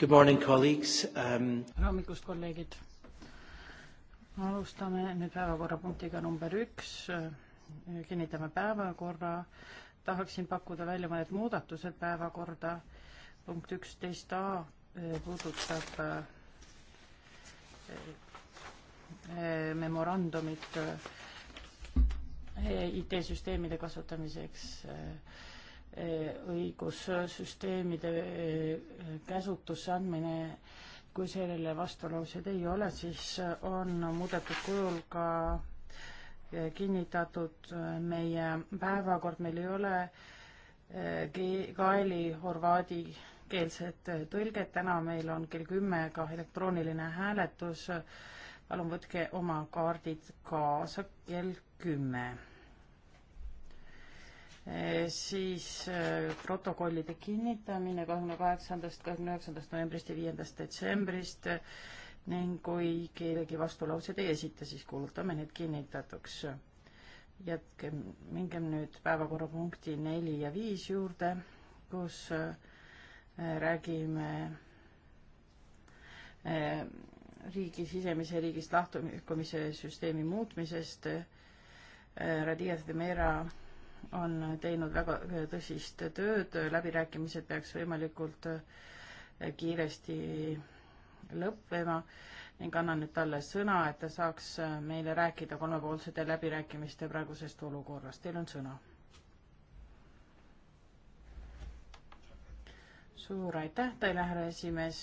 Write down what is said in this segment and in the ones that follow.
Good morning, colleagues um.... tere hommikust, kolleegid. alustame nüüd päevakorrapunktiga number üks. kinnitame päevakorra. tahaksin pakkuda välja mõned muudatused päevakorda. punkt üksteist A eh, puudutab eh, eh, memorandumit IT-süsteemide kasutamiseks õigussüsteemide eh, käsutusse andmine, kui sellele vastulauseid ei ole, siis on muudetud kujul ka eh, kinnitatud eh, meie päevakord, meil ei ole kaeli horvaadi keelset tõlget, täna meil on kell kümme ka elektrooniline hääletus. palun võtke oma kaardid kaasa kell kümme Eh, siis eh, protokollide kinnitamine kahekümne kaheksandast, kahekümne üheksandast novembrist ja viiendast detsembrist eh, ning kui keegi vastulauseid ei esita, siis kuulutame need kinnitatuks. jätkem, mingem nüüd päevakorrapunkti neli ja viis juurde, kus räägime riigi sisemise riigist lahtumise süsteemi muutmisest. Radias de Mera on teinud väga tõsist tööd, läbirääkimised peaks võimalikult eh, kiiresti lõppema ning annan nüüd talle sõna, et ta saaks eh, meile rääkida kolmepoolsete läbirääkimiste praegusest olukorrast. Teil on sõna. suur aitäh teile, härra esimees.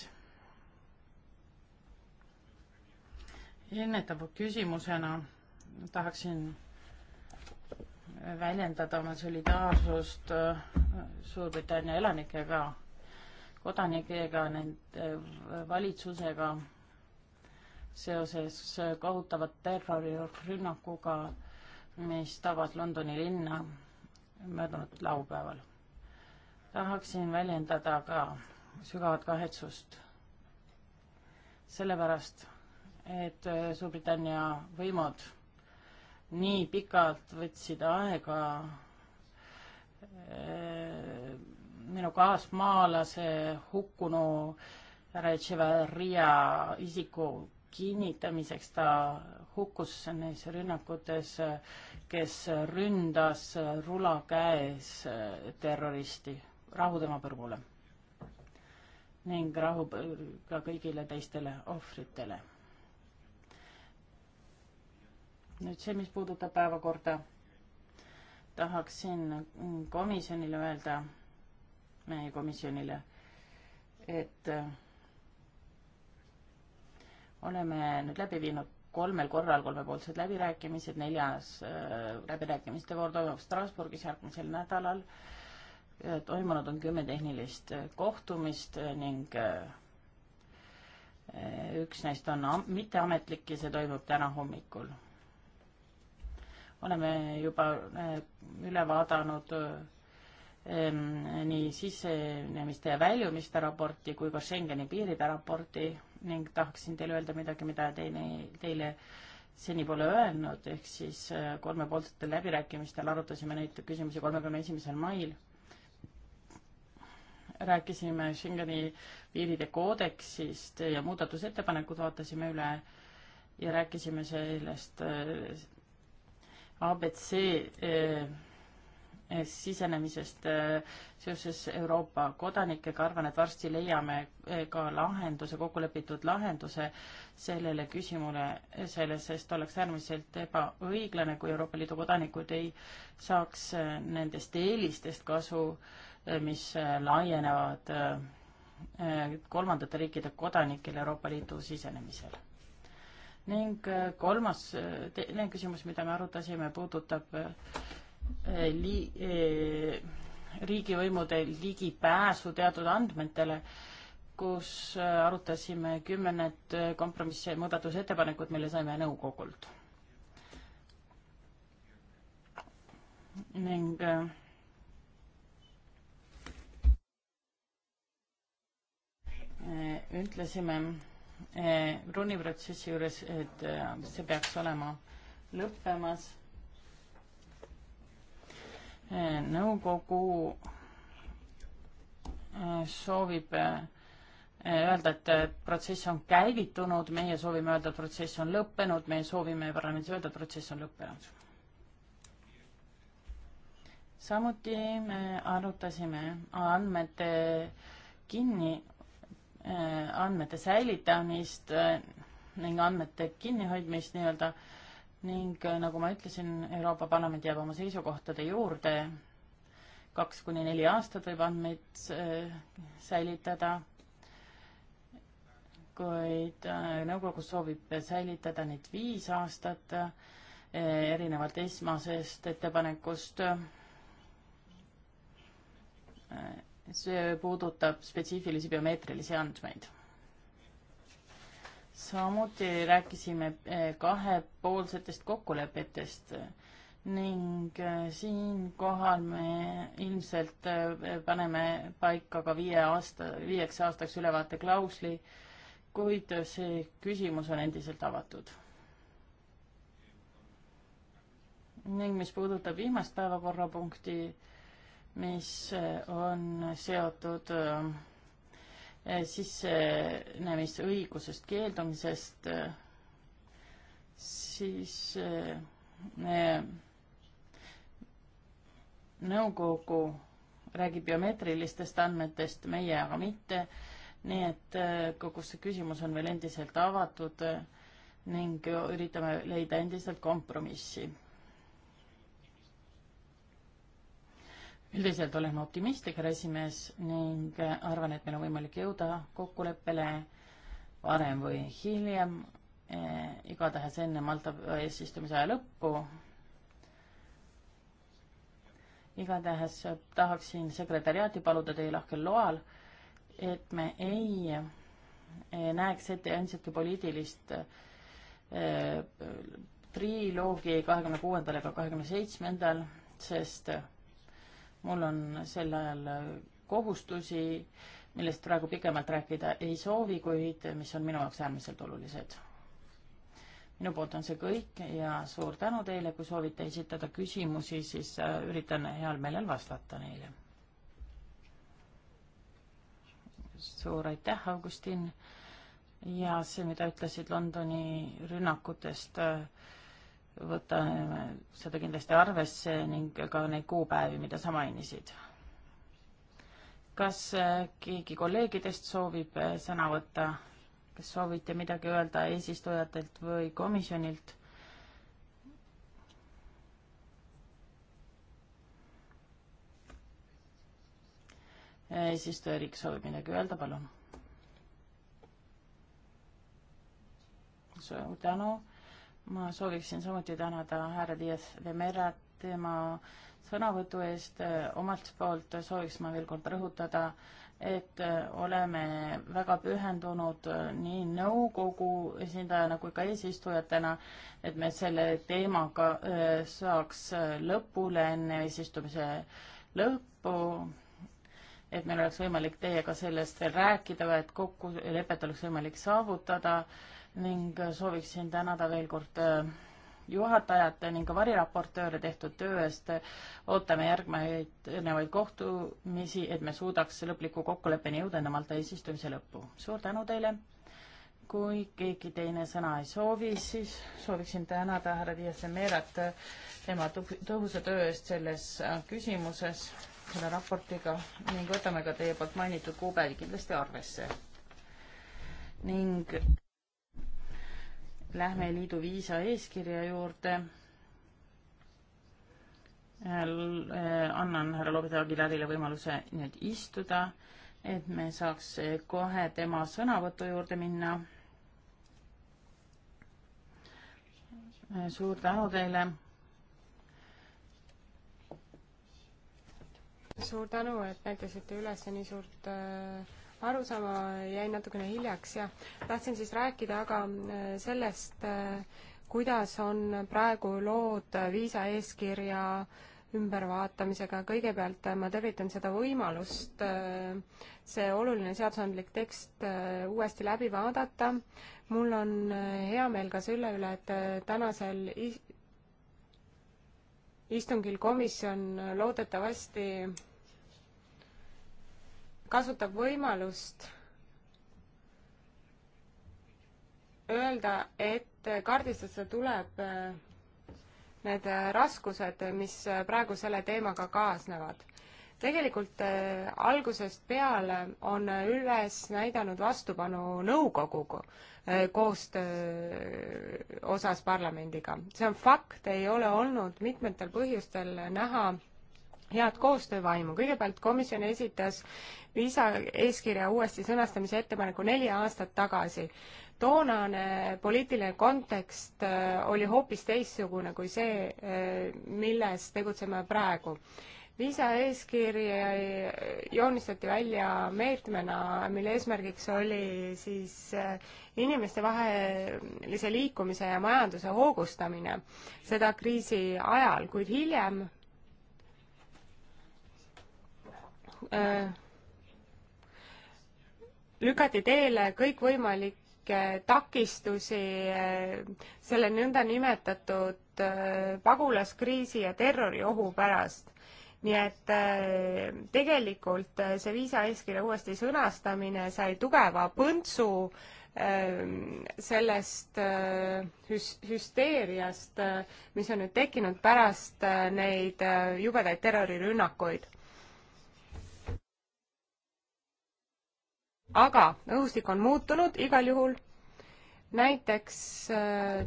ennetava küsimusena tahaksin väljendada oma solidaarsust äh, Suurbritannia elanikega, kodanikega, nende äh, valitsusega seoses kohutava terrorirünnakuga, mis tabas Londoni linna möödunud laupäeval. tahaksin väljendada ka sügavat kahetsust sellepärast, et äh, Suurbritannia võimud nii pikalt võtsid aega eh, minu kaasmaalase hukkunu härra Echeverria isiku kinnitamiseks, ta hukkus neis rünnakutes, kes ründas rula käes terroristi, rahu tema põrgule ning rahu ka kõigile teistele ohvritele nüüd see, mis puudutab päevakorda, tahaksin komisjonile öelda, meie komisjonile, et äh, oleme nüüd läbi viinud kolmel korral kolmepoolsed läbirääkimised, neljas äh, läbirääkimiste voor toimub Strasbourgis järgmisel nädalal. Äh, toimunud on kümme tehnilist kohtumist ning üks neist on mitteametlik ja see toimub täna hommikul oleme juba äh, üle vaadanud äh, nii sisenemiste ja väljumiste raporti kui ka Schengeni piiride raporti ning tahaksin teile öelda midagi, mida teine, teile seni pole öelnud, ehk siis äh, kolmepoolsetel läbirääkimistel arutasime neid küsimusi kolmekümne esimesel mail. rääkisime Schengeni piiride koodeksist ja muudatusettepanekud vaatasime üle ja rääkisime sellest abc eh, eh, sisenemisest eh, seoses Euroopa kodanikega, arvan, et varsti leiame eh, ka lahenduse, kokkulepitud lahenduse sellele küsimusele, selles, sest oleks äärmiselt ebaõiglane, kui Euroopa Liidu kodanikud ei saaks nendest eelistest kasu, mis laienevad kolmandate riikide kodanikele Euroopa Liidu sisenemisel ning äh, kolmas, äh, teine küsimus, mida me arutasime, puudutab äh, li-, riigivõimude ligipääsu teatud andmetele, kus arutasime kümnenet kompromissi muudatusettepanekut, mille saime nõukogult. ning ütlesime Bruni eh, protsessi juures, et eh, see peaks olema lõppemas. Eh, nõukogu soovib öelda, et protsess on käivitunud, meie soovime öelda, et protsess on lõppenud, meie soovime parlamendis öelda, et protsess on lõppenud. samuti me arutasime andmete kinni Äh, andmete säilitamist äh, ning andmete kinnihoidmist nii-öelda ning äh, nagu ma ütlesin, Euroopa Parlament jääb oma seisukohtade juurde. kaks kuni neli aastat võib andmeid säilitada, kuid nõukogu soovib säilitada neid viis aastat erinevalt esmasest ettepanekust see puudutab spetsiifilisi biomeetrilisi andmeid. samuti rääkisime eh, kahepoolsetest kokkulepetest ning eh, siinkohal me ilmselt eh, paneme paika ka viie aasta, viieks aastaks ülevaate klausli, kuid see küsimus on endiselt avatud. ning mis puudutab viimast päevakorrapunkti, mis eh, on seotud eh, sissenemisõigusest keeldumisest, eh, siis nõukogu räägib biomeetrilistest andmetest, meie aga mitte, nii et kogu see küsimus on veel endiselt avatud ning üritame leida endiselt kompromissi üldiselt olen ma optimistlik, härra esimees, ning arvan, et meil on võimalik jõuda kokkuleppele varem või hiljem e,, igatahes enne Malta eesistumise aja lõppu. igatahes tahaksin sekretäriaati paluda teie lahkel loal, et me ei e, näeks ette ainsatki poliitilist e, triloogi kahekümne kuuendal ega kahekümne seitsmendal, sest mul on sel ajal kohustusi, millest praegu pikemalt rääkida ei soovi, kuid mis on minu jaoks äärmiselt olulised. minu poolt on see kõik ja suur tänu teile, kui soovite esitada küsimusi, siis äh, üritan heal meelel vastata neile. suur aitäh, Augustin, ja see, mida ütlesid Londoni rünnakutest äh, võtame seda kindlasti arvesse ning ka neid kuupäevi, mida sa mainisid. kas äh, keegi kolleegidest soovib äh, sõna võtta? kas soovite midagi öelda eesistujatelt või komisjonilt? eesistuja Erik soovib midagi öelda, palun. suur tänu ma sooviksin samuti tänada härra Dias de Merat tema sõnavõtu eest. omalt poolt sooviks ma veel kord rõhutada, et oleme väga pühendunud nii nõukogu esindajana kui ka eesistujatena, et me selle teemaga äh, saaks lõpule enne eesistumise lõppu, et meil oleks võimalik teiega sellest veel rääkida, et kokkulepet oleks võimalik saavutada ning sooviksin tänada veel kord äh, juhatajat ning ka variraportööre tehtud töö eest. ootame järgnevaid, erinevaid kohtumisi, et me suudaks lõpliku kokkuleppeni jõuda enne Malta eesistumise lõppu. suur tänu teile. kui keegi teine sõna ei soovi, siis sooviksin tänada härra Diasemerat äh, tema tõhusa töö eest selles äh, küsimuses, selle raportiga ning võtame ka teie poolt mainitud kuupäevi kindlasti arvesse. ning lähme liidu viisa eeskirja juurde. Äh, äh, annan härra Lobeda Aguilarile võimaluse nüüd istuda, et me saaks kohe tema sõnavõtu juurde minna. Äh, suur tänu teile. suur tänu, et näitasite üles nii suurt äh arusaama jäi natukene hiljaks, jah. tahtsin siis rääkida aga äh, sellest, äh, kuidas on praegu lood viisaeeskirja ümbervaatamisega, kõigepealt äh, ma tervitan seda võimalust, see oluline seadusandlik tekst uuesti läbi vaadata. mul on hea meel ka selle üle, et tänasel istungil komisjon loodetavasti kasutab võimalust öelda, et kaardistada tuleb äh, need äh, raskused, mis äh, praegu selle teemaga kaasnevad. tegelikult algusest peale on üles näidanud vastupanu nõukogu koostöö osas parlamendiga. see on fakt, ei ole olnud mitmetel põhjustel näha head koostöövaimu. kõigepealt komisjon esitas viisaeeskirja uuesti sõnastamise ettepaneku neli aastat tagasi. toonane poliitiline kontekst äh, oli hoopis teistsugune kui see, äh, milles tegutseme praegu. viisaeeskiri äh, joonistati välja meetmena, mille eesmärgiks oli siis inimeste vahelise liikumise ja majanduse hoogustamine, seda kriisi ajal, kuid hiljem Äh, lükati teele kõikvõimalikke takistusi äh, selle nõndanimetatud äh, pagulaskriisi ja terroriohu pärast. nii et tegelikult see viisaeeskirja uuesti sõnastamine sai tugeva põntsu ähm, sellest hüs-, hüsteeriast, mis on nüüd tekkinud pärast neid jubedaid terrorirünnakuid aga õhustik on muutunud igal juhul. näiteks äh,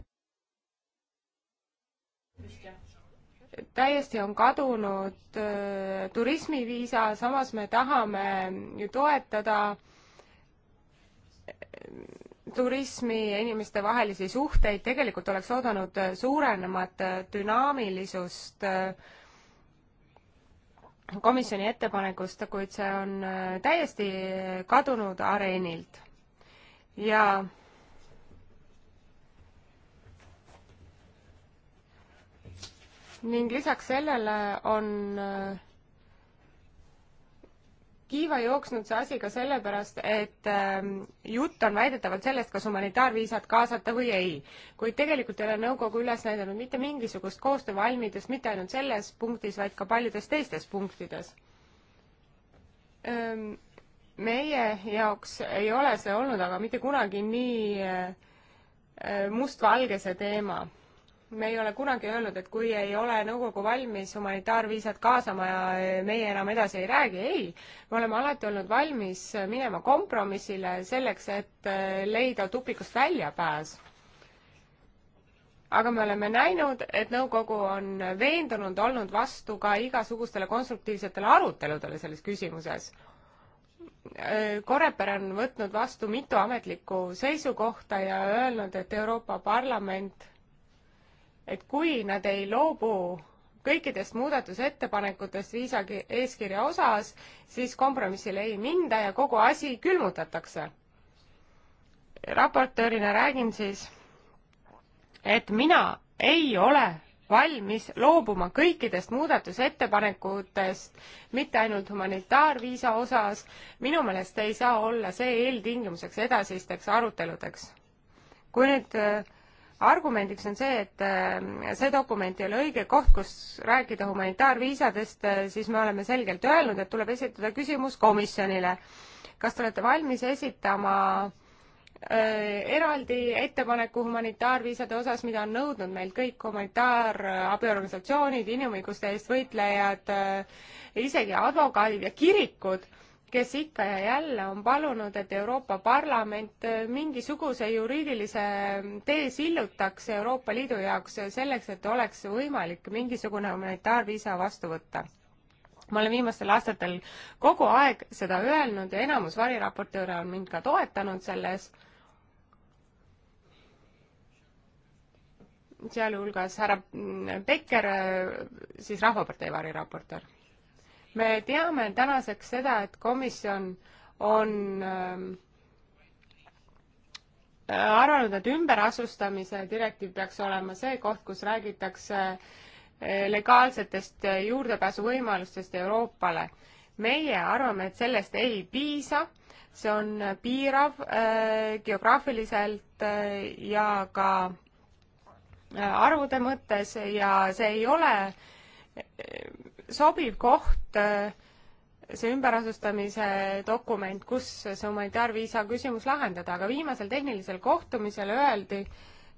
täiesti on kadunud äh, turismiviisa, samas me tahame ju toetada äh, turismi ja inimestevahelisi suhteid, tegelikult oleks oodanud suurenemat dünaamilisust äh, komisjoni ettepanekust, kuid see on äh, täiesti äh, kadunud areenilt. ja ning lisaks sellele on äh, kiiva jooksnud see asi ka sellepärast, et ähm, jutt on väidetavalt sellest, kas humanitaarviisat kaasata või ei. kuid tegelikult ei ole nõukogu üles näidanud mitte mingisugust koostöövalmidust mitte ainult selles punktis, vaid ka paljudes teistes punktides. Ähm, meie jaoks ei ole see olnud aga mitte kunagi nii äh, äh, mustvalge see teema me ei ole kunagi öelnud, et kui ei ole nõukogu valmis humanitaarviisat kaasama ja meie enam edasi ei räägi, ei. me oleme alati olnud valmis minema kompromissile selleks, et äh, leida tupikust väljapääs. aga me oleme näinud, et nõukogu on veendunud olnud vastu ka igasugustele konstruktiivsetele aruteludele selles küsimuses. Äh, Koreper on võtnud vastu mitu ametlikku seisukohta ja öelnud, et Euroopa Parlament et kui nad ei loobu kõikidest muudatusettepanekutest viisa eeskirja osas, siis kompromissile ei minda ja kogu asi külmutatakse. raportöörina räägin siis, et mina ei ole valmis loobuma kõikidest muudatusettepanekutest, mitte ainult humanitaarviisa osas, minu meelest ei saa olla see eeltingimuseks edasisteks aruteludeks. kui nüüd äh, argumendiks on see, et äh, see dokument ei ole õige koht, kus rääkida humanitaarviisadest, äh, siis me oleme selgelt öelnud, et tuleb esitada küsimus komisjonile. kas te olete valmis esitama äh, eraldi ettepaneku humanitaarviisade osas, mida on nõudnud meilt kõik humanitaarabiorganisatsioonid, inimõiguste eest võitlejad, isegi advokaadid ja kirikud kes ikka ja jälle on palunud, et Euroopa Parlament äh, mingisuguse juriidilise äh, tee sillutaks Euroopa Liidu jaoks selleks, et oleks võimalik mingisugune humanitaarviisa vastu võtta. ma olen viimastel aastatel kogu aeg seda öelnud ja enamus variraportööre on mind ka toetanud selles, sealhulgas härra Becker, äh, siis Rahvapartei variraportöör me teame tänaseks seda, et komisjon on ähm, arvanud, et ümberasustamise direktiiv peaks olema see koht, kus räägitakse äh, legaalsetest äh, juurdepääsuvõimalustest Euroopale. meie arvame, et sellest ei piisa, see on piirav äh, geograafiliselt äh, ja ka äh, arvude mõttes ja see ei ole äh, sobiv koht äh, see ümberasustamise dokument, kus see humanitaarviisa küsimus lahendada, aga viimasel tehnilisel kohtumisel öeldi,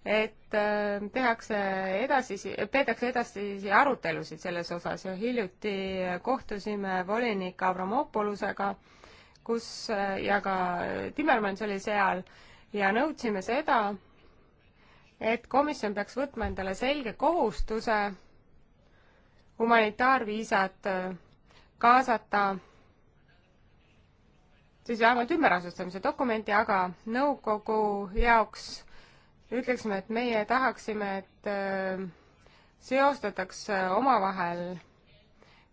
et äh, tehakse edasisi, peetakse edasisi arutelusid selles osas ja hiljuti kohtusime volinik Avramopolusega, kus äh, ja ka Timmermans oli seal ja nõudsime seda, et komisjon peaks võtma endale selge kohustuse humanitaarviisad äh, kaasata siis vähemalt ümberasustamise dokumenti, aga nõukogu jaoks ütleksime, et meie tahaksime, et äh, seostataks äh, omavahel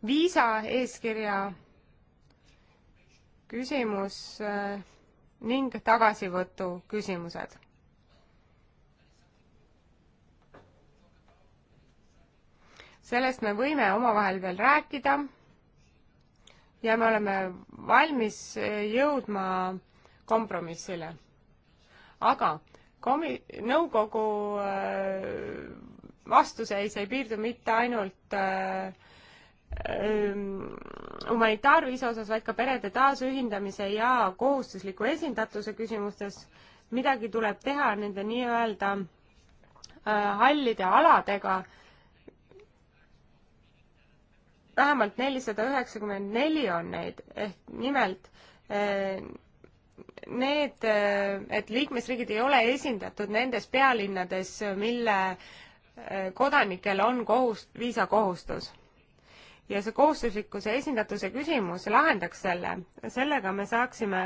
viisa eeskirja küsimus ning tagasivõtu küsimused sellest me võime omavahel veel rääkida ja me oleme valmis eh, jõudma kompromissile. aga komi-, nõukogu eh, vastuseis ei piirdu mitte ainult eh, ehm, humanitaarviisa osas, vaid ka perede taasühindamise ja kohustusliku esindatuse küsimustes. midagi tuleb teha nende nii-öelda hallide aladega vähemalt nelisada üheksakümmend neli on neid, ehk nimelt eh, need, eh, et liikmesriigid ei ole esindatud nendes pealinnades, mille eh, kodanikel on kohus, viisakohustus. ja see kohustuslikkuse esindatuse küsimus lahendaks selle, sellega me saaksime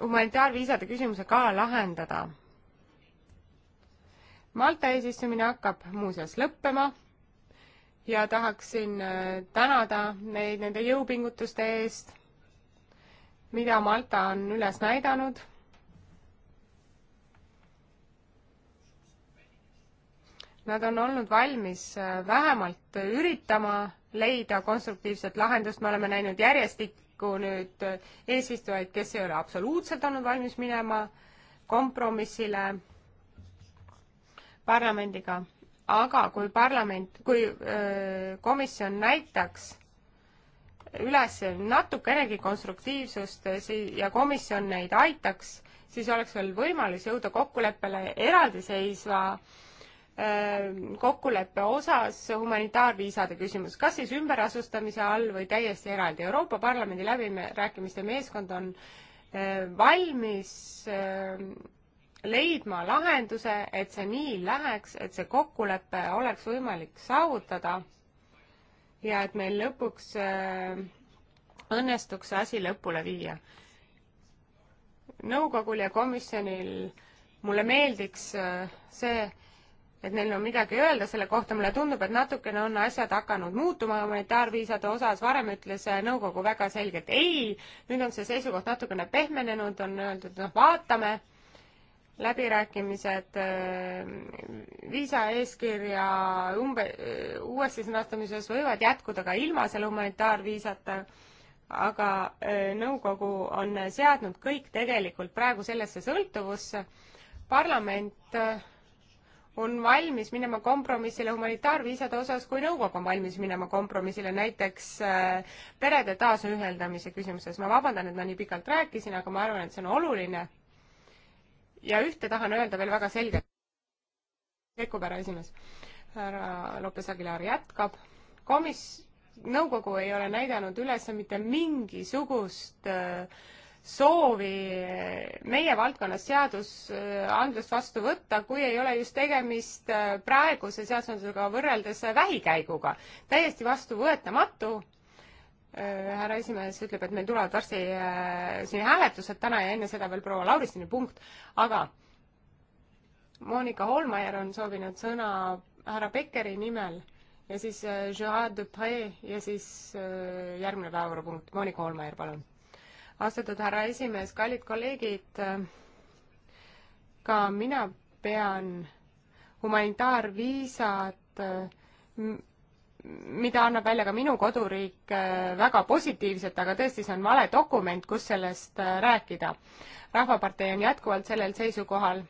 humanitaarviisade küsimuse ka lahendada. Malta eesistumine hakkab muuseas lõppema ja tahaksin äh, tänada neid nende jõupingutuste eest, mida Malta on üles näidanud. Nad on olnud valmis äh, vähemalt üritama leida konstruktiivset lahendust, me oleme näinud järjestik-, vastastikku nüüd eesistujaid, kes ei ole absoluutselt olnud valmis minema kompromissile parlamendiga, aga kui parlament, kui öö, komisjon näitaks üles natukenegi konstruktiivsust ja komisjon neid aitaks, siis oleks veel võimalus jõuda kokkuleppele eraldiseisva äh, kokkuleppe osas humanitaarviisade küsimus, kas siis ümberasustamise all või täiesti eraldi. Euroopa Parlamendi läbirääkimiste meeskond on valmis leidma lahenduse, et see nii läheks, et see kokkulepe oleks võimalik saavutada ja et meil lõpuks õnnestuks see asi lõpule viia. nõukogul ja komisjonil mulle meeldiks see, et neil on midagi öelda selle kohta, mulle tundub, et natukene on asjad hakanud muutuma humanitaarviisade osas, varem ütles äh, nõukogu väga selgelt ei, nüüd on see seisukoht natukene pehmenenud, on öeldud, noh, vaatame, läbirääkimised äh, viisaeeskirja umbe-, äh, uuesti sõnastamises võivad jätkuda ka ilma selle humanitaarviisata aga nõukogu on seadnud kõik tegelikult praegu sellesse sõltuvusse. parlament on valmis minema kompromissile humanitaarviisade osas, kui nõukogu on valmis minema kompromissile näiteks äh, perede taasühendamise küsimuses. ma vabandan, et ma nii pikalt rääkisin, aga ma arvan, et see on oluline. ja ühte tahan öelda veel väga selgelt. sekkub härra esimees. härra Lopes Aguilar jätkab. komis-, nõukogu ei ole näidanud üles mitte mingisugust äh, soovi meie valdkonnas seadusandlust äh, vastu võtta, kui ei ole just tegemist äh, praeguse seadusandlusega võrreldes äh, vähikäiguga. täiesti vastuvõetamatu. härra esimees ütleb, et meil tulevad varsti siin hääletused täna ja enne seda veel proua Lauristini punkt, aga Monika Holmeier on soovinud sõna härra Pekkeri nimel ja siis Gerard Dupre ja siis järgmine päevakorrapunkt, Monika Holmeier, palun austatud härra esimees, kallid kolleegid, ka mina pean humanitaarviisad, mida annab välja ka minu koduriik, väga positiivselt, aga tõesti, see on vale dokument, kus sellest rääkida. rahvapartei on jätkuvalt sellel seisukohal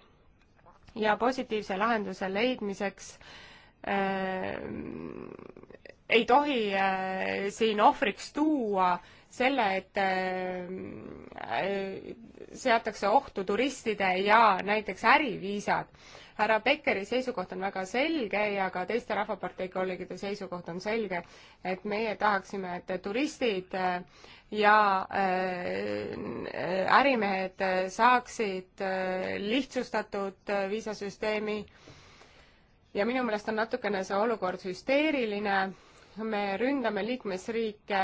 ja positiivse lahenduse leidmiseks äh, ei tohi äh, siin ohvriks tuua äh, selle, et äh, äh, seatakse ohtu turistide ja näiteks äriviisad. härra Beckeri seisukoht on väga selge ja ka teiste Rahvapartei kolleegide seisukoht on selge, et meie tahaksime, et turistid äh, ja ärimehed saaksid lihtsustatud viisasüsteemi ja minu meelest on natukene see olukord hüsteeriline me ründame liikmesriike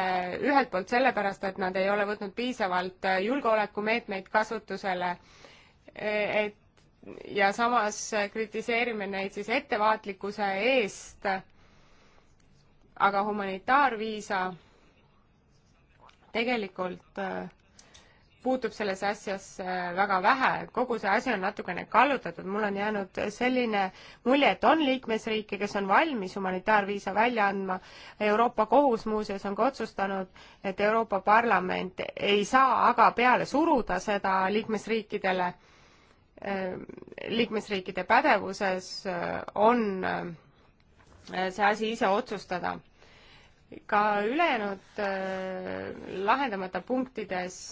ühelt poolt sellepärast, et nad ei ole võtnud piisavalt julgeolekumeetmeid kasutusele, et ja samas kritiseerime neid siis ettevaatlikkuse eest, aga humanitaarviisa tegelikult äh, puutub sellesse asjasse äh, väga vähe, kogu see asi on natukene kallutatud, mul on jäänud selline mulje, et on liikmesriike, kes on valmis humanitaarviisa välja andma, Euroopa Kohus muuseas on ka otsustanud, et Euroopa Parlament ei saa aga peale suruda seda liikmesriikidele, äh, liikmesriikide pädevuses äh, on see asi ise otsustada ka ülejäänud äh, lahendamata punktides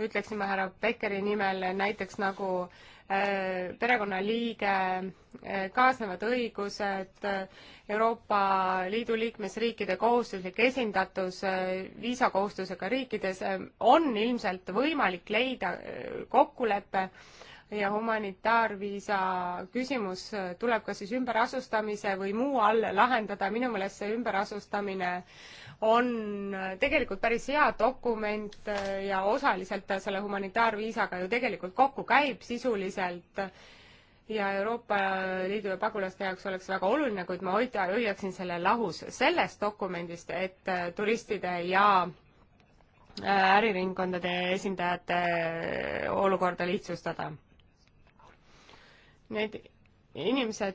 ütleksime härra Beckeri nimel näiteks nagu äh, perekonnaliige, äh, kaasnevad õigused, Euroopa Liidu liikmesriikide kohustuslik esindatus äh, viisakohustusega riikides, on ilmselt võimalik leida kokkulepe ja humanitaarviisa küsimus tuleb kas siis ümberasustamise või muu all lahendada, minu meelest see ümberasustamine äh, on tegelikult päris hea dokument ja osaliselt ta selle humanitaarviisaga ju tegelikult kokku käib sisuliselt ja Euroopa Liidu ja pagulaste jaoks oleks väga oluline, kuid ma hoida, hoiaksin selle lahus sellest dokumendist, et turistide ja äh, äriringkondade esindajate olukorda lihtsustada. Need inimesed,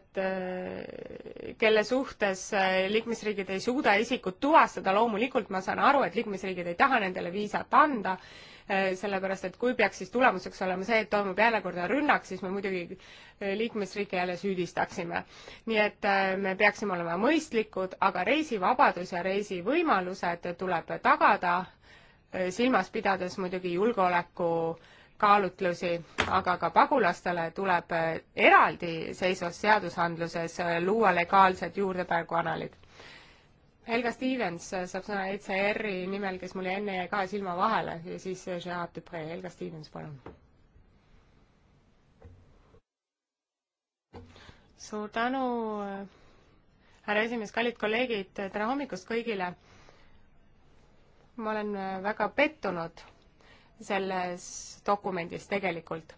kelle suhtes eh, liikmesriigid ei suuda isikut tuvastada, loomulikult ma saan aru, et liikmesriigid ei taha nendele viisat anda, eh, sellepärast et kui peaks siis tulemuseks olema see, et toimub järjekordne rünnak, siis me muidugi eh, liikmesriike jälle süüdistaksime. nii et me peaksime olema mõistlikud, aga reisivabadus ja reisivõimalused tuleb tagada, silmas pidades muidugi julgeoleku äh, kaalutlusi, aga ka pagulastele tuleb äh, eraldiseisvas seadusandluses äh, luua legaalsed juurdepääsukanalid. Helga Stevens äh, saab sõna ECR-i nimel, kes mul enne jäi kahe silma vahele ja siis Gerard Dupre, Helga Stevens, palun. suur tänu, härra esimees, kallid kolleegid, tere hommikust kõigile! ma olen väga pettunud selles dokumendis tegelikult.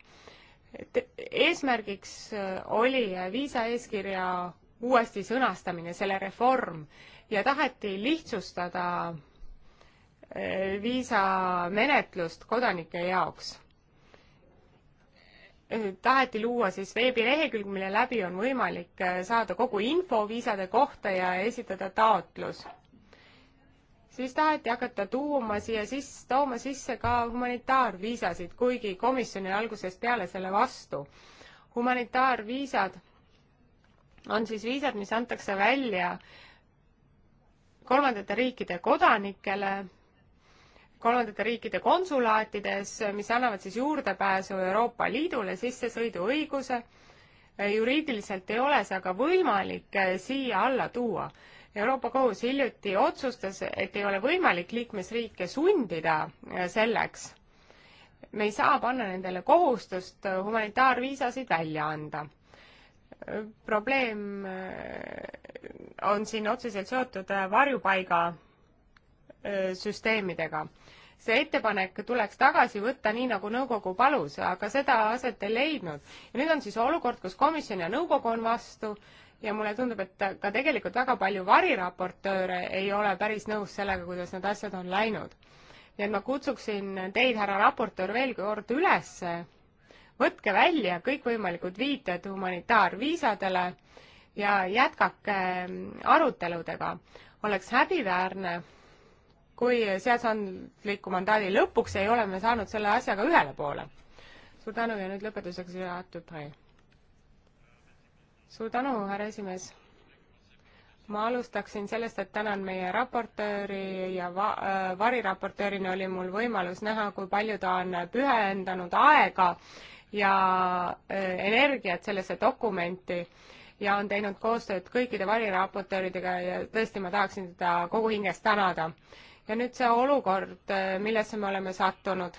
eesmärgiks äh, oli äh, viisaeeskirja uuesti sõnastamine, selle reform ja taheti lihtsustada äh, viisamenetlust kodanike jaoks taheti luua siis veebilehekülg, mille läbi on võimalik saada kogu info viisade kohta ja esitada taotlus siis taheti hakata tuuma siia sisse, tooma sisse ka humanitaarviisasid, kuigi komisjon oli algusest peale selle vastu. humanitaarviisad on siis viisad, mis antakse välja kolmandate riikide kodanikele, kolmandate riikide konsulaatides, mis annavad siis juurdepääsu Euroopa Liidule sissesõiduõiguse. juriidiliselt ei ole see aga võimalik eh, siia alla tuua Euroopa Kohus hiljuti otsustas, et ei ole võimalik liikmesriike sundida äh, selleks. me ei saa panna nendele kohustust äh, humanitaarviisasid välja anda. Äh, probleem on siin otseselt seotud varjupaiga süsteemidega see ettepanek tuleks tagasi võtta, nii nagu nõukogu palus, aga seda aset ei leidnud. ja nüüd on siis olukord, kus komisjon ja nõukogu on vastu ja mulle tundub, et ka tegelikult väga palju variraportööre ei ole päris nõus sellega, kuidas need asjad on läinud. nii et ma kutsuksin teid, härra raportöör, veel kord üles, võtke välja kõikvõimalikud viited humanitaarviisadele ja jätkake ähm, aruteludega. oleks häbiväärne, kui seadusandliku mandaadi lõpuks ei ole me saanud selle asjaga ühele poole. suur tänu ja nüüd lõpetuseks Jüri Aart Tüpre suur tänu, härra esimees. ma alustaksin sellest, et tänan meie raportööri ja va-, äh, variraportöörina oli mul võimalus näha, kui palju ta on pühendanud aega ja äh, energiat sellesse dokumenti ja on teinud koostööd kõikide variraportööridega ja tõesti, ma tahaksin teda kogu hingest tänada. ja nüüd see olukord, äh, millesse me oleme sattunud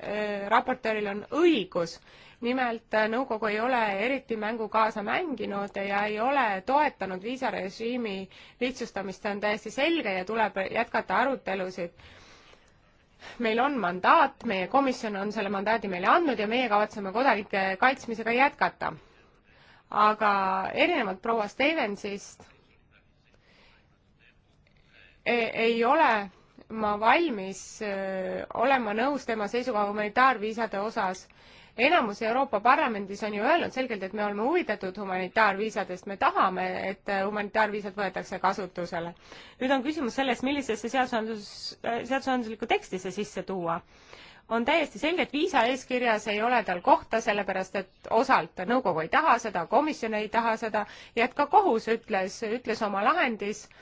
äh,. raportööril on õigus nimelt äh, nõukogu ei ole eriti mängu kaasa mänginud ja ei ole toetanud viisarežiimi lihtsustamist, see on täiesti selge ja tuleb jätkata arutelusid. meil on mandaat, meie komisjon on selle mandaadi meile andnud ja meie kavatseme kodanike kaitsmisega jätkata. aga erinevalt proua Stevensist e, ei ole ma valmis e, olema nõus tema seisukoha humanitaarviisade osas enamus Euroopa Parlamendis on ju öelnud selgelt, et me oleme huvitatud humanitaarviisadest, me tahame, et äh, humanitaarviisad võetakse kasutusele. nüüd on küsimus selles, millisesse seadusandlus, äh, seadusandluslikku teksti see sisse tuua on täiesti selge, et viisa eeskirjas ei ole tal kohta, sellepärast et osalt nõukogu ei taha seda, komisjon ei taha seda ja et ka kohus ütles, ütles oma lahendis äh,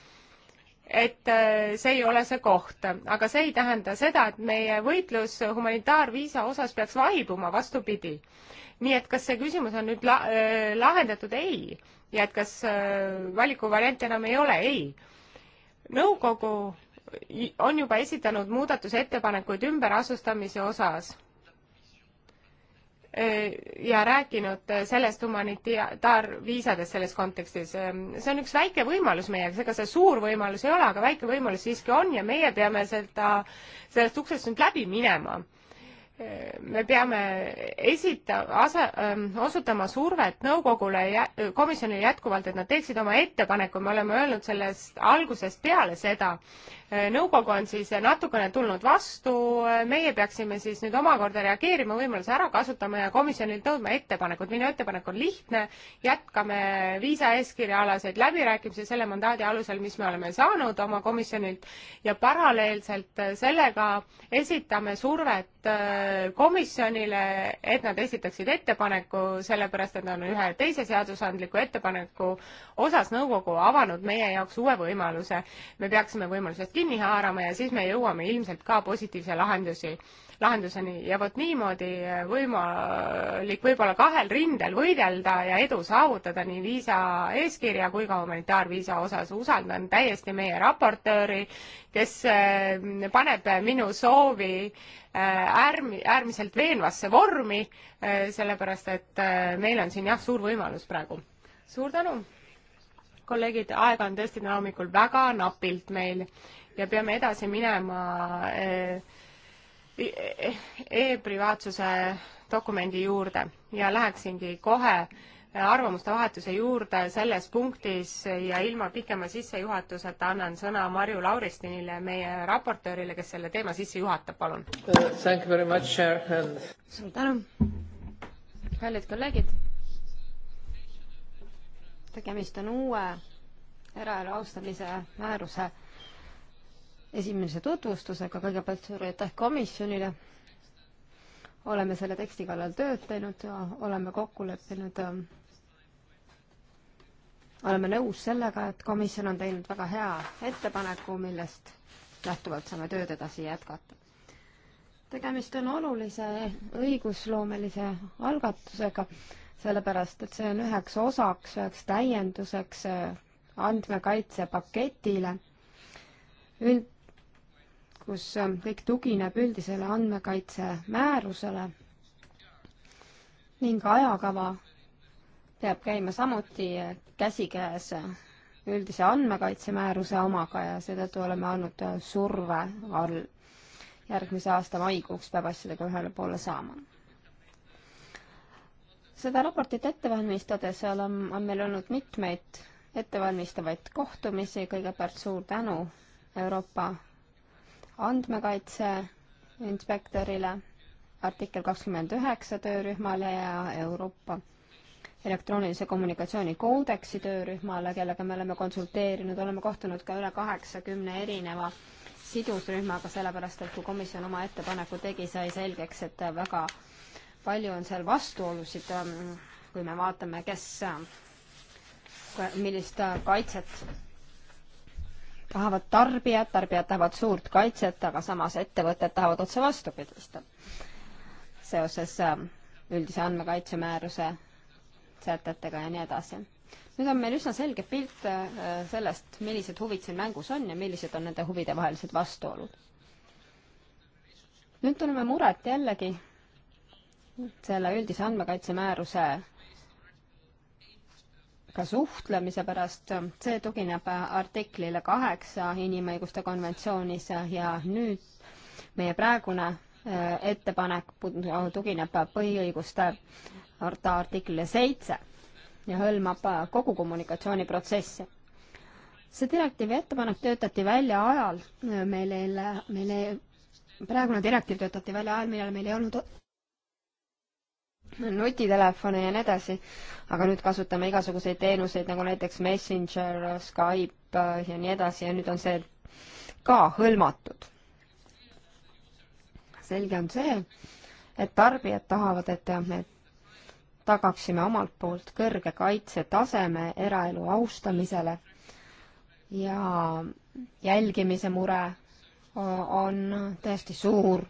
et äh, see ei ole see koht, aga see ei tähenda seda, et meie võitlus humanitaarviisa osas peaks vaibuma, vastupidi. nii et kas see küsimus on nüüd la-, äh, lahendatud, ei. ja et kas äh, valikuvariante enam ei ole, ei. nõukogu on juba esitanud muudatusettepanekuid ümberasustamise osas Äh, ja rääkinud äh, sellest humanitaarviisadest selles kontekstis. Ähm, see on üks väike võimalus meie jaoks, ega see suur võimalus ei ole, aga väike võimalus siiski on ja meie peame seda, sellest uksest nüüd läbi minema. Äh, me peame esita-, ase-, ähm, osutama survet nõukogule ja komisjonile jätkuvalt, et nad teeksid oma ettepaneku, me oleme öelnud sellest algusest peale seda, nõukogu on siis natukene tulnud vastu, meie peaksime siis nüüd omakorda reageerima, võimaluse ära kasutama ja komisjonilt nõudma ettepanekut. minu ettepanek on lihtne, jätkame viisaeeskirja alaseid läbirääkimisi selle mandaadi alusel, mis me oleme saanud oma komisjonilt ja paralleelselt sellega esitame survet äh, komisjonile, et nad esitaksid ettepaneku, sellepärast et nad on ühe teise seadusandliku ettepaneku osas nõukogu avanud meie jaoks uue võimaluse. me peaksime võimalusest kinni haarama ja siis me jõuame ilmselt ka positiivse lahendusi, lahenduseni ja vot niimoodi eh, võimalik võib-olla kahel rindel võidelda ja edu saavutada nii viisa eeskirja kui ka humanitaarviisa osas. usaldan täiesti meie raportööri, kes eh, paneb minu soovi eh, äärmi, äärmiselt veenvasse vormi, sellepärast et meil on siin jah, suur võimalus praegu. suur tänu! kolleegid, aega on tõesti täna hommikul väga napilt meil ja peame edasi minema eh, eh, e-privaatsuse e e dokumendi juurde ja läheksingi kohe arvamuste vahetuse juurde selles punktis ja ilma pikema sissejuhatuseta annan sõna Marju Lauristinile, meie raportöörile, kes selle teema sisse juhatab, palun uh,. suur tänu, kallid kolleegid. tegemist on uue eraelu austamise määruse esimese tutvustusega, kõigepealt suur aitäh komisjonile. oleme selle teksti kallal tööd teinud ja oleme kokku leppinud oleme nõus sellega, et komisjon on teinud väga hea ettepaneku, millest lähtuvalt saame tööd edasi jätkata. tegemist on olulise õigusloomelise algatusega, sellepärast et see on üheks osaks, üheks täienduseks andmekaitsepaketile. üld, kus äh, kõik tugineb üldisele andmekaitse määrusele ning ajakava peab käima samuti äh, käsikäes äh, üldise andmekaitsemääruse omaga ja seetõttu oleme olnud surve all. järgmise aasta maikuuks peab asjadega ühele poole saama. seda raportit ette valmistades on, on meil olnud mitmeid ettevalmistavaid kohtumisi, kõigepealt suur tänu Euroopa andmekaitse inspektorile, artikkel kakskümmend üheksa töörühmale ja Euroopa elektroonilise kommunikatsiooni koodeksi töörühmale, kellega me oleme konsulteerinud, oleme kohtunud ka üle kaheksakümne erineva sidusrühmaga, sellepärast et kui komisjon oma ettepaneku tegi, sai selgeks, et väga palju on seal vastuolusid, ähm, kui me vaatame, kes, äh, millist äh, kaitset tahavad tarbijad, tarbijad tahavad suurt kaitset, aga samas ettevõtted tahavad otse vastupidist. seoses äh, üldise andmekaitsemääruse sätetega ja nii edasi. nüüd on meil üsna selge pilt äh, sellest, millised huvid siin mängus on ja millised on nende huvide vahelised vastuolud. nüüd tunneme muret jällegi selle üldise andmekaitsemääruse ka suhtlemise pärast, see tugineb artiklile kaheksa inimõiguste konventsioonis ja nüüd meie praegune äh, ettepanek tugineb põhiõiguste harta artiklile seitse ja hõlmab kogu kommunikatsiooniprotsessi. see direktiivi ettepanek töötati välja ajal, äh, meil ei, meil ei, praegune direktiiv töötati välja ajal, millal meil ei olnud nutitelefone ja nii edasi, aga nüüd kasutame igasuguseid teenuseid nagu näiteks Messenger, Skype äh, ja nii edasi ja nüüd on see ka hõlmatud. selge on see, et tarbijad tahavad, et me tagaksime omalt poolt kõrge kaitsetaseme eraelu austamisele ja jälgimise mure äh, on tõesti suur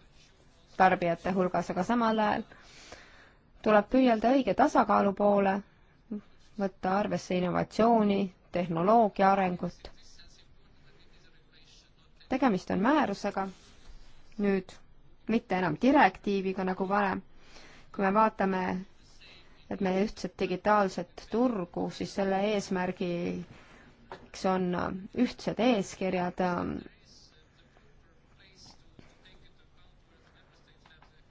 tarbijate hulgas, aga samal ajal tuleb püüelda õige tasakaalu poole, võtta arvesse innovatsiooni, tehnoloogia arengut. tegemist on määrusega nüüd, mitte enam direktiiviga nagu varem. kui me vaatame, et meie ühtset digitaalset turgu, siis selle eesmärgiks on ühtsed eeskirjad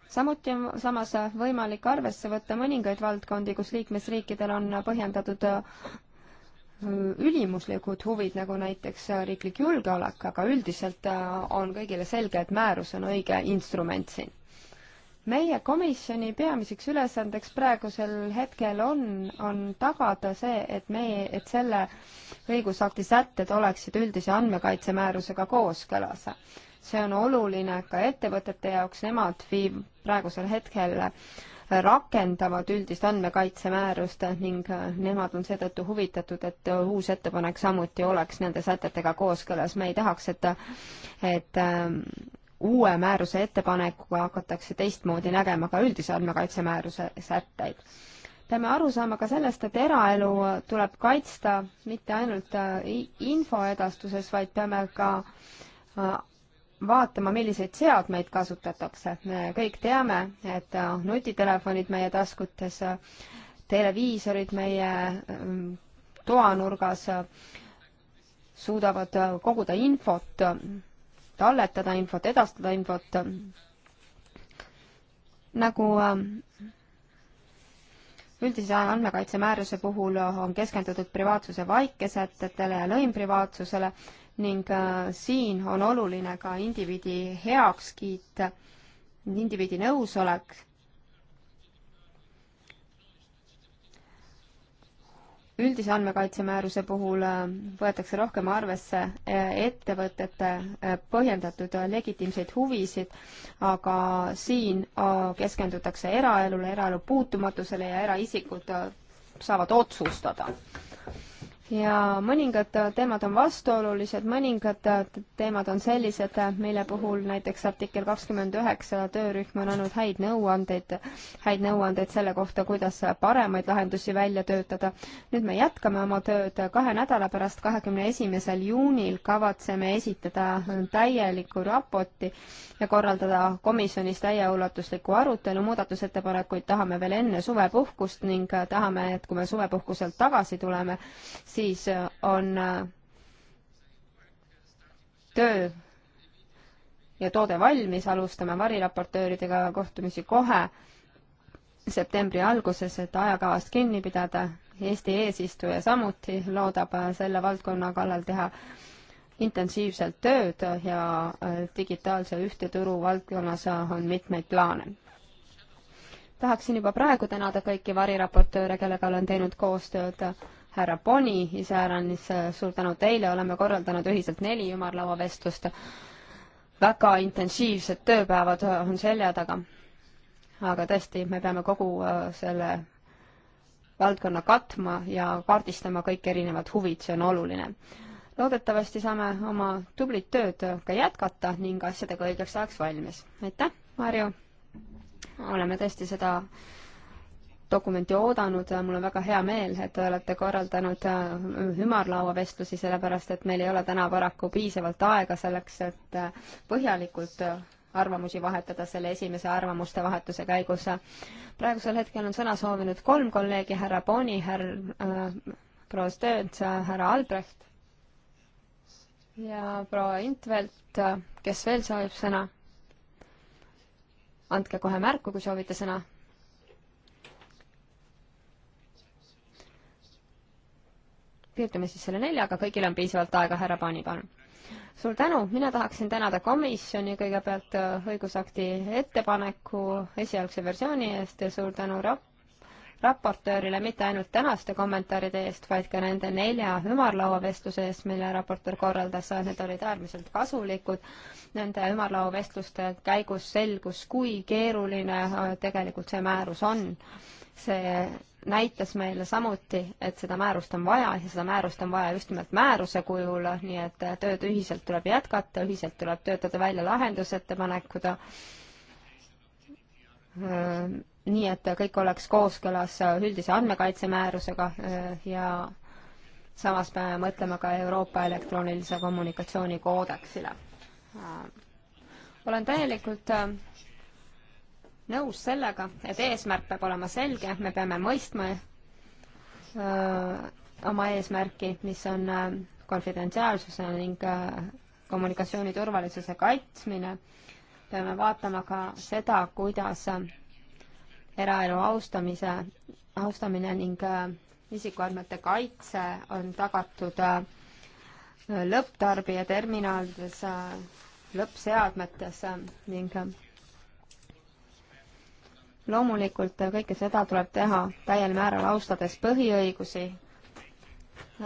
samuti on samas võimalik arvesse võtta mõningaid valdkondi, kus liikmesriikidel on põhjendatud äh, ülimuslikud huvid, nagu näiteks äh, riiklik julgeolek, aga üldiselt äh, on kõigile selge, et määrus on õige instrument siin. meie komisjoni peamiseks ülesandeks praegusel hetkel on, on tagada see, et meie, et selle õigusakti sätted oleksid üldise andmekaitsemäärusega kooskõlas see on oluline ka ettevõtete jaoks, nemad viib praegusel hetkel äh, rakendavad üldist andmekaitsemäärust ning äh, nemad on seetõttu huvitatud, et uus ettepanek samuti oleks nende sätetega kooskõlas. me ei tahaks, et, et äh, uue määruse ettepanekuga hakatakse teistmoodi nägema ka üldise andmekaitsemääruse sätteid. peame aru saama ka sellest, et eraelu tuleb kaitsta mitte ainult info edastuses, vaid peame ka vaatama, milliseid seadmeid kasutatakse. me kõik teame, et äh, nutitelefonid meie taskutes, televiisorid meie ähm, toanurgas äh, suudavad äh, koguda infot, talletada infot, edastada infot, nagu üldise andmekaitsemääruse puhul on keskendutud privaatsuse vaikesätetele ja lõimprivaatsusele, ning äh, siin on oluline ka indiviidi heakskiit, indiviidi nõusolek. üldise andmekaitsemääruse puhul äh, võetakse rohkem arvesse äh, ettevõtete põhjendatud legitiimseid huvisid, aga siin keskendutakse eraelule, eraelu puutumatusele ja eraisikud saavad otsustada ja mõningad teemad on vastuolulised, mõningad teemad on sellised, mille puhul näiteks artikkel kakskümmend üheksa töörühm on andnud häid nõuandeid, häid nõuandeid selle kohta, kuidas paremaid lahendusi välja töötada. nüüd me jätkame oma tööd, kahe nädala pärast, kahekümne esimesel juunil kavatseme esitada täieliku raporti ja korraldada komisjonis täieulatuslikku arutelu, muudatusettepanekuid tahame veel enne suvepuhkust ning tahame, et kui me suvepuhkuselt tagasi tuleme, siis äh, on äh, töö ja toode valmis, alustame variraportööridega kohtumisi kohe septembri alguses, et ajakavast kinni pidada. Eesti eesistuja samuti loodab äh, selle valdkonna kallal teha intensiivselt tööd ja digitaalse ühteturu valdkonnas on mitmeid plaane. tahaksin juba praegu tänada kõiki variraportööre, kellega olen teinud koostööd härra Boni iseäranis, suur tänu teile, oleme korraldanud ühiselt neli ümarlauavestlust. väga intensiivsed tööpäevad on selja taga. aga tõesti, me peame kogu äh, selle valdkonna katma ja kaardistama kõik erinevad huvid, see on oluline loodetavasti saame oma tublit tööd ka jätkata ning asjadega õigeks ajaks valmis. aitäh, Marju! oleme tõesti seda dokumenti oodanud, mul on väga hea meel, et te olete korraldanud äh, ümarlauavestlusi, sellepärast et meil ei ole täna paraku piisavalt aega selleks, et äh, põhjalikult äh, arvamusi vahetada selle esimese arvamuste vahetuse käigus. praegusel hetkel on sõna soovinud kolm kolleegi, härra Boni, härra äh, proua Stööns, härra Albrecht ja proua Intvelt, kes veel soovib sõna? andke kohe märku, kui soovite sõna piirdume siis selle neljaga, kõigil on piisavalt aega, härra Paani, palun. suur tänu, mina tahaksin tänada komisjoni kõigepealt äh, õigusakti ettepaneku esialgse versiooni eest ja suur tänu rap-, raportöörile mitte ainult tänaste kommentaaride eest, vaid ka nende nelja ümarlauavestluse eest, mille raportöör korraldas, need olid äärmiselt kasulikud. Nende ümarlauavestluste käigus selgus, kui keeruline äh, tegelikult see määrus on. see näitas meile samuti, et seda määrust on vaja ja seda määrust on vaja just nimelt määruse kujul, nii et tööd ühiselt tuleb jätkata, ühiselt tuleb töötada välja lahendusettepanekud, nii et kõik oleks kooskõlas üldise andmekaitsemäärusega ja samas me mõtleme ka Euroopa elektroonilise kommunikatsiooni koodeksile. olen täielikult nõus sellega, et eesmärk peab olema selge, me peame mõistma öö, oma eesmärki, mis on öö, konfidentsiaalsuse ning öö, kommunikatsiooni turvalisuse kaitsmine. peame vaatama ka seda, kuidas eraelu austamise, austamine ning isikuandmete kaitse on tagatud lõpptarbija terminalides, lõppseadmetes ning loomulikult kõike seda tuleb teha täiel määral austades põhiõigusi,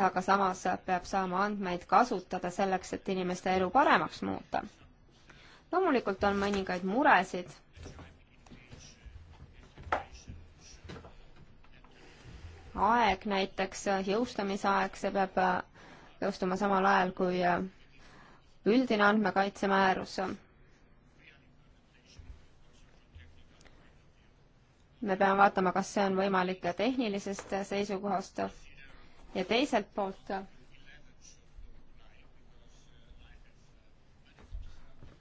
aga samas peab saama andmeid kasutada selleks, et inimeste elu paremaks muuta. loomulikult on mõningaid muresid, aeg näiteks, jõustamisaeg, see peab jõustuma samal ajal kui üldine andmekaitsemäärus me peame vaatama, kas see on võimalik tehnilisest seisukohast ja teiselt poolt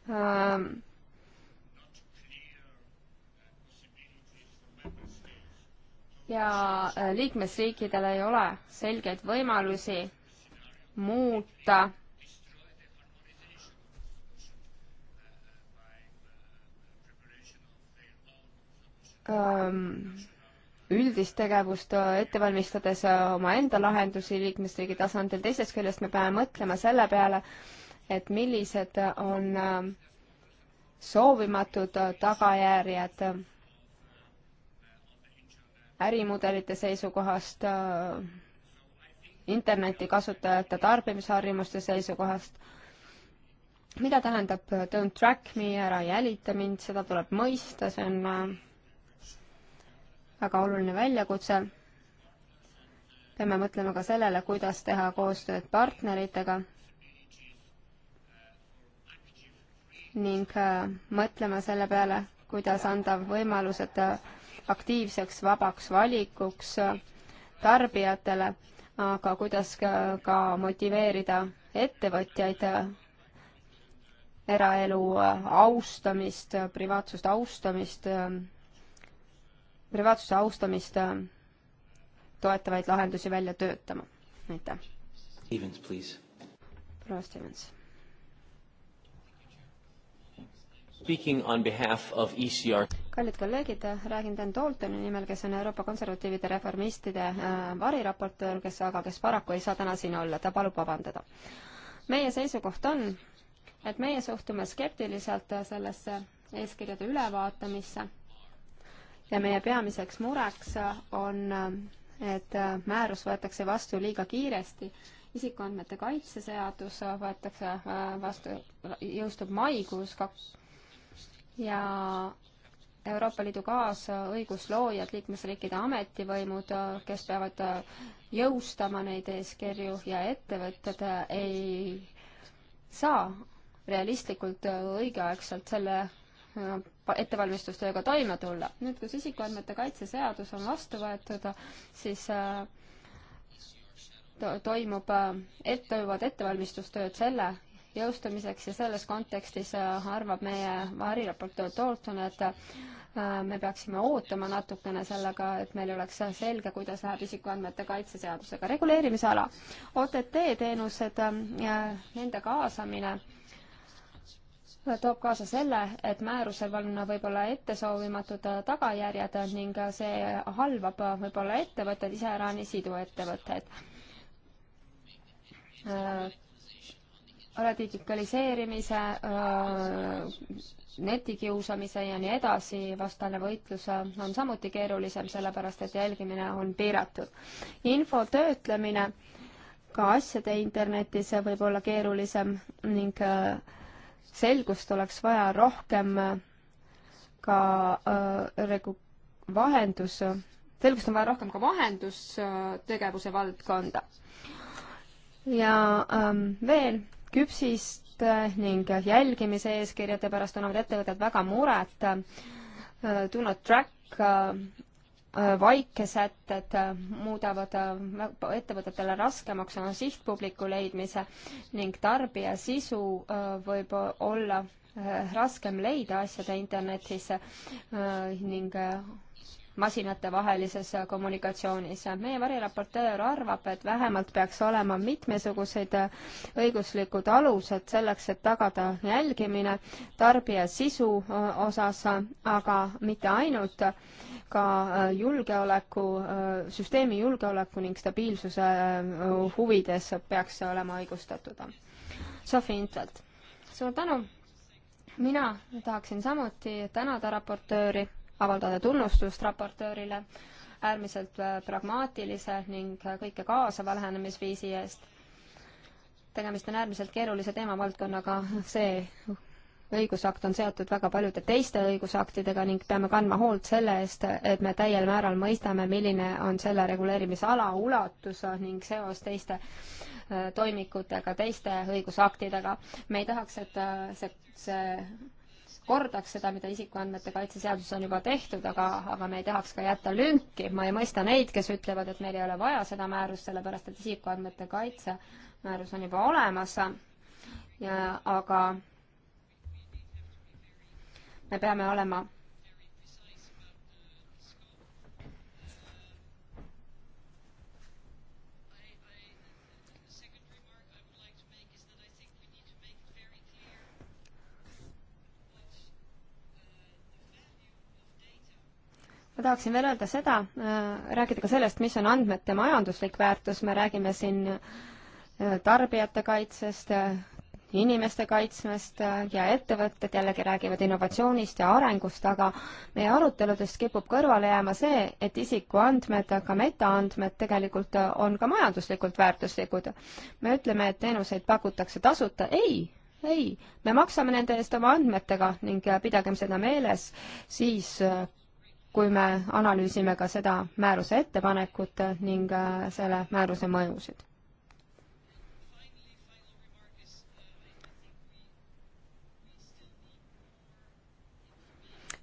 ähm, ja äh, liikmesriikidel ei ole selgeid võimalusi muuta Ähm, üldist tegevust äh, ette valmistades äh, omaenda lahendusi liikmesriigi tasandil, teisest küljest me peame mõtlema selle peale, et millised on ähm, soovimatud äh, tagajärjed ärimudelite seisukohast, internetikasutajate tarbimisharjumuste seisukohast, mida tähendab don't track me, ära jälita mind, seda tuleb mõista, see on väga oluline väljakutse. peame mõtlema ka sellele, kuidas teha koostööd partneritega ning äh, mõtlema selle peale, kuidas anda võimalused äh, aktiivseks vabaks valikuks äh, tarbijatele, aga kuidas ka, ka motiveerida ettevõtjaid eraelu austamist, privaatsust austamist privaatsuse austamist äh, toetavaid lahendusi välja töötama. aitäh. Stevens, please. proua Stevens. Speaking on behalf of ECR. kallid kolleegid, räägin Dan Daltoni nimel, kes on Euroopa Konservatiivide Reformistide äh, variraportöör, kes aga, kes paraku ei saa täna siin olla, ta palub vabandada. meie seisukoht on, et meie suhtume skeptiliselt sellesse eeskirjade ülevaatamisse ja meie peamiseks mureks on, et määrus võetakse vastu liiga kiiresti. isikuandmete kaitse seadus võetakse äh, vastu, jõustub maikuus kaks ja Euroopa Liidu kaasõigusloojad, liikmesriikide ametivõimud, kes peavad äh, jõustama neid eeskirju ja ettevõtted äh, ei saa realistlikult õigeaegselt selle ettevalmistustööga toime tulla. nüüd, kus isikuandmete kaitse seadus on vastu võetud, siis äh, to toimub, äh, et toimuvad ettevalmistustööd selle jõustumiseks ja selles kontekstis äh, arvab meie variraportöör Toolton, et me peaksime ootama natukene sellega, et meil oleks selge, kuidas läheb isikuandmete kaitse seadusega. reguleerimisala, OTT teenused, nende kaasamine toob kaasa selle, et määrusel on võib-olla ettesoovimatud äh, tagajärjed ning äh, see halvab võib-olla ettevõtted, iseäranis iduettevõtted. Äh, radikaliseerimise, netikiusamise ja nii edasi vastane võitlus on samuti keerulisem, sellepärast et jälgimine on piiratud. info töötlemine ka asjade internetis võib olla keerulisem ning äh, selgust oleks vaja rohkem äh, ka äh, regu-, vahendus, selgust on vaja rohkem ka vahendustegevuse valdkonda. ja ähm, veel, küpsist äh, ning jälgimise eeskirjade pärast tunnevad ettevõtted väga muret äh,. Do not track äh, Äh, vaikesätted äh, muudavad äh, ettevõtetele raskemaks oma sihtpubliku leidmise ning tarbija sisu võib olla raskem leida asjade internetis ning masinatevahelises kommunikatsioonis. meie variraportöör arvab, et vähemalt peaks olema mitmesugused õiguslikud alused selleks, et tagada jälgimine tarbija sisu osas, aga mitte ainult, ka julgeoleku, süsteemi julgeoleku ning stabiilsuse huvides peaks see olema õigustatud. Sofi Intvelt, suur tänu! mina tahaksin samuti tänada raportööri avaldada tunnustust raportöörile äärmiselt äh, pragmaatilise ning äh, kõike kaasava lähenemisviisi eest. tegemist on äärmiselt keerulise teemavaldkonnaga, see õigusakt on seotud väga paljude teiste õigusaktidega ning peame kandma hoolt selle eest, et me täiel määral mõistame, milline on selle reguleerimisala ulatus ning seos teiste äh, toimikutega, teiste õigusaktidega. me ei tahaks, et see, see kordaks seda, mida isikuandmete kaitse seadus on juba tehtud, aga, aga me ei tahaks ka jätta lünki. ma ei mõista neid, kes ütlevad, et meil ei ole vaja seda määrust, sellepärast et isikuandmete kaitse määrus on juba olemas. ja aga me peame olema ma tahaksin veel öelda seda, äh, rääkida ka sellest, mis on andmete majanduslik väärtus, me räägime siin äh, tarbijate kaitsest, äh, inimeste kaitsmest ja ettevõtted jällegi räägivad innovatsioonist ja arengust, aga meie aruteludest kipub kõrvale jääma see, et isikuandmed, ka metaandmed tegelikult on ka majanduslikult väärtuslikud. me ütleme, et teenuseid pakutakse tasuta, ei, ei, me maksame nende eest oma andmetega ning pidagem seda meeles siis, kui me analüüsime ka seda määruse ettepanekut ning äh, selle määruse mõjusid.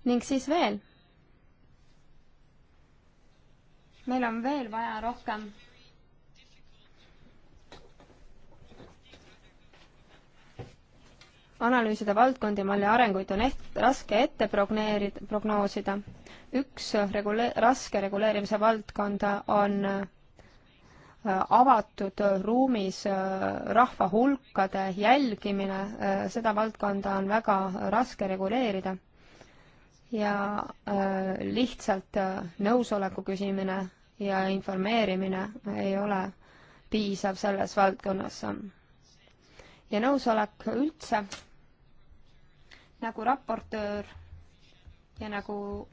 ning siis veel. meil on veel vaja rohkem analüüsida valdkondi, mille arenguid on eht-, raske ette progneerida, prognoosida. üks regule-, raske reguleerimise valdkonda on äh, avatud ruumis äh, rahva hulkade jälgimine, äh, seda valdkonda on väga raske reguleerida. ja lihtsalt nõusoleku küsimine ja informeerimine ei ole piisav selles valdkonnas. ja nõusolek üldse nagu raportöör ja nagu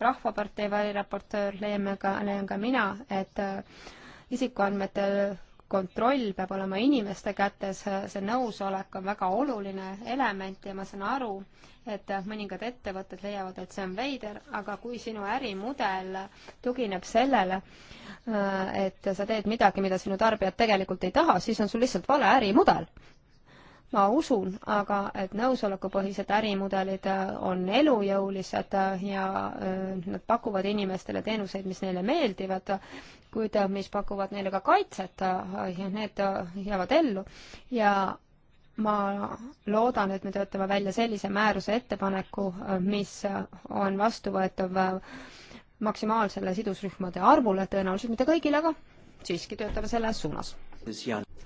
Rahvapartei väliraportöör leiame ka, leian ka mina, et äh, isikuandmete kontroll peab olema inimeste kätes, see nõusolek on väga oluline element ja ma saan aru, et äh, mõningad ettevõtted leiavad, et see on veider, aga kui sinu ärimudel tugineb sellele, äh, et sa teed midagi, mida sinu tarbijad tegelikult ei taha, siis on sul lihtsalt vale ärimudel ma usun aga, et nõusolekupõhised ärimudelid äh, on elujõulised äh, ja äh, nad pakuvad inimestele teenuseid, mis neile meeldivad, kuid mis pakuvad neile ka kaitset ja need jäävad ellu ja ma loodan, et me töötame välja sellise määruse ettepaneku, mis on vastuvõetav maksimaalsele sidusrühmade arvule, tõenäoliselt mitte kõigile, aga siiski töötame selles suunas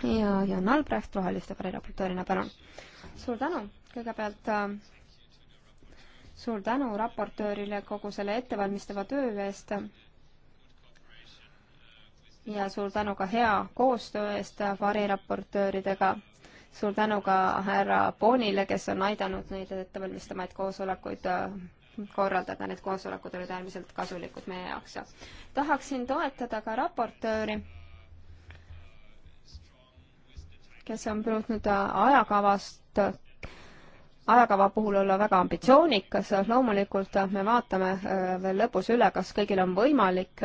ja Jan Albrecht roheliste variraportöörina, palun. suur tänu, kõigepealt äh, suur tänu raportöörile kogu selle ettevalmistava töö eest ja suur tänu ka hea koostöö eest variraportööridega. suur tänu ka härra Boonile, kes on aidanud neid ettevalmistamaid koosolekuid äh, korraldada, need koosolekud olid äärmiselt kasulikud meie jaoks ja tahaksin toetada ka raportööri kes on püüdnud äh, ajakavast, ajakava puhul olla väga ambitsioonikas, loomulikult äh, me vaatame äh, veel lõpus üle, kas kõigil on võimalik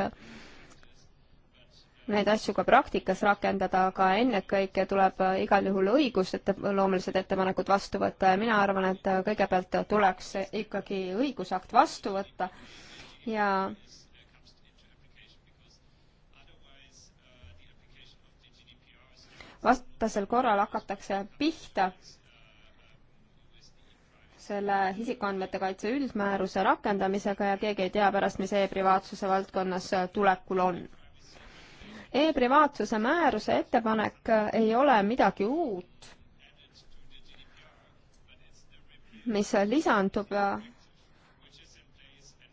neid asju ka praktikas rakendada, aga ennekõike tuleb igal juhul õigusloomelised ette, ettepanekud vastu võtta ja mina arvan, et kõigepealt tuleks ikkagi õigusakt vastu võtta ja vastasel korral hakatakse pihta selle isikuandmete kaitse üldmääruse rakendamisega ja keegi ei tea pärast, mis e-privaatsuse valdkonnas tulekul on e. e-privaatsuse määruse ettepanek ei ole midagi uut, mis lisandub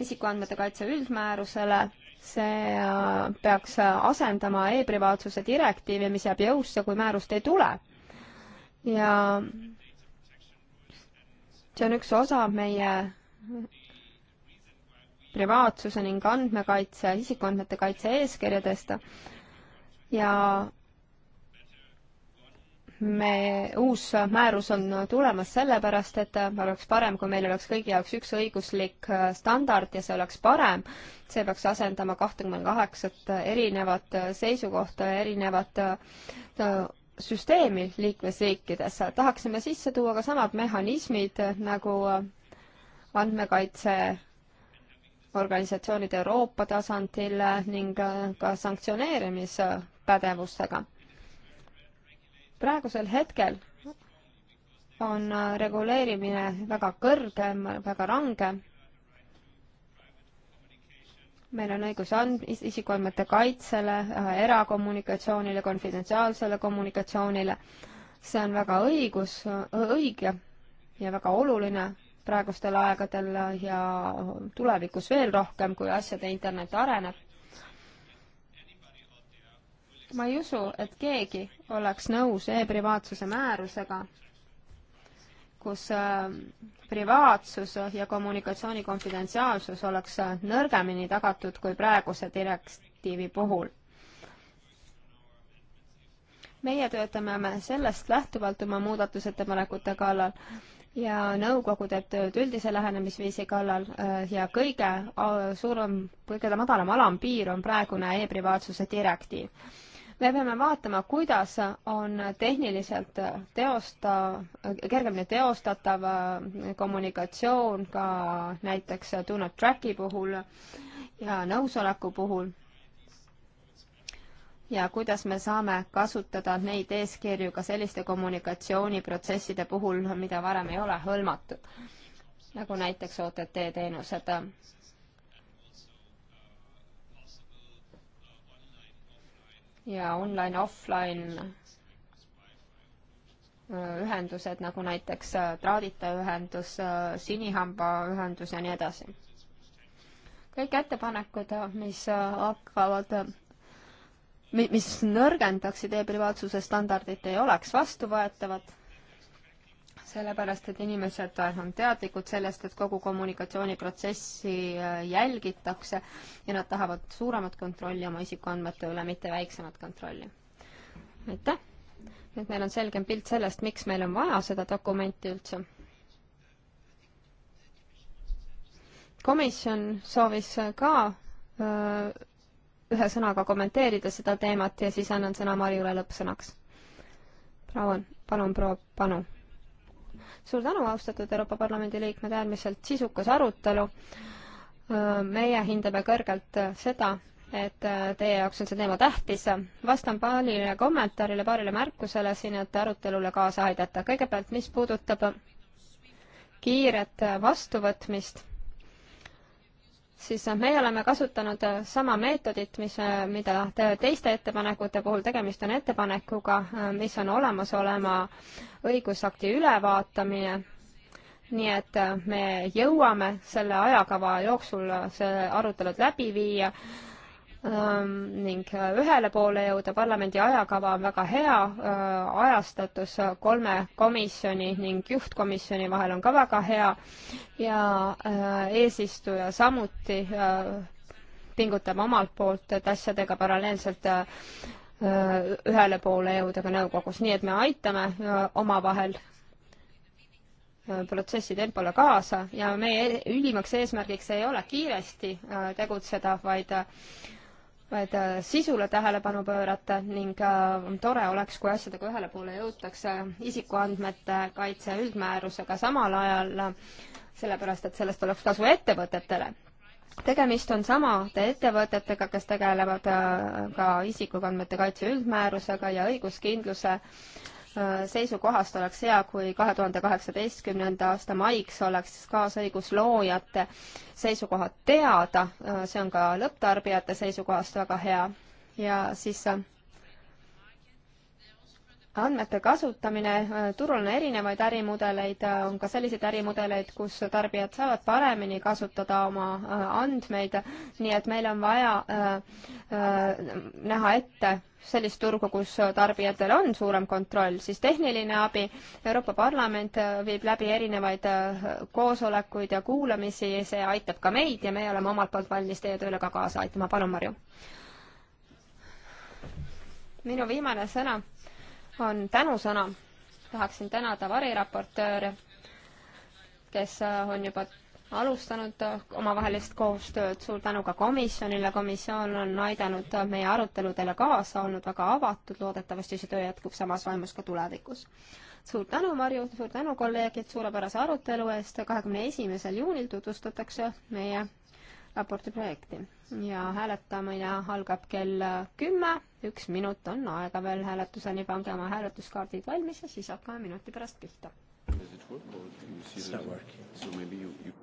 isikuandmete kaitse üldmäärusele see äh, peaks äh, asendama e-privaatsuse direktiivi, mis jääb jõusse, kui määrust ei tule. ja see on üks osa meie privaatsuse ning andmekaitse, isikuandmete kaitse eeskirjadest ja me, uus määrus on tulemas sellepärast, et oleks parem, kui meil oleks kõigi jaoks üks õiguslik äh, standard ja see oleks parem see peaks asendama kahtekümmend kaheksat erinevat seisukohta ja erinevat äh, süsteemi liikmesriikides. tahaksime sisse tuua ka samad mehhanismid nagu äh, andmekaitse organisatsioonid Euroopa tasandil ning äh, ka sanktsioneerimispädevustega. praegusel hetkel on reguleerimine väga kõrge, väga range meil on õigus and-, isikuandmete kaitsele, äh, erakommunikatsioonile, konfidentsiaalsele kommunikatsioonile. see on väga õigus, õige ja väga oluline praegustel aegadel äh, ja tulevikus veel rohkem, kui asjade internet areneb. ma ei usu, et keegi oleks nõus e-privaatsuse määrusega, kus äh, privaatsus ja kommunikatsiooni konfidentsiaalsus oleks äh, nõrgemini tagatud kui praeguse direktiivi puhul. meie töötame me sellest lähtuvalt oma muudatusettepanekute kallal ja nõukogu teeb tööd üldise lähenemisviisi kallal äh, ja kõige suurem, kõige madalam alampiir on praegune e-privaatsuse direktiiv me peame vaatama, kuidas on tehniliselt teosta, kergemini teostatav äh, kommunikatsioon ka näiteks do not track'i puhul ja nõusoleku puhul ja kuidas me saame kasutada neid eeskirju ka selliste kommunikatsiooniprotsesside puhul, mida varem ei ole hõlmatud, nagu näiteks OTT teenused. ja online-offline äh, ühendused, nagu näiteks äh, traadita ühendus, äh, sinihambaühendus ja nii edasi. kõik ettepanekud, mis hakkavad, mis nõrgendaksid e-privaatsuse standardit, ei oleks vastuvõetavad sellepärast et inimesed on teadlikud sellest, et kogu kommunikatsiooniprotsessi äh, jälgitakse ja nad tahavad suuremat kontrolli oma isikuandmete üle, mitte väiksemat kontrolli. aitäh! nüüd meil on selgem pilt sellest, miks meil on vaja seda dokumenti üldse. komisjon soovis ka öö, äh, ühe sõnaga kommenteerida seda teemat ja siis annan sõna Marjule lõppsõnaks. proua, palun, proua Panu suur tänu, austatud Euroopa Parlamendi liikmed, äärmiselt sisukas arutelu. meie hindame kõrgelt seda, et teie jaoks on see teema tähtis. vastan paarile kommentaarile, paarile märkusele siin, et arutelule kaasa aidata. kõigepealt, mis puudutab kiiret äh, vastuvõtmist siis meie oleme kasutanud äh, sama meetodit, mis, äh, mida teiste ettepanekute puhul, tegemist on ettepanekuga, äh, mis on olemasoleva õigusakti ülevaatamine, nii et me jõuame selle ajakava jooksul see arutelud läbi viia Ehm, ning äh, ühele poole jõuda. parlamendi ajakava on väga hea, äh, ajastatus äh, kolme komisjoni ning juhtkomisjoni vahel on ka väga hea ja eesistuja samuti pingutab omalt poolt, et asjadega paralleelselt ühele poole jõuda ka nõukogus, nii et me aitame omavahel protsessi tempole kaasa ja meie ülimaks eesmärgiks ei ole kiiresti tegutseda, vaid vaid äh, sisule tähelepanu pöörata ning äh, tore oleks, kui asjadega ühele poole jõutakse isikuandmete kaitse üldmäärusega samal ajal, sellepärast et sellest oleks kasu ettevõtetele. tegemist on samade ettevõtetega, kes tegelevad äh, ka isikukandmete kaitse üldmäärusega ja õiguskindluse äh, Äh, seisukohast oleks hea, kui kahe tuhande kaheksateistkümnenda aasta maiks oleks kaasõigusloojate seisukohad teada, äh, see on ka lõpptarbijate seisukohast väga hea ja siis äh, andmete kasutamine, äh, turul on erinevaid ärimudeleid, äh, on ka selliseid ärimudeleid, kus tarbijad saavad paremini kasutada oma äh, andmeid, nii et meil on vaja näha ette sellist turgu, kus tarbijatel on suurem kontroll, siis tehniline abi, Euroopa Parlament viib läbi erinevaid koosolekuid ja kuulamisi, see aitab ka meid ja meie oleme omalt poolt valmis teie tööle ka kaasa aitama, palun Marju! minu viimane sõna on tänusõna. tahaksin tänada variraportööre, kes äh, on juba alustanud äh, omavahelist koostööd, suur tänu ka komisjonile, komisjon on aidanud äh, meie aruteludele kaasa, olnud väga avatud, loodetavasti see töö jätkub samas vaimus ka tulevikus. suur tänu, Marju, suur tänu, kolleegid, suurepärase arutelu eest, kahekümne esimesel juunil tutvustatakse meie raporti projekti ja hääletamine algab kell kümme, üks minut on aega veel hääletuseni, pange oma hääletuskaardid valmis ja siis hakkame minuti pärast pihta. Does it work or do you see the... So maybe you, you...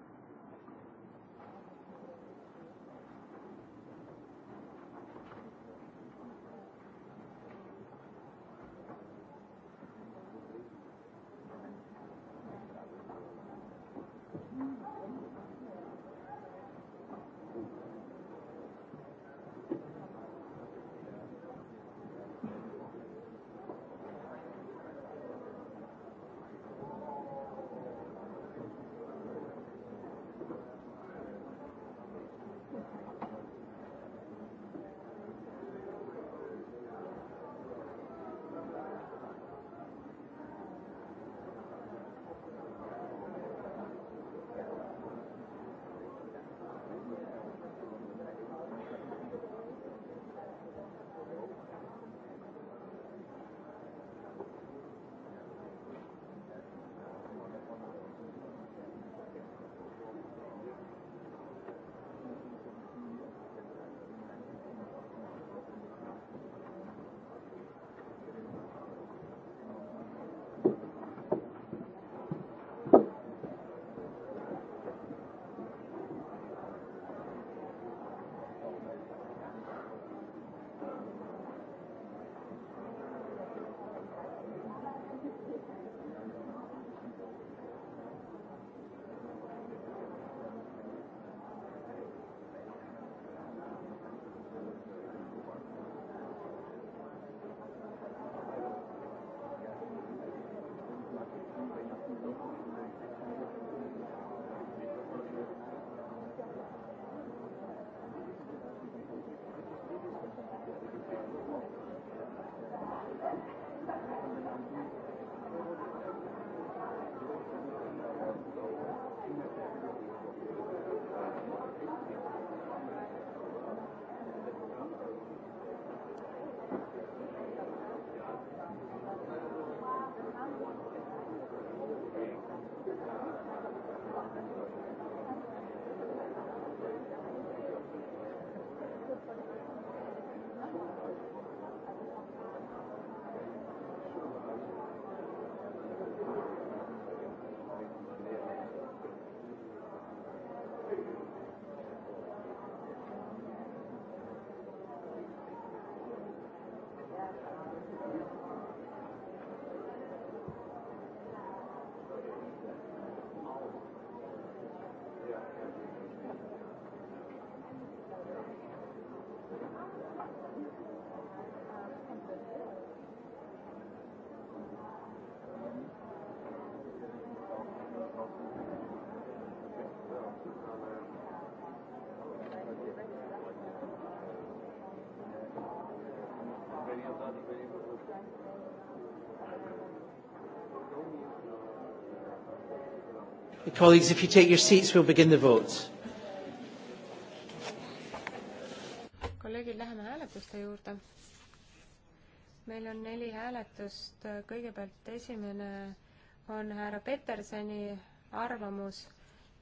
Colleagues, if you take your seats, we'll begin the vote. kolleegid, läheme hääletuste juurde. meil on neli hääletust, kõigepealt esimene on härra Petersoni arvamus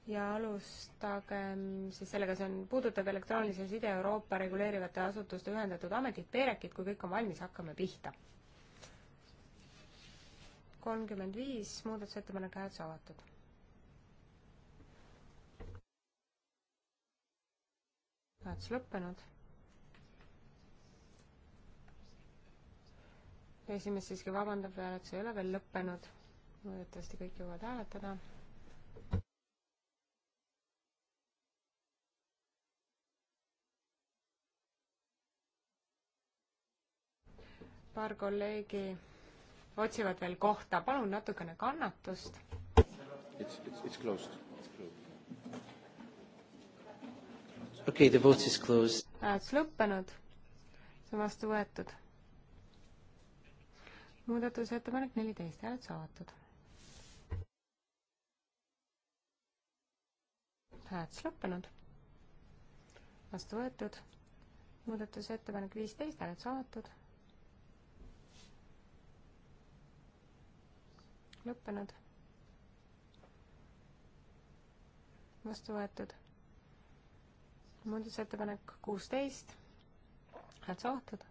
ja alustagem siis sellega, see on, puudutab elektroonilise side Euroopa reguleerivate asutuste ühendatud ametit, Perekit, kui kõik on valmis, hakkame pihta. kolmkümmend viis muudatusettepanek hääletus avatud hääletus lõppenud. esimees siiski vabandab, hääletus ei ole veel lõppenud. loodetavasti kõik jõuavad hääletada. paar kolleegi otsivad veel kohta, palun natukene kannatust. It's, it's, it's closed. okei okay,, the vote is closed. hääletus lõppenud, see on vastu võetud. muudatusettepanek neliteist, hääletus avatud. hääletus lõppenud, vastu võetud. muudatusettepanek viisteist, hääletus avatud. lõppenud, vastu võetud muudatusettepanek kuusteist, hääd saatud.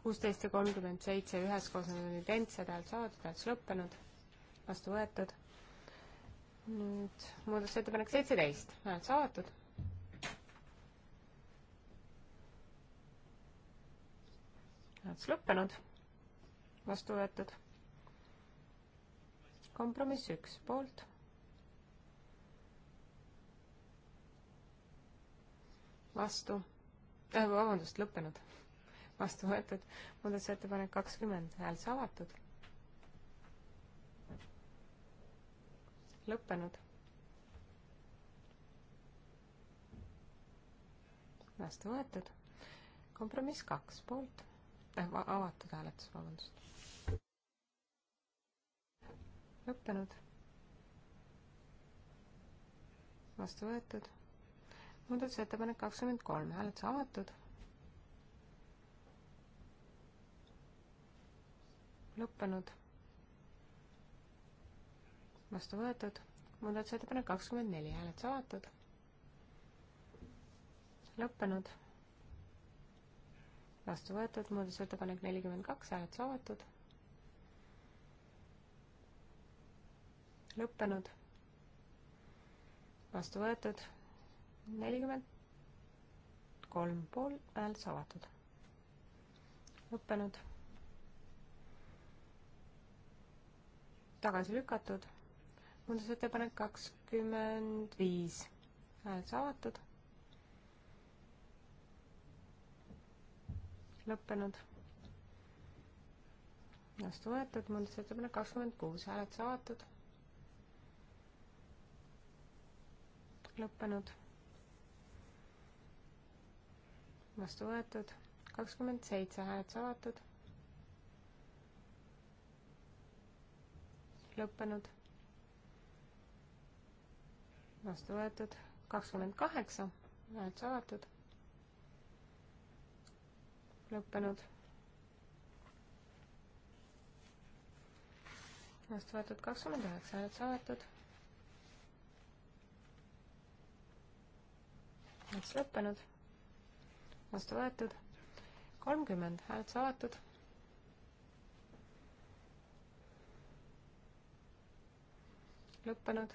kuusteist ja kolmkümmend seitse üheskoos on identsed, hääd saadud, hääd lõppenud, vastu võetud. nüüd muudatusettepanek seitseteist, hääd saadetud oled lõppenud vastu võetud. kompromiss üks poolt. vastu äh,, vabandust, lõppenud, vastu võetud, muudatusettepanek kakskümmend, hääl avatud. lõppenud. vastu võetud, kompromiss kaks poolt äh,, avatud hääletus, vabandust. lõppenud. vastu võetud. muudatusettepanek kakskümmend kolm, hääletus avatud. lõppenud. vastu võetud. muudatusettepanek kakskümmend neli, hääletus avatud. lõppenud vastu võetud, muudatusettepanek nelikümmend kaks, hääletus avatud. lõppenud, vastu võetud, nelikümmend kolm pool, hääletus avatud. lõppenud, tagasi lükatud, muudatusettepanek kakskümmend viis, hääletus avatud lõppenud. vastu võetud, muudatusettepanek kakskümmend kuus, hääletus avatud. lõppenud. vastu võetud, kakskümmend seitse, hääletus avatud. lõppenud. vastu võetud, kakskümmend kaheksa, hääletus avatud lõppenud. vastu võetud kakskümmend üheksa häält saadetud. hääletus lõppenud. vastu võetud kolmkümmend häält saadetud. lõppenud.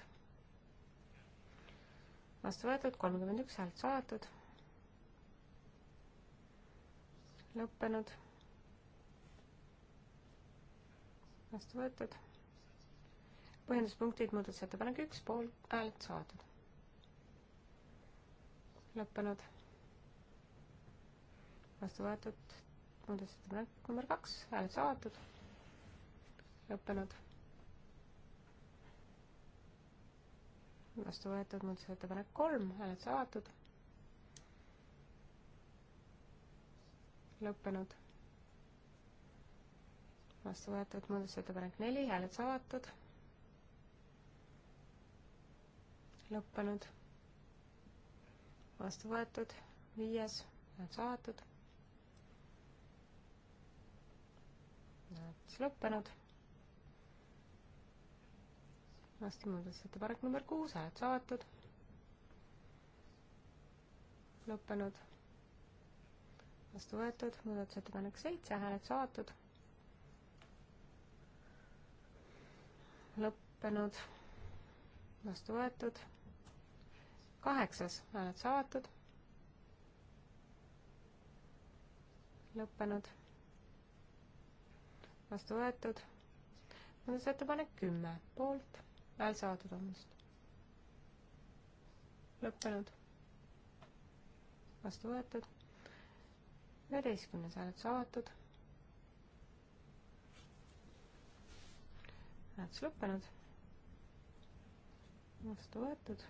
vastu võetud kolmkümmend üks häält saadetud lõppenud. vastu võetud. põhjenduspunktid, muudatusettepanek üks, poolt häält saadud. lõppenud. vastu võetud. muudatusettepanek number kaks, hääled saadud. lõppenud vastu võetud muudatusettepanek kolm, hääled saadetud. lõppenud. vastu võetud muudatusettepanek neli, hääletus avatud. lõppenud. vastu võetud viies, hääletus avatud. hääletus lõppenud. vastu muudatusettepanek number kuus, hääletus avatud. lõppenud vastu võetud, muudatusettepanek seitse, hääletus avatud. lõppenud, vastu võetud. kaheksas, hääletus avatud. lõppenud, vastu võetud. muudatusettepanek kümme, poolt, hääl saadud, vabandust. lõppenud, vastu võetud üheteistkümnes hääletus avatud. hääletus lõppenud. vastu võetud.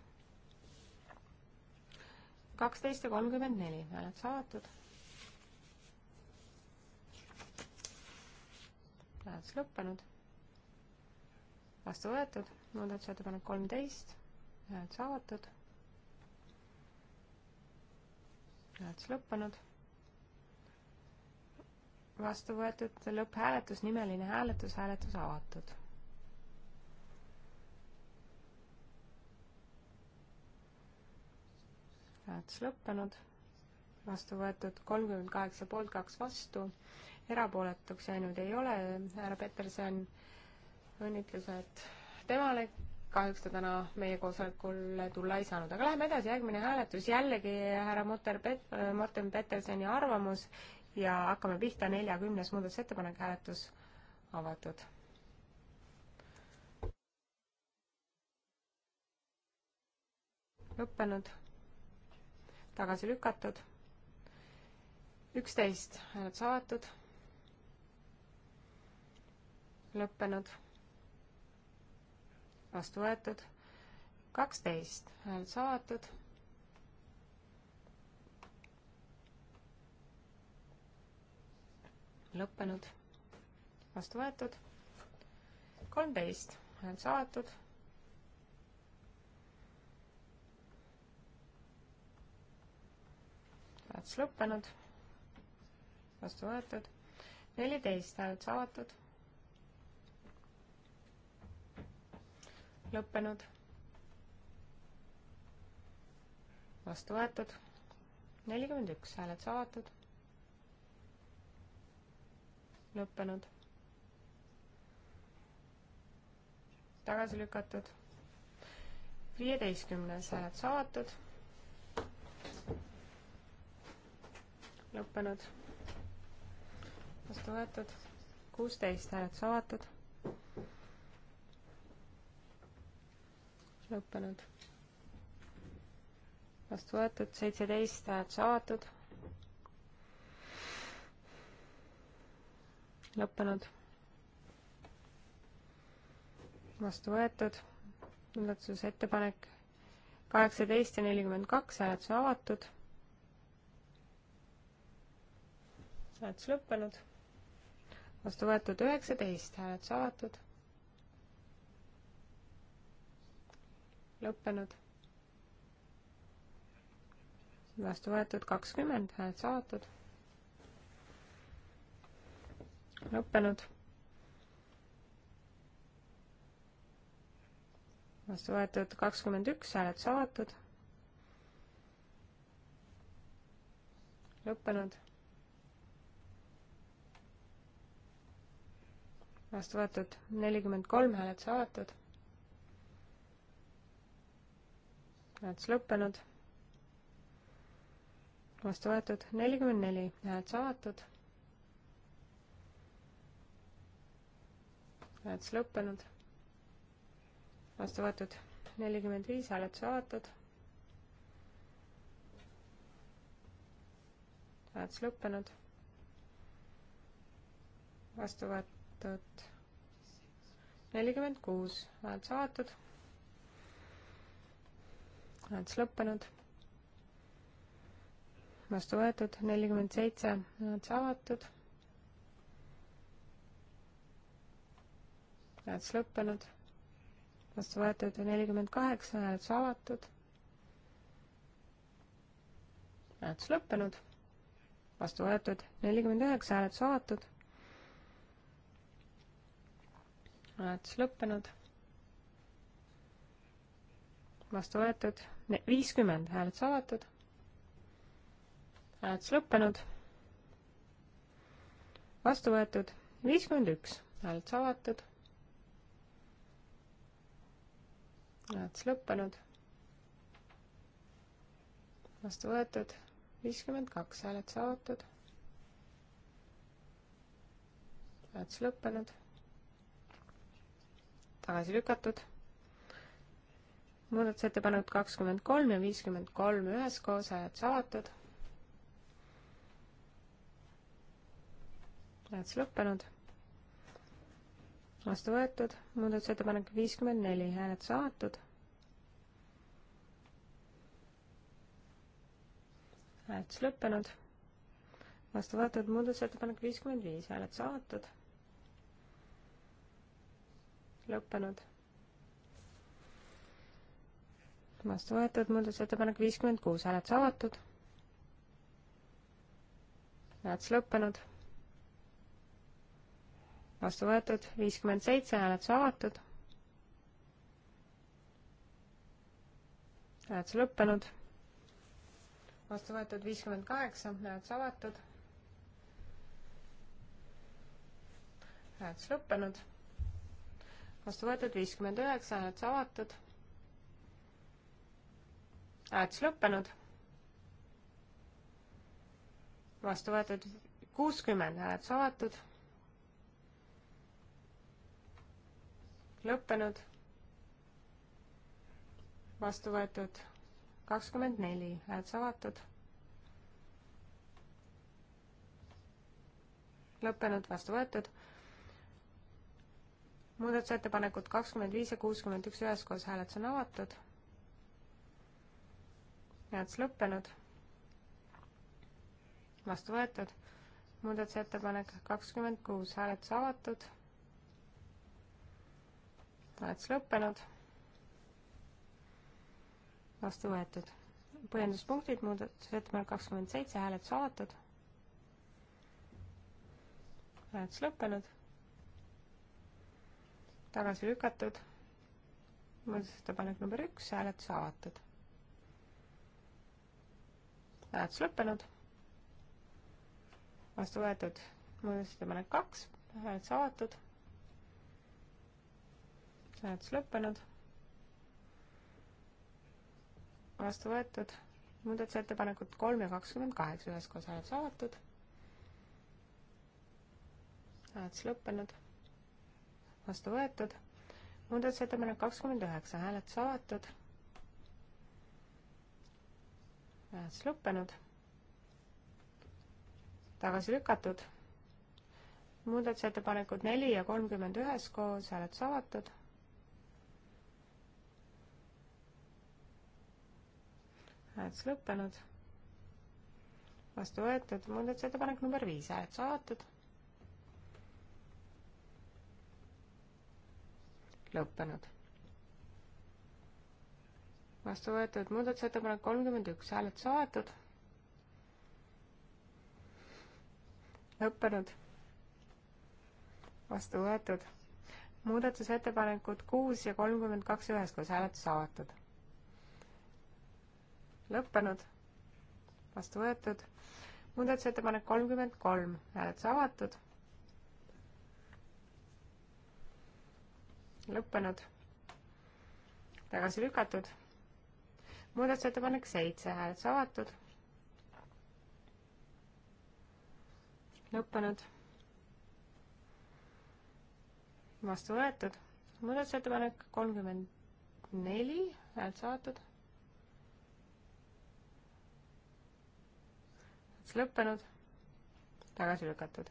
kaksteist ja kolmkümmend neli hääletus avatud. hääletus lõppenud. vastu võetud, muudatusettepanek kolmteist, hääletus avatud. hääletus lõppenud vastu võetud lõpphääletus, nimeline hääletus, hääletus avatud. hääletus lõppenud, vastu võetud kolmkümmend kaheksa poolt, kaks vastu, erapooletuks jäänud ei ole, härra Peterson, õnnitlused temale, kahjuks ta täna meie koosolekule tulla ei saanud, aga läheme edasi, järgmine hääletus jällegi härra Mutter Pet-, Morten Petersoni arvamus ja hakkame pihta, neljakümnes muudatusettepanek, hääletus avatud. lõppenud, tagasi lükatud, üksteist hääletus avatud, lõppenud, vastu võetud, kaksteist hääletus avatud lõppenud, vastu võetud. kolmteist, hääletus avatud. hääletus lõppenud, vastu võetud. neliteist, hääletus avatud. lõppenud, vastu võetud. nelikümmend üks, hääletus avatud lõppenud. tagasi lükatud. viieteistkümnes hääled saadud. lõppenud. vastu võetud. kuusteist hääled saadud. lõppenud. vastu võetud. seitseteist hääled saadud lõppenud. vastu võetud, muudatusettepanek kaheksateist ja nelikümmend kaks, hääletus on avatud. hääletus lõppenud, vastu võetud üheksateist, hääletus avatud. lõppenud vastu võetud kakskümmend, hääled saadud. lõppenud. vastu võetud kakskümmend üks, hääletus avatud. lõppenud. vastu võetud nelikümmend kolm, hääletus avatud. hääletus lõppenud. vastu võetud nelikümmend neli, hääletus avatud hääletus lõppenud. vastu võetud nelikümmend viis, hääletus avatud. hääletus lõppenud. vastu võetud nelikümmend kuus, hääletus avatud. hääletus lõppenud. vastu võetud nelikümmend seitse, hääletus avatud hääletus lõppenud, vastu võetud nelikümmend kaheksa, hääletus avatud, hääletus lõppenud, vastu võetud nelikümmend üheksa, hääletus avatud, hääletus lõppenud, vastu võetud viiskümmend, hääletus avatud, hääletus lõppenud, vastu võetud viiskümmend üks, hääletus avatud hääletus lõppenud. vastu võetud viiskümmend kaks hääletus avatud. hääletus lõppenud. tagasi lükatud. muudatusettepanekud kakskümmend kolm ja viiskümmend kolm üheskoos hääletus avatud. hääletus lõppenud vastu võetud, muudatusettepanek viiskümmend neli, hääletus avatud. hääletus lõppenud, vastu võetud muudatusettepanek viiskümmend viis, hääletus avatud. lõppenud, vastu võetud muudatusettepanek viiskümmend kuus, hääletus avatud. hääletus lõppenud vastu võetud, viiskümmend seitse, hääletus avatud. hääletus lõppenud. vastu võetud viiskümmend kaheksa, hääletus avatud. hääletus lõppenud. vastu võetud viiskümmend üheksa, hääletus avatud. hääletus lõppenud. vastu võetud kuuskümmend, hääletus avatud lõppenud, vastu võetud kakskümmend neli, hääled avatud, lõppenud, vastu võetud, muudatusettepanekud kakskümmend viis ja kuuskümmend üks üheskoos, hääled on avatud, hääled lõppenud, vastu võetud, muudatusettepanek kakskümmend kuus, hääletus avatud hääletus lõppenud. vastu võetud. põhjenduspunktid, muudatusettepanek kakskümmend seitse, hääletus avatud. hääletus lõppenud. tagasi lükatud. muudatusettepanek number üks, hääletus avatud. hääletus lõppenud. vastu võetud. muudatusettepanek kaks, hääletus avatud hääletus lõppenud. vastu võetud. muudatusettepanekud kolm ja kakskümmend kaheksa üheskoos hääletus avatud. hääletus lõppenud. vastu võetud. muudatusettepanek kakskümmend üheksa hääletus avatud. hääletus lõppenud. tagasi lükatud muudatusettepanekud neli ja kolmkümmend üheskoos, hääletus avatud. hääletus lõppenud. vastu võetud muudatusettepanek number viis, hääletus avatud. lõppenud. vastu võetud muudatusettepanek kolmkümmend üks, hääletus avatud. lõppenud. vastu võetud muudatusettepanekud kuus ja kolmkümmend kaks üheskoos, hääletus avatud lõppenud, vastu võetud. muudatusettepanek kolmkümmend kolm, hääletus avatud. lõppenud, tagasi lükatud. muudatusettepanek seitse, hääletus avatud. lõppenud, vastu võetud. muudatusettepanek kolmkümmend neli, hääletus avatud hääletus lõppenud, tagasi lükatud.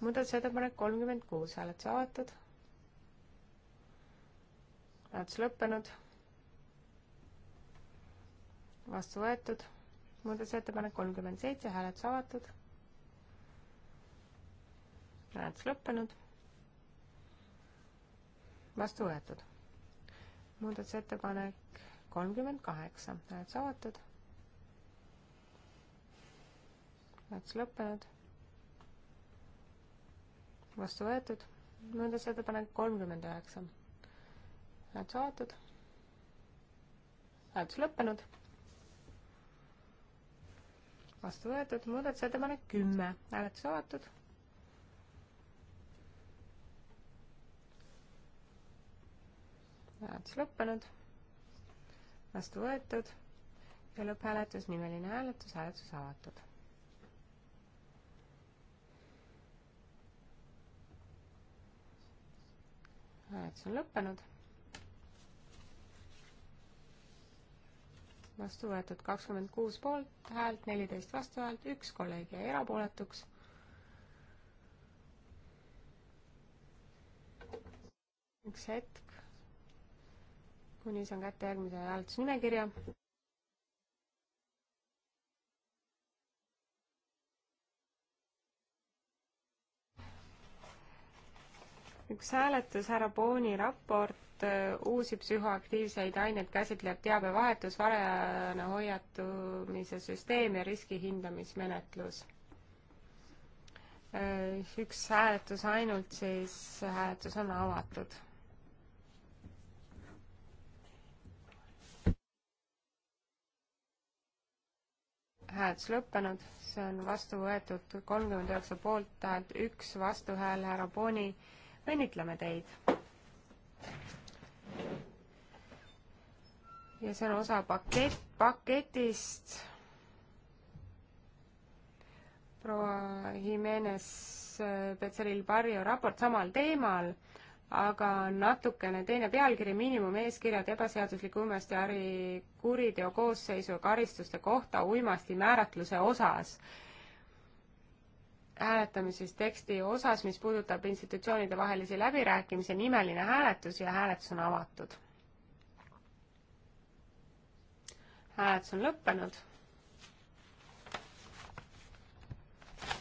muudatusettepanek kolmkümmend kuus, hääletus avatud, hääletus lõppenud, vastu võetud, muudatusettepanek kolmkümmend seitse, hääletus avatud, hääletus lõppenud, vastu võetud. muudatusettepanek kolmkümmend kaheksa, hääletus avatud hääletus lõppenud. vastu võetud. muudatusettepanek kolmkümmend üheksa. hääletus avatud. hääletus lõppenud. vastu võetud. muudatusettepanek kümme. hääletus avatud. hääletus lõppenud. vastu võetud ja lõpphääletus, nimeline hääletus, hääletus avatud hääletus on lõppenud. vastu võetud kakskümmend kuus poolt häält, neliteist vastuhäält, üks kolleeg jäi erapooletuks üks hetk, kuni saan kätte järgmise hääletusnimekirja. üks hääletus, härra Booni raport, äh, uusi psühhoaktiivseid aineid käsitleb teabevahetus, varajane hoiatamise süsteem ja riskihindamismenetlus. Äh, üks hääletus ainult, siis hääletus on avatud hääletus lõppenud, see on vastu võetud kolmkümmend üheksa poolthäält, üks vastuhääl härra Boni õnnitleme teid! ja see on osa pakett, paketist. proua Jimenez Petseril äh, Barrio raport samal teemal, aga natukene teine pealkiri, miinimumeeskirjad ebaseadusliku uimastiäri kuriteo koosseisu ja karistuste kohta uimasti määratluse osas hääletamises teksti osas, mis puudutab institutsioonide vahelisi läbirääkimisi, nimeline hääletus ja hääletus on avatud. hääletus on lõppenud.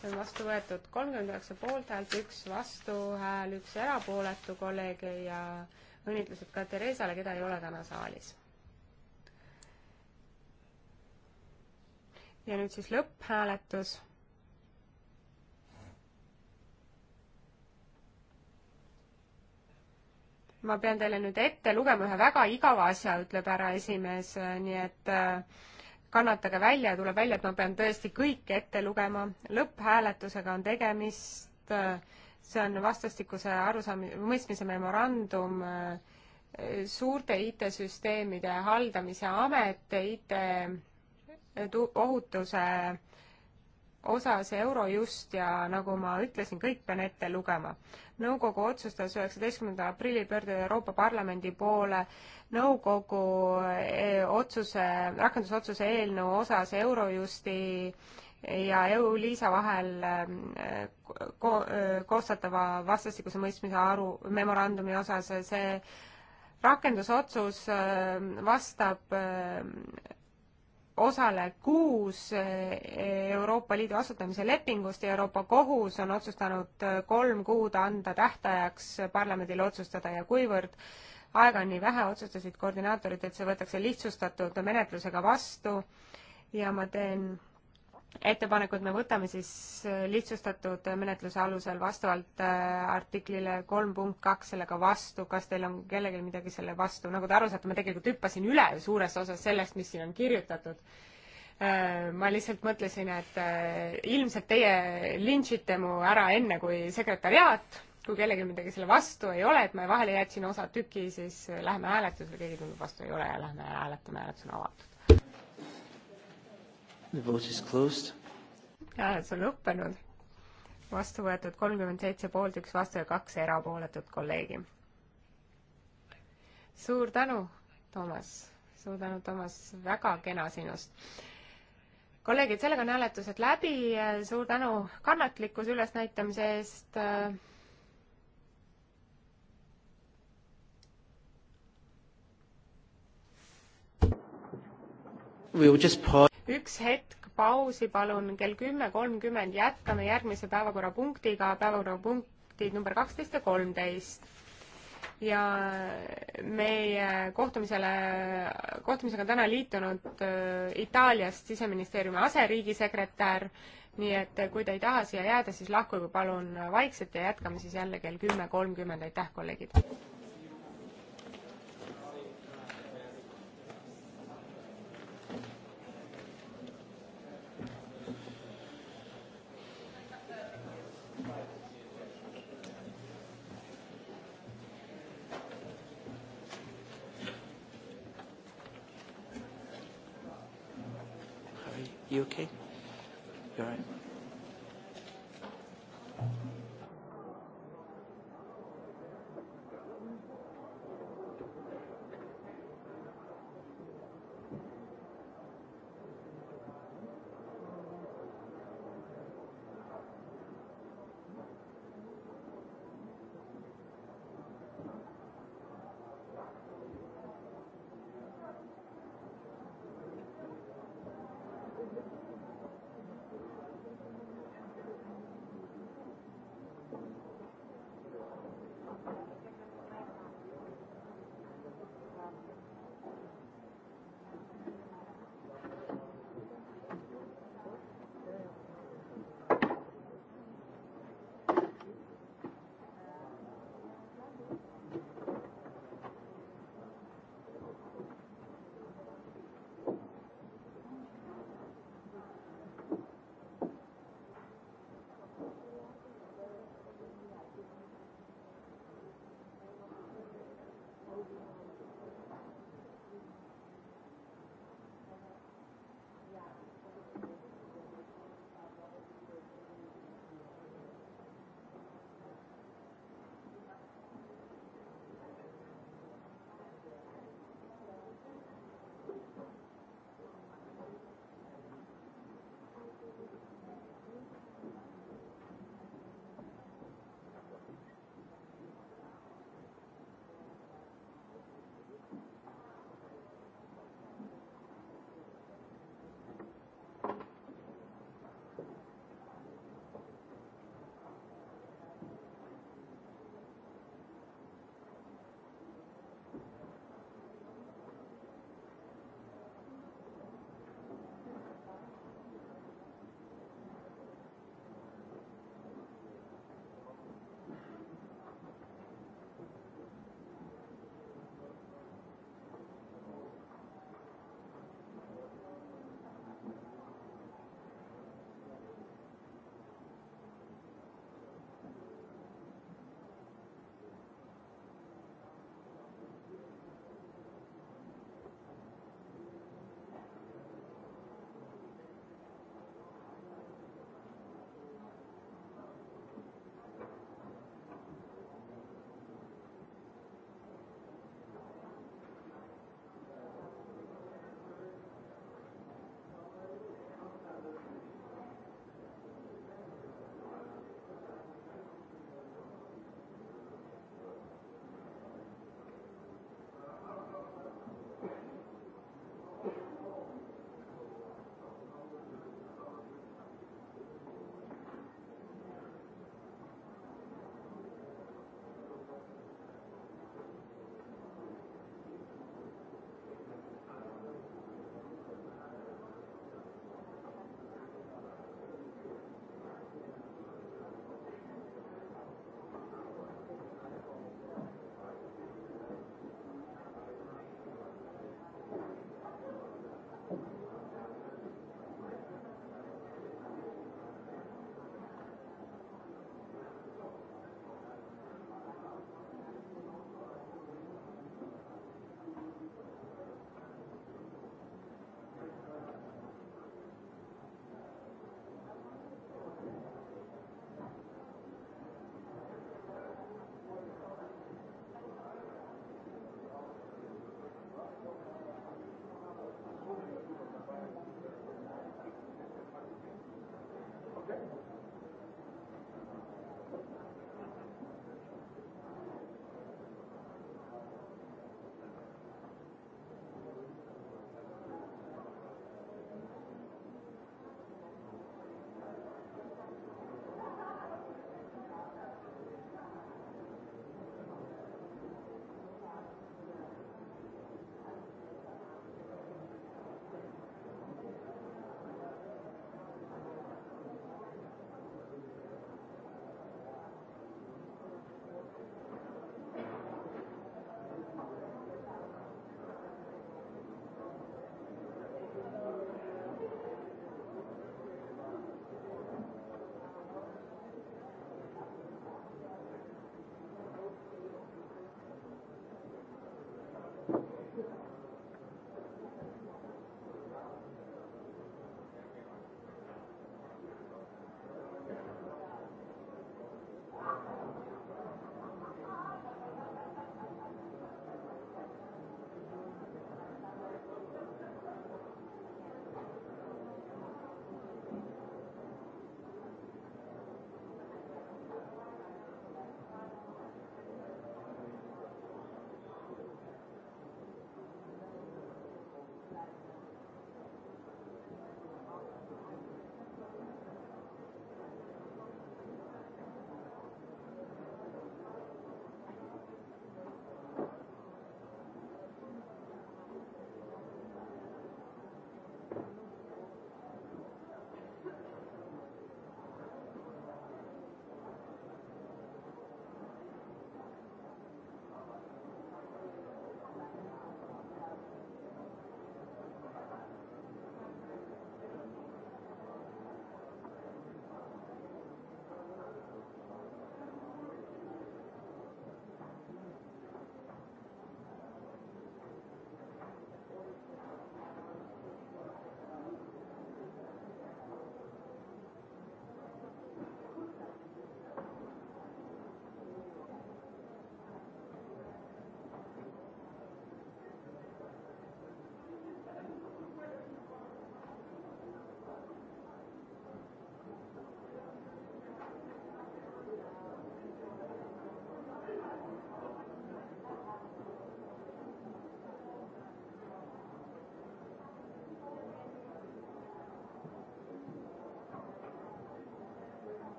see on vastu võetud kolmkümmend üheksa poolthäält, üks vastuhääl, üks erapooletu kolleeg ja õnnitlused ka Theresale, keda ei ole täna saalis. ja nüüd siis lõpphääletus ma pean teile nüüd ette lugema ühe väga igava asja, ütleb härra esimees, nii et äh, kannatage välja ja tuleb välja, et ma pean tõesti kõike ette lugema. lõpphääletusega on tegemist, äh, see on vastastikuse arusaamise, mõistmise memorandum, äh, suurte IT-süsteemide haldamise amet, IT ohutuse osas Eurojust ja nagu ma ütlesin, kõik pean ette lugema. nõukogu otsustas üheksateistkümnenda aprilli pöörduda Euroopa Parlamendi poole nõukogu eh, otsuse, rakendusotsuse eelnõu osas Eurojusti ja EU-Liisa vahel eh, ko eh, koostatava vastastikuse mõistmise aru, memorandumi osas, see rakendusotsus vastab osale kuus eh, Euroopa Liidu asutamise lepingust ja Euroopa Kohus on otsustanud eh, kolm kuud anda tähtajaks parlamendile otsustada ja kuivõrd aega on nii vähe, otsustasid koordinaatorid, et see võetakse lihtsustatud menetlusega vastu ja ma teen ettepanekud me võtame siis äh, lihtsustatud menetluse alusel vastavalt äh, artiklile kolm punkt kaks sellega vastu, kas teil on kellelgi midagi selle vastu, nagu te aru saate, ma tegelikult hüppasin üle suures osas sellest, mis siin on kirjutatud. Äh, ma lihtsalt mõtlesin, et ilmselt teie lintšite mu ära enne kui sekretäriaat, kui kellelgi midagi selle vastu ei ole, et ma vahele jätsin osa tüki, siis läheme hääletusele, keegi tundub vastu ei ole ja lähme hääletame, hääletus on avatud. The vote is closed. hääletus on lõppenud. vastu võetud kolmkümmend seitse poolt, üks vastu ja kaks erapooletut kolleegi. suur tänu, Toomas. suur tänu, Toomas, väga kena sinust kolleegid, sellega on hääletused läbi, suur tänu kannatlikkuse ülesnäitamise eest äh, üks hetk pausi, palun, kell kümme kolmkümmend jätkame järgmise päevakorrapunktiga, päevakorrapunktid number kaksteist ja kolmteist. ja meie kohtumisele, kohtumisega on täna liitunud äh, Itaaliast siseministeeriumi aseriigisekretär, nii et äh, kui te ei taha siia jääda, siis lahkuge palun vaikselt ja jätkame siis jälle kell kümme kolmkümmend, aitäh kolleegid!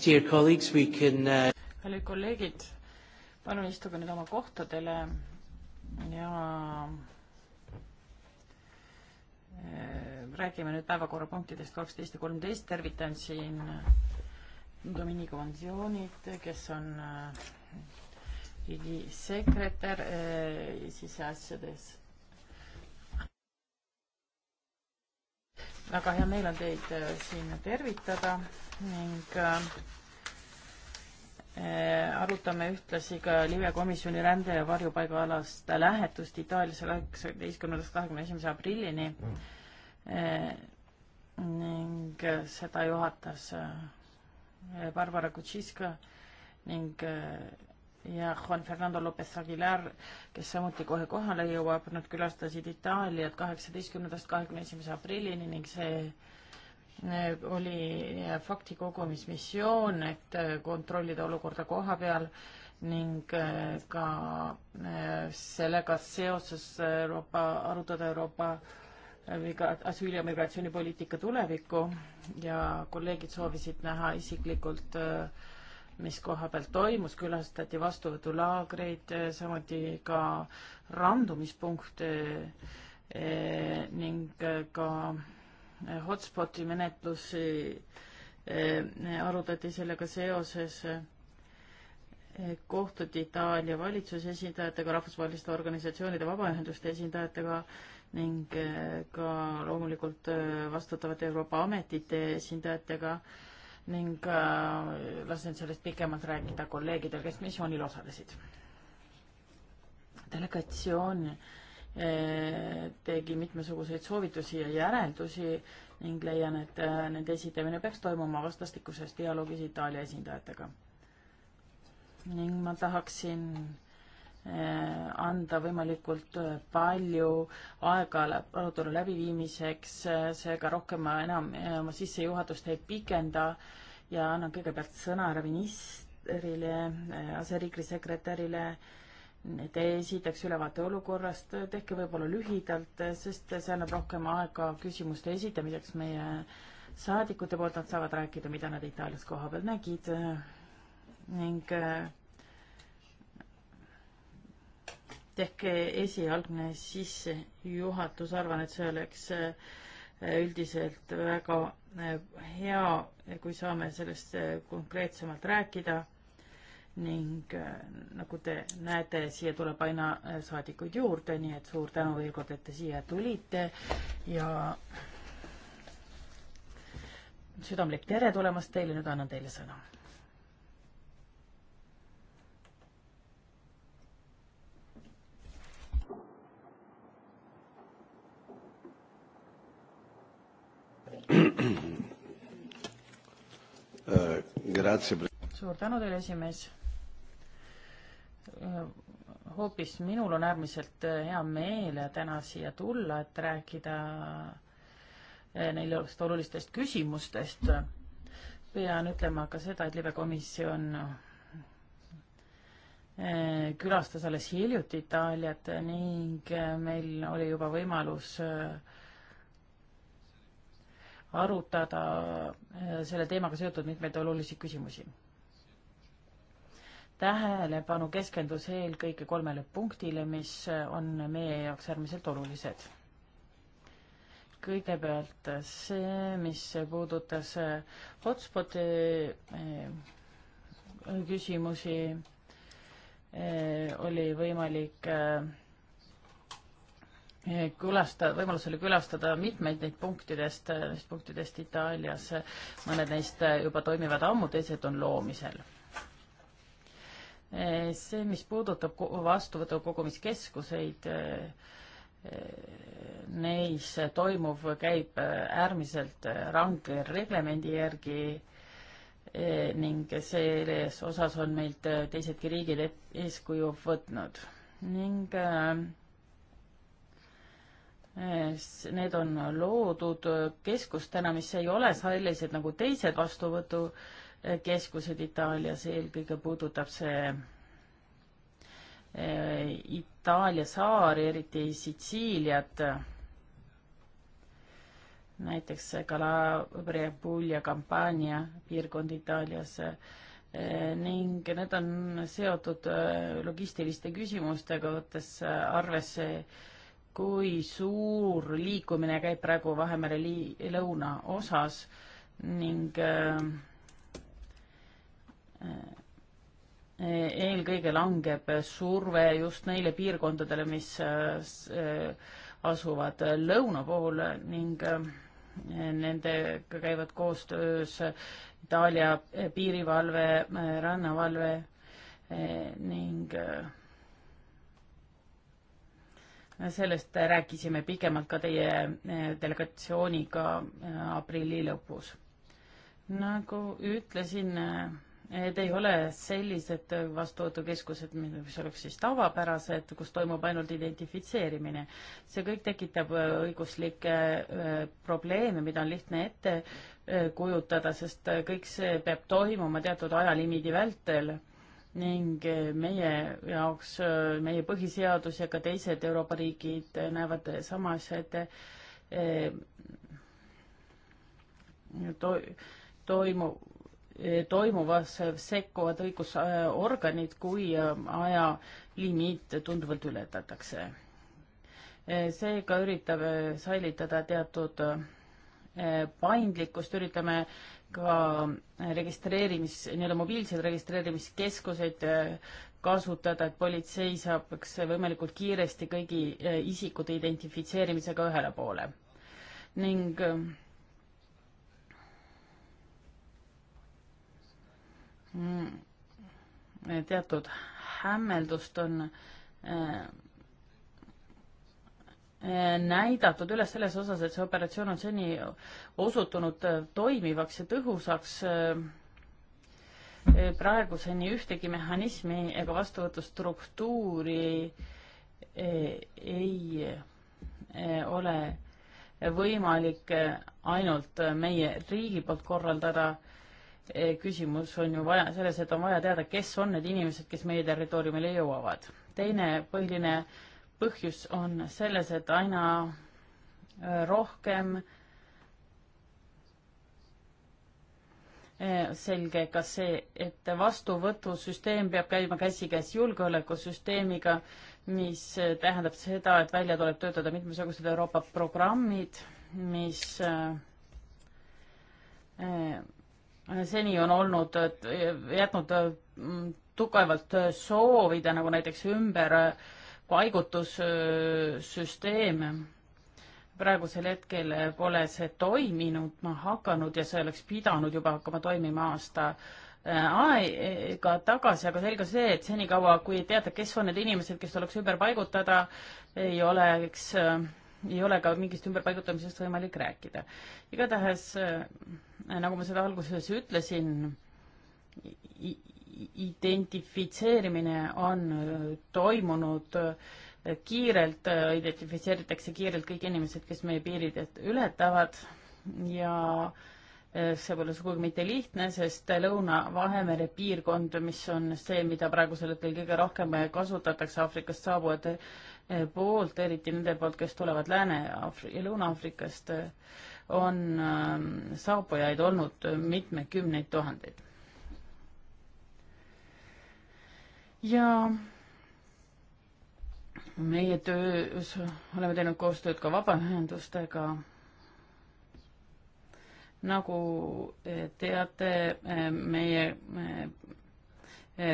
Dear colleagues, we can uh... kallid kolleegid, palun istuge nüüd oma kohtadele ja äh, räägime nüüd päevakorrapunktidest kaksteist ja kolmteist, tervitan siin Dominico Ansionit, kes on äh, riigisekretär äh, siseasjades väga hea meel on teid äh, siin tervitada ning äh, äh, arutame ühtlasi ka Liive komisjoni rände- ja varjupaigaalast lähetust Itaaliasse kaheksateistkümnendast kahekümne esimese aprillini ning seda juhatas Barbara Kutšiska ning ja Juan Fernando Lopez Aguilar, kes samuti kohe kohale jõuab, nad külastasid Itaaliat kaheksateistkümnendast kahekümne esimese aprillini ning see eh, oli eh, faktikogumismissioon, et eh, kontrollida olukorda koha peal ning ka sellega seoses Euroopa, arutada Euroopa asüüli- ja migratsioonipoliitika tulevikku ja kolleegid soovisid näha isiklikult äh, mis koha peal toimus, külastati vastuvõtulaagreid, eh, samuti ka randumispunkte eh, ning eh, ka hotspoti menetlusi arutati sellega seoses, kohtuti Itaalia valitsuse esindajatega, rahvusvaheliste organisatsioonide, vabaühenduste esindajatega ning ka loomulikult vastutavate Euroopa ametite esindajatega ning äh, lasen sellest pikemalt rääkida kolleegidel, kes missioonil osalesid. delegatsioon äh, tegi mitmesuguseid soovitusi ja järeldusi ning leian, et äh, nende esitamine peaks toimuma vastastikuses dialoogis Itaalia esindajatega. ning ma tahaksin Äh, anda võimalikult äh, palju aega arutelu läbiviimiseks, äh, seega rohkem ma enam oma sissejuhatust ei pikenda ja annan kõigepealt sõna ministrile, aseriigisekretärile, et esitaks ülevaate olukorrast, tehke võib-olla lühidalt, sest see annab rohkem aega küsimuste esitamiseks meie saadikute poolt, nad saavad rääkida, mida nad Itaalias koha peal nägid ning ehk esialgne sissejuhatus, arvan, et see oleks äh, üldiselt väga äh, hea, kui saame sellest äh, konkreetsemalt rääkida ning nagu te näete, siia tuleb aina saadikuid juurde, nii et suur tänu veel kord, et te siia tulite ja südamlik tere tulemast teile, nüüd annan teile sõna Äh, suur tänu teile, esimees. Äh, hoopis minul on äärmiselt äh, hea meel täna siia tulla, et rääkida neljast olulistest küsimustest. pean ütlema ka seda, et libekomisjon külastas alles hiljuti Itaaliat ning meil oli juba võimalus äh, arutada äh, selle teemaga seotud mitmeid olulisi küsimusi. tähelepanu keskendus eelkõige kolmele punktile, mis äh, on meie jaoks äärmiselt olulised. kõigepealt äh, see, mis puudutas hotspot'i küsimusi, oli võimalik külastada, võimalus oli külastada mitmeid neid punktidest, neist punktidest Itaalias, mõned neist juba toimivad ammu, teised on loomisel. see, mis puudutab vastuvõtu kogumiskeskuseid, neis toimuv käib äärmiselt range reglemendi järgi ning selles osas on meilt teisedki riigid eeskuju võtnud ning äh, Need on loodud keskustena, mis ei ole sellised nagu teised vastuvõtukeskused Itaalias, eelkõige puudutab see e, Itaalia saari, eriti Sitsiiliat, näiteks Calabria, Puglia, Campania piirkond Itaalias e, ning need on seotud e, logistiliste küsimustega, võttes arvesse kui suur liikumine käib praegu Vahemere lii-, lõuna osas ning äh, äh, eelkõige langeb surve just neile piirkondadele, mis äh, asuvad lõuna pool ning nendega käivad koostöös Itaalia piirivalve, rannavalve ning sellest rääkisime pikemalt ka teie eh, delegatsiooniga eh, aprilli lõpus. nagu ütlesin, need eh, ei ole sellised vastuvõtukeskused, mis oleks siis tavapärased, kus toimub ainult identifitseerimine. see kõik tekitab õiguslikke probleeme, mida on lihtne ette kujutada, sest kõik see peab toimuma teatud ajalimiidi vältel ning eh, meie jaoks, eh, meie põhiseadus ja ka teised Euroopa riigid eh, näevad sama asja ette to, toimu, toimuvas sekkuvad õigusorganid, kui ajalimiit tunduvalt ületatakse. seega üritame säilitada teatud paindlikkust, üritame ka registreerimis, nii-öelda mobiilseid registreerimiskeskuseid äh, kasutada, et politsei saaks võimalikult kiiresti kõigi äh, isikute identifitseerimisega ühele poole. ning äh, mm, teatud hämmeldust on näidatud üles selles osas, et see operatsioon on seni osutunud toimivaks ja tõhusaks. praeguseni ühtegi mehhanismi ega vastuvõtustruktuuri ei ole võimalik ainult meie riigi poolt korraldada. küsimus on ju vaja selles, et on vaja teada, kes on need inimesed, kes meie territooriumile jõuavad. teine põhiline äh, põhjus on selles, et aina äh, rohkem äh, selge ka see, et vastuvõtusüsteem peab käima käsikäes julgeolekusüsteemiga, mis äh, tähendab seda, et välja tuleb töötada mitmesugused Euroopa programmid, mis seni on olnud, jätnud tugevalt soovida, nagu näiteks ümber paigutussüsteem. praegusel hetkel pole see toiminud, ma hakanud ja see oleks pidanud juba hakkama toimima aasta äh, aega tagasi, aga selge see, et senikaua, kui ei teata, kes on need inimesed, kes tuleks ümber paigutada, ei oleks, äh, ei ole ka mingist ümberpaigutamisest võimalik rääkida. igatahes, äh, nagu ma seda alguses ütlesin, identifitseerimine on äh, toimunud äh, kiirelt, äh, identifitseeritakse kiirelt kõik inimesed, kes meie piirid ületavad ja see pole sugugi mitte lihtne, sest Lõuna-Vahemere piirkond, mis on see, mida praegusel hetkel kõige rohkem kasutatakse Aafrikast saabujate poolt, eriti nende poolt, kes tulevad Lääne-Aafri- ja Lõuna-Aafrikast, on ähm, saabujaid olnud mitmekümneid tuhandeid ja meie töös oleme teinud koostööd ka vabaühendustega. nagu teate, meie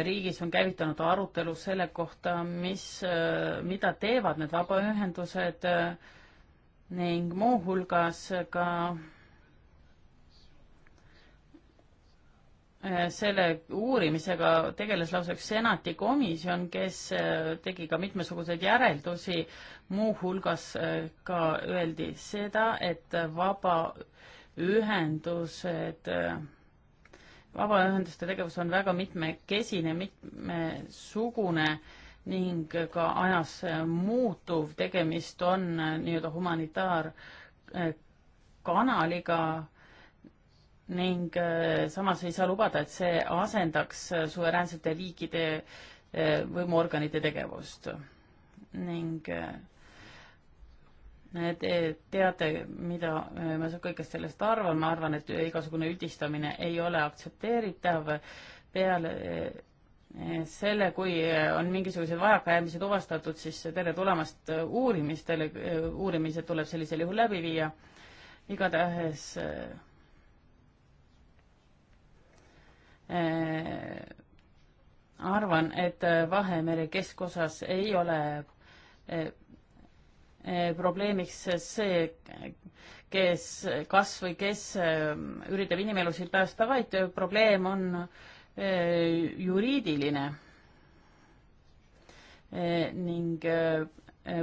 riigis on käivitanud arutelu selle kohta, mis, mida teevad need vabaühendused ning muuhulgas ka Eh, selle uurimisega tegeles lausa üks senati komisjon, kes eh, tegi ka mitmesuguseid järeldusi, muuhulgas eh, ka öeldi seda, et vabaühendused, vabaühenduste tegevus on väga mitmekesine, mitmesugune ning ka ajas muutuv, tegemist on nii-öelda humanitaarkanaliga, ning äh, samas ei saa lubada, et see asendaks äh, suveräänsete riikide äh, võimuorganite tegevust. ning te teate, mida ma kõigest sellest arvan, ma arvan, et igasugune üldistamine ei ole aktsepteeritav peale selle, kui on mingisugused vajakajäämised tuvastatud, siis tere tulemast uurimistele, uurimised tuleb sellisel juhul läbi viia. igatahes Äh, arvan, et äh, Vahemere keskosas ei ole äh, probleemiks see, kes, kas või kes üritab inimelusid päästa, vaid probleem on juriidiline. ning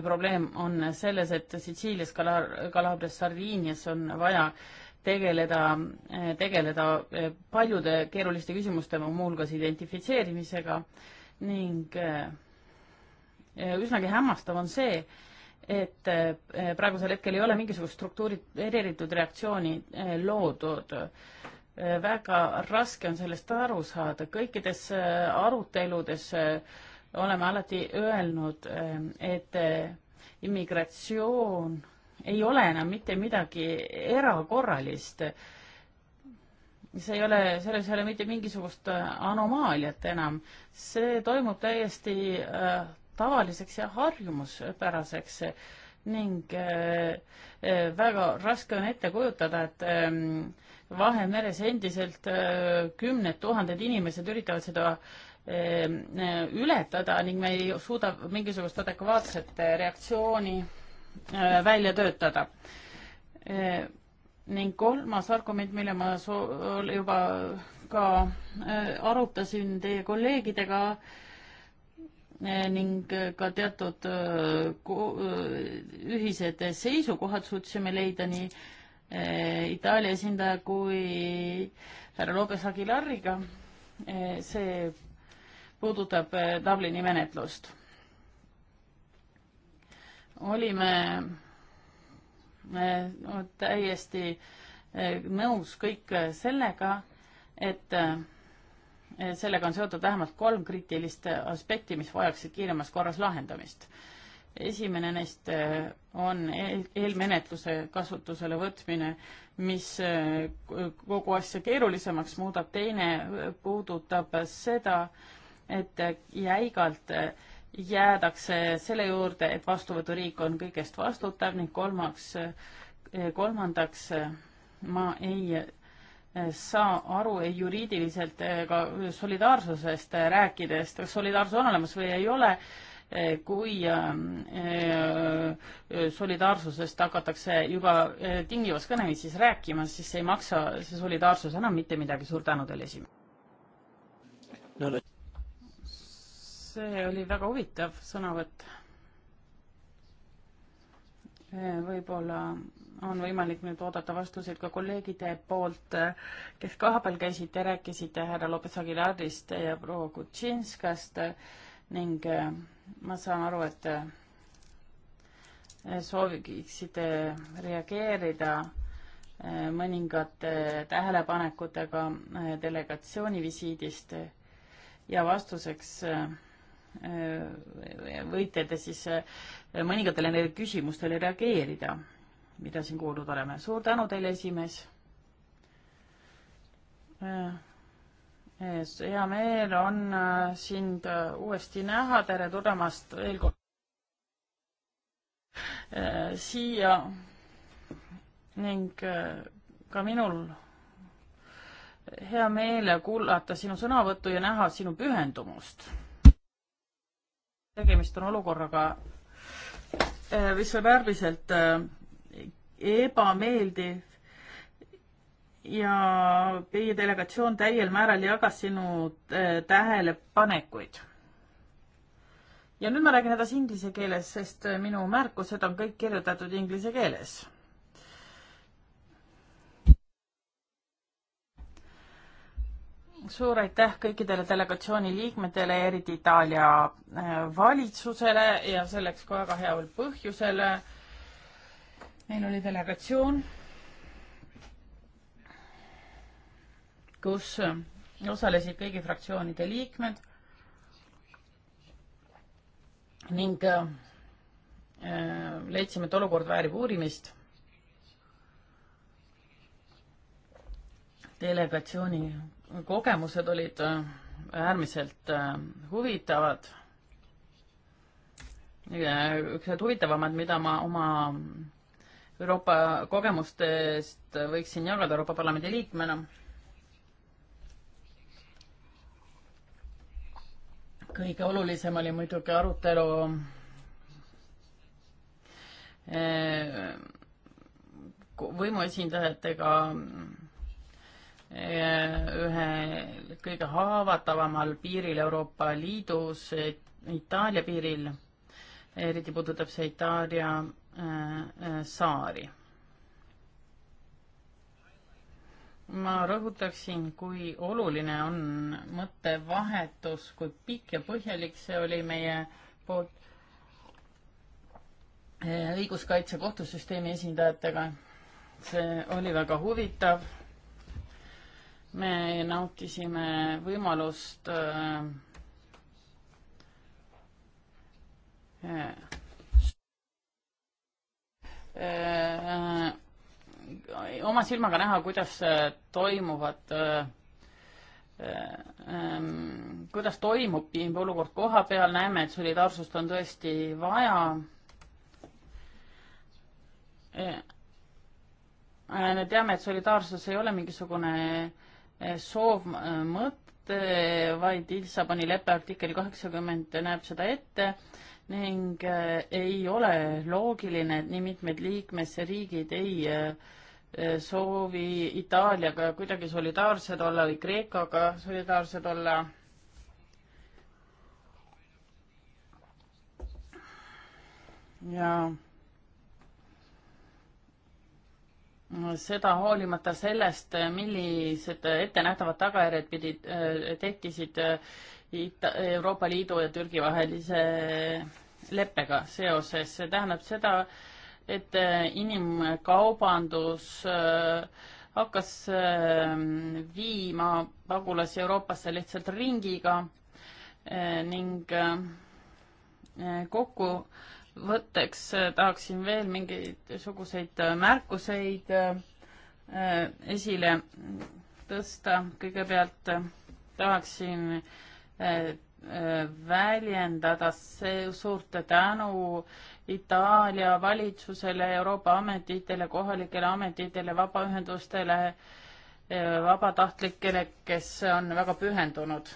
probleem on selles, et Sitsiilias, Kala-, Kalabrias, Sardiinias on vaja tegeleda, tegeleda eh, paljude keeruliste küsimustega, muuhulgas identifitseerimisega ning eh, eh, üsnagi hämmastav on see, et praegusel hetkel ei ole mingisugust struktureeritud reaktsiooni loodud. väga raske on sellest aru saada, kõikides aruteludes oleme alati öelnud, et immigratsioon ei ole enam mitte midagi erakorralist. see ei ole, selles ei ole mitte mingisugust äh, anomaaliat enam, see toimub täiesti äh, tavaliseks ja harjumuspäraseks ning äh, äh, väga raske on ette kujutada, et ähm, Vahemeres endiselt äh, kümned tuhanded inimesed üritavad seda ähm, äh, ületada ning me ei suuda mingisugust adekvaatset reaktsiooni Äh, välja töötada. Äh, ning kolmas argument, mille ma juba ka äh, arutasin teie kolleegidega ning ka teatud ühised seisukohad suutsime leida nii Itaalia esindaja kui härra Lopez Aguilariga. see puudutab Dublini menetlust olime täiesti eh, nõus kõik eh, sellega, et eh, sellega on seotud vähemalt kolm kriitilist aspekti, mis vajaksid kiiremas korras lahendamist. esimene neist on eelmenetluse kasutusele võtmine, mis kogu asja keerulisemaks muudab, teine puudutab seda, et jäigalt äh, jäädakse selle juurde, et vastuvõturiik on kõigest vastutav ning kolmaks, eh, kolmandaks eh, ma ei eh, saa aru ei juriidiliselt ega solidaarsusest rääkides, kas solidaarsus on olemas või ei ole, kui solidaarsusest hakatakse juba tingivas kõneviisis rääkima, siis ei maksa see solidaarsus enam mitte midagi. suur tänu teile, esimees no, see oli väga huvitav sõnavõtt. Eh, võib-olla on võimalik nüüd oodata vastuseid ka kolleegide poolt, eh, kes kohapeal käisid, te rääkisite härra Lopez Aguilarist ja proua Kutšinskast ning eh, ma saan aru, et sooviksite reageerida mõningate tähelepanekutega delegatsiooni visiidist ja vastuseks äh, Äh, võite te siis äh, mõningatele neile küsimustele reageerida, mida siin kuulnud oleme. suur tänu teile, esimees. Äh, hea meel on sind uuesti näha, tere tulemast veel kord siia ning ka minul hea meel kuulata sinu sõnavõttu ja näha sinu pühendumust tegemist on olukorraga, eh, mis on äärmiselt eh, ebameeldiv ja meie delegatsioon täiel määral jagas sinu eh, tähelepanekuid. ja nüüd ma räägin edasi inglise keeles, sest minu märkused on kõik kirjutatud inglise keeles suur aitäh kõikidele delegatsiooni liikmetele, eriti Itaalia äh, valitsusele ja selleks ka väga heal põhjusel. Äh, meil oli delegatsioon, kus äh, osalesid kõigi fraktsioonide liikmed ning leidsime, et olukord väärib uurimist. delegatsiooni kogemused olid äh, äärmiselt äh, huvitavad. üks huvitavamad, mida ma oma Euroopa kogemustest võiksin jagada Euroopa Parlamendi liikmena. kõige olulisem oli muidugi arutelu äh, võimuesindajatega ühe kõige haavatavamal piiril Euroopa Liidus, Itaalia piiril, eriti puudutab see Itaalia äh, äh, saari. ma rõhutaksin, kui oluline on mõttevahetus, kui pikk ja põhjalik see oli meie poolt äh, õiguskaitse kohtusüsteemi esindajatega. see oli väga huvitav me nautisime võimalust äh, äh, oma silmaga näha, kuidas äh, toimuvad äh, äh ähm, kuidas toimub olukord koha peal, näeme, et solidaarsust on tõesti vaja. Äh, me teame, et solidaarsus ei ole mingisugune soov äh, mõte, vaid Ilsabani leppe artikkel kaheksakümmend näeb seda ette ning äh, ei ole loogiline, et nii mitmed liikmesriigid ei äh, soovi Itaaliaga kuidagi solidaarsed olla või Kreekaga solidaarsed olla ja seda hoolimata sellest, millised ettenähtavad tagajärjed pidid, äh, tekkisid äh, Ita-, Euroopa Liidu ja Türgi vahelise leppega seoses. see tähendab seda, et äh, inimkaubandus hakkas viima pagulasi Euroopasse lihtsalt ringiga ning kokku kokkuvõtteks äh, tahaksin veel mingisuguseid äh, märkuseid äh, esile tõsta. kõigepealt tahaksin väljendada see suurt tänu Itaalia valitsusele, Euroopa ametitele, kohalikele ametitele, vabaühendustele, vabatahtlikele, kes on väga pühendunud.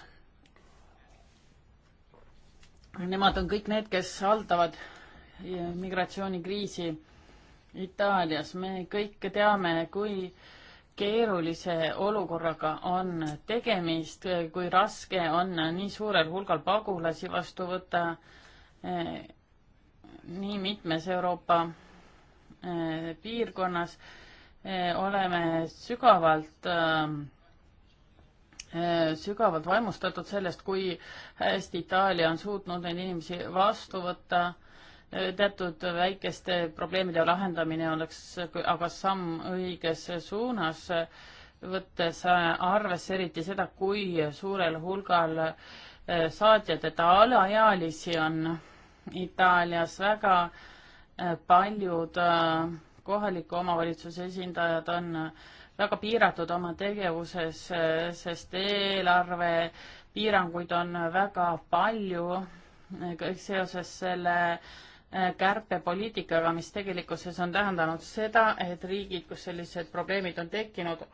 Nemad on kõik need, kes haldavad migratsioonikriisi Itaalias. me kõik teame, kui keerulise olukorraga on tegemist, kui raske on nii suurel hulgal pagulasi vastu võtta eh, nii mitmes Euroopa eh, piirkonnas eh, oleme sügavalt sügavalt vaimustatud sellest, kui hästi Itaalia on suutnud neid inimesi vastu võtta teatud väikeste probleemide lahendamine oleks aga samm õiges suunas, võttes arvesse eriti seda, kui suurel hulgal eh, saatjateta alaealisi on Itaalias väga eh, paljud eh, kohaliku omavalitsuse esindajad on väga piiratud oma tegevuses, sest eelarve piiranguid on väga palju kõik seoses selle äh, kärpepoliitikaga, mis tegelikkuses on tähendanud seda, et riigid, kus sellised probleemid on tekkinud,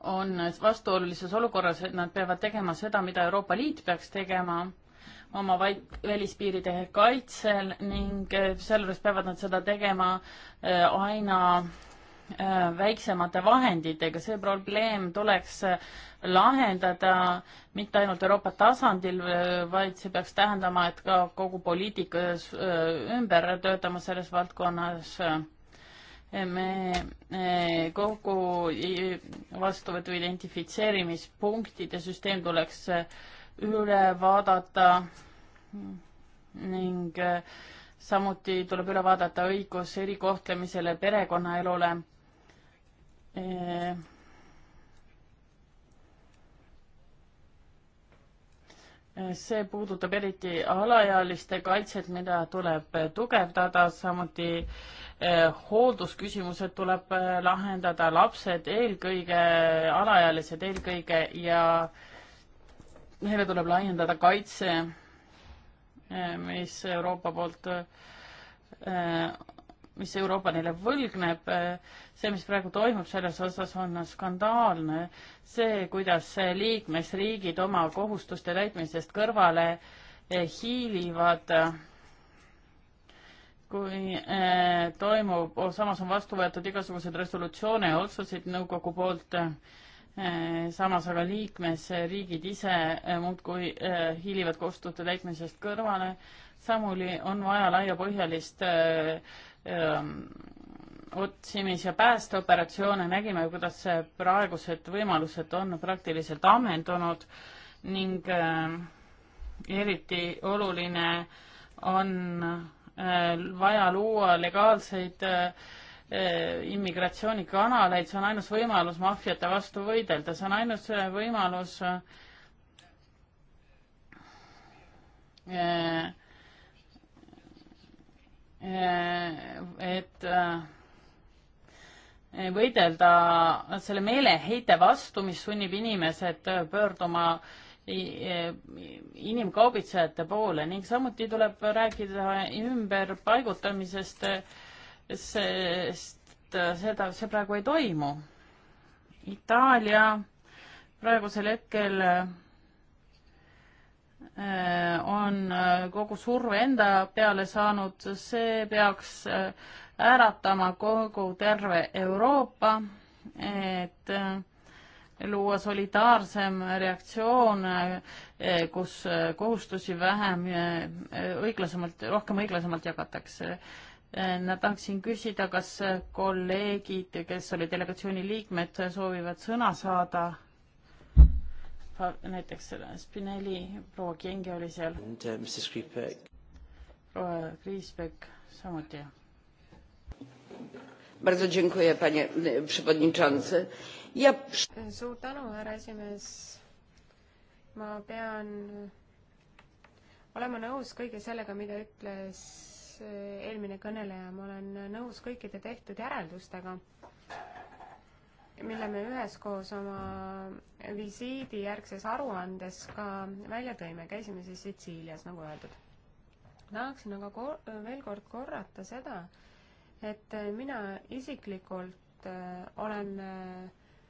on vastuolulises olukorras, et nad peavad tegema seda, mida Euroopa Liit peaks tegema oma välispiiride kaitsel ning eh, sealjuures peavad nad seda tegema eh, aina Äh, väiksemate vahenditega, see probleem tuleks äh, lahendada mitte ainult Euroopa tasandil, äh, vaid see peaks tähendama, et ka kogu poliitika ümber töötama selles valdkonnas. me kogu vastuvõtu identifitseerimispunktide süsteem tuleks üle vaadata ning samuti tuleb üle vaadata õigus erikohtlemisele perekonnaelule Äh, see puudutab eriti alaealiste kaitset, mida tuleb tugevdada, samuti äh, hooldusküsimused tuleb äh, lahendada, lapsed eelkõige, alaealised eelkõige ja neile tuleb laiendada kaitse, mis Euroopa poolt mis Euroopa neile võlgneb, see, mis praegu toimub selles osas, on skandaalne. see, kuidas liikmesriigid oma kohustuste täitmisest kõrvale eh, hiilivad, kui eh, toimub oh,, samas on vastu võetud igasuguseid resolutsioone ja otsuseid nõukogu poolt, eh, samas aga liikmesriigid ise muudkui hiilivad kohustuste täitmisest kõrvale, samuli on vaja laiapõhjalist äh, Ehm, otsimis- ja päästeoperatsioone, nägime, kuidas praegused võimalused on praktiliselt ammendunud ning ehm, eriti oluline on ehm, vaja luua legaalseid immigratsioonikanaleid, see on ainus võimalus maffiate vastu võidelda, see on ainus eh, võimalus äh, et eh, võidelda selle meeleheite vastu, mis sunnib inimesed pöörduma eh, inimkaubitsejate poole ning samuti tuleb rääkida ümberpaigutamisest, sest seda, see praegu ei toimu. Itaalia praegusel hetkel Äh, on äh, kogu surve enda peale saanud, see peaks äh, äratama kogu terve Euroopa, et luua solidaarsem reaktsioon, kus kohustusi vähem õiglasemalt, rohkem õiglasemalt jagatakse. tahaksin küsida, kas kolleegid, kes olid delegatsiooni liikmed, soovivad sõna saada näiteks Spinelli, proua Kienge oli seal. Uh, proua Kriisbeck samuti. suur tänu, härra esimees. ma pean olema nõus kõige sellega, mida ütles eelmine kõneleja, ma olen nõus kõikide tehtud järeldustega mille me üheskoos oma visiidi järgses aruandes ka välja tõime, käisime siis Sitsiilias, nagu öeldud. tahaksin aga kor-, veel kord korrata seda, et mina isiklikult äh, olen äh,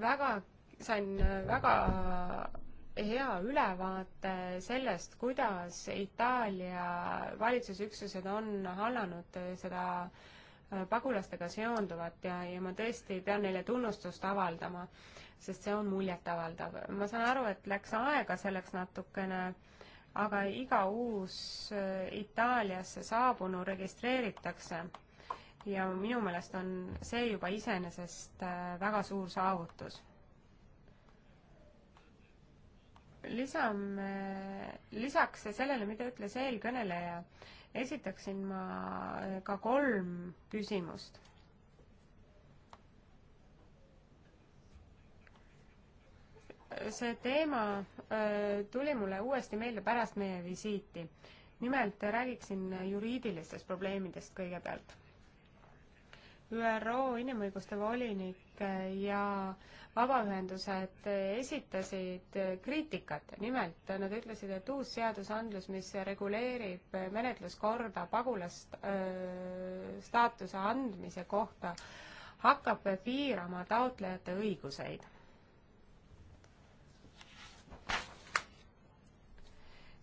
väga, sain äh, väga hea ülevaate sellest, kuidas Itaalia valitsusüksused on hallanud seda äh, pagulastega seonduvat ja, ja ma tõesti pean neile tunnustust avaldama, sest see on muljetavaldav. ma saan aru, et läks aega selleks natukene, aga iga uus äh, Itaaliasse saabunu registreeritakse ja minu meelest on see juba iseenesest äh, väga suur saavutus. lisame, lisaks sellele, mida ütles eelkõneleja, esitaksin ma eh, ka kolm küsimust. see teema eh, tuli mulle uuesti meelde pärast meie visiiti. nimelt räägiksin juriidilistest probleemidest kõigepealt. ÜRO inimõiguste volinik ja vabaühendused esitasid kriitikat, nimelt nad ütlesid, et uus seadusandlus, mis reguleerib menetluskorda pagulast öö, staatuse andmise kohta, hakkab piirama taotlejate õiguseid.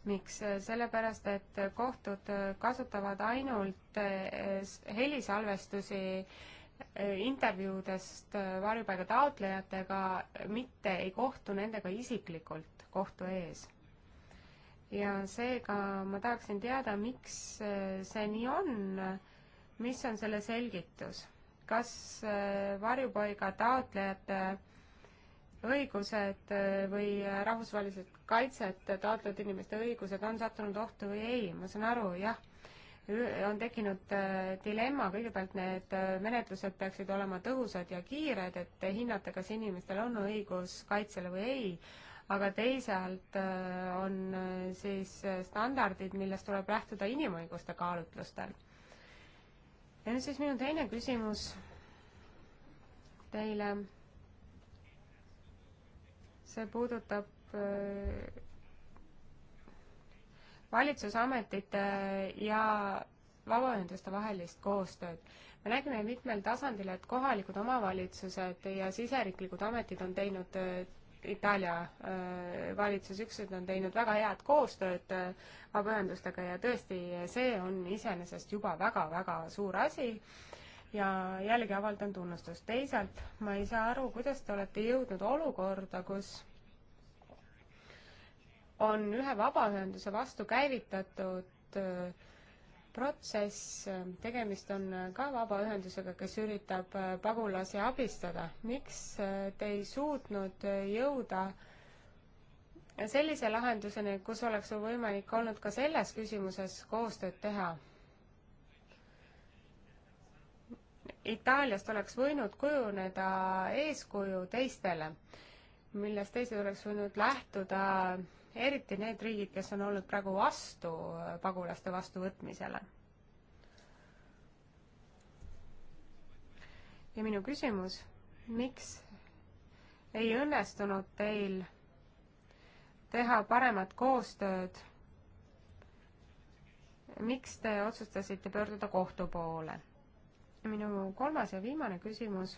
miks? sellepärast, et kohtud kasutavad ainult helisalvestusi Äh, intervjuudest äh, varjupaiga taotlejatega mitte ei kohtu nendega isiklikult kohtu ees. ja seega ma tahaksin teada, miks äh, see nii on, mis on selle selgitus, kas varjupaiga taotlejate õigused või rahvusvahelised kaitset taotlevad inimeste õigused on sattunud ohtu või ei, ma saan aru, jah on tekkinud äh, dilemma, kõigepealt need äh, menetlused peaksid olema tõhusad ja kiired, et hinnata, kas inimestel on õigus kaitsele või ei, aga teisalt äh, on siis standardid, millest tuleb lähtuda inimõiguste kaalutlustel. ja nüüd siis minu teine küsimus teile. see puudutab valitsusametite ja vabaühenduste vahelist koostööd. me nägime mitmel tasandil, et kohalikud omavalitsused ja siseriiklikud ametid on teinud äh, Itaalia äh, valitsusüksused on teinud väga head koostööd äh, vabaühendustega ja tõesti, see on iseenesest juba väga-väga suur asi ja jällegi avaldan tunnustust. teisalt ma ei saa aru, kuidas te olete jõudnud olukorda, kus on ühe vabaühenduse vastu käivitatud äh, protsess, tegemist on äh, ka vabaühendusega, kes üritab äh, pagulasi abistada. miks te ei suutnud jõuda sellise lahenduseni, kus oleks võimalik olnud ka selles küsimuses koostööd teha? Itaaliast oleks võinud kujuneda eeskuju teistele, millest teised oleks võinud lähtuda eriti need riigid, kes on olnud praegu vastu äh, pagulaste vastuvõtmisele. ja minu küsimus, miks ei õnnestunud teil teha paremat koostööd? miks te otsustasite pöörduda kohtu poole? minu kolmas ja viimane küsimus.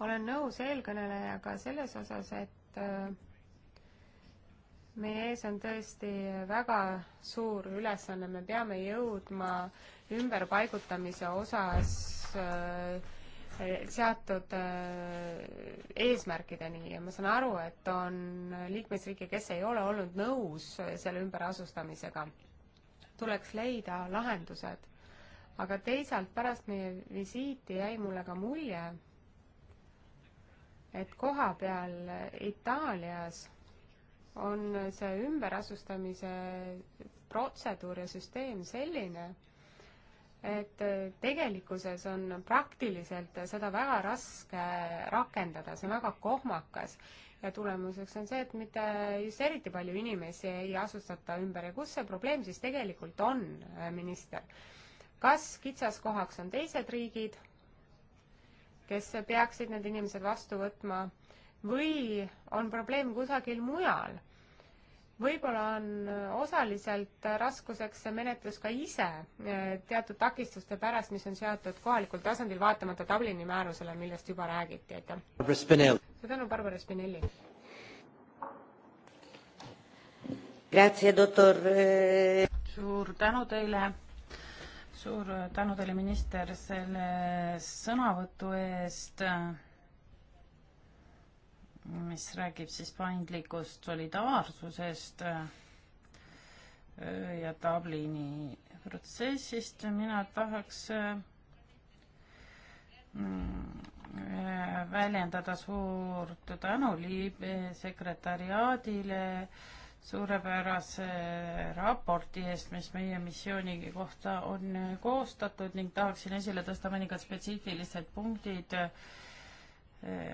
olen nõus eelkõnelejaga selles osas, et äh, meie ees on tõesti väga suur ülesanne, me peame jõudma ümberpaigutamise osas äh, seatud äh, eesmärkideni ja ma saan aru, et on liikmesriike, kes ei ole olnud nõus selle ümberasustamisega. tuleks leida lahendused. aga teisalt pärast meie visiiti jäi mulle ka mulje, et koha peal Itaalias on see ümberasustamise protseduur ja süsteem selline, et tegelikkuses on praktiliselt seda väga raske rakendada, see on väga kohmakas ja tulemuseks on see, et mitte just eriti palju inimesi ei asustata ümber ja kus see probleem siis tegelikult on, minister? kas kitsaskohaks on teised riigid, kes peaksid need inimesed vastu võtma või on probleem kusagil mujal. võib-olla on äh, osaliselt äh, raskuseks see menetlus ka ise äh, teatud takistuste pärast, mis on seatud kohalikul tasandil, vaatamata Dublini määrusele, millest juba räägiti, aitäh. suur tänu, Barbara Spinelli. Eh. suur tänu teile suur tänu teile, minister, selle sõnavõtu eest mis räägib siis paindlikust solidaarsusest äh, ja Dublini protsessist, mina tahaks äh, väljendada suurt tänu Liibe sekretariaadile suurepärase raporti eest, mis meie missiooni kohta on koostatud ning tahaksin esile tõsta mõningad spetsiifilised punktid, äh,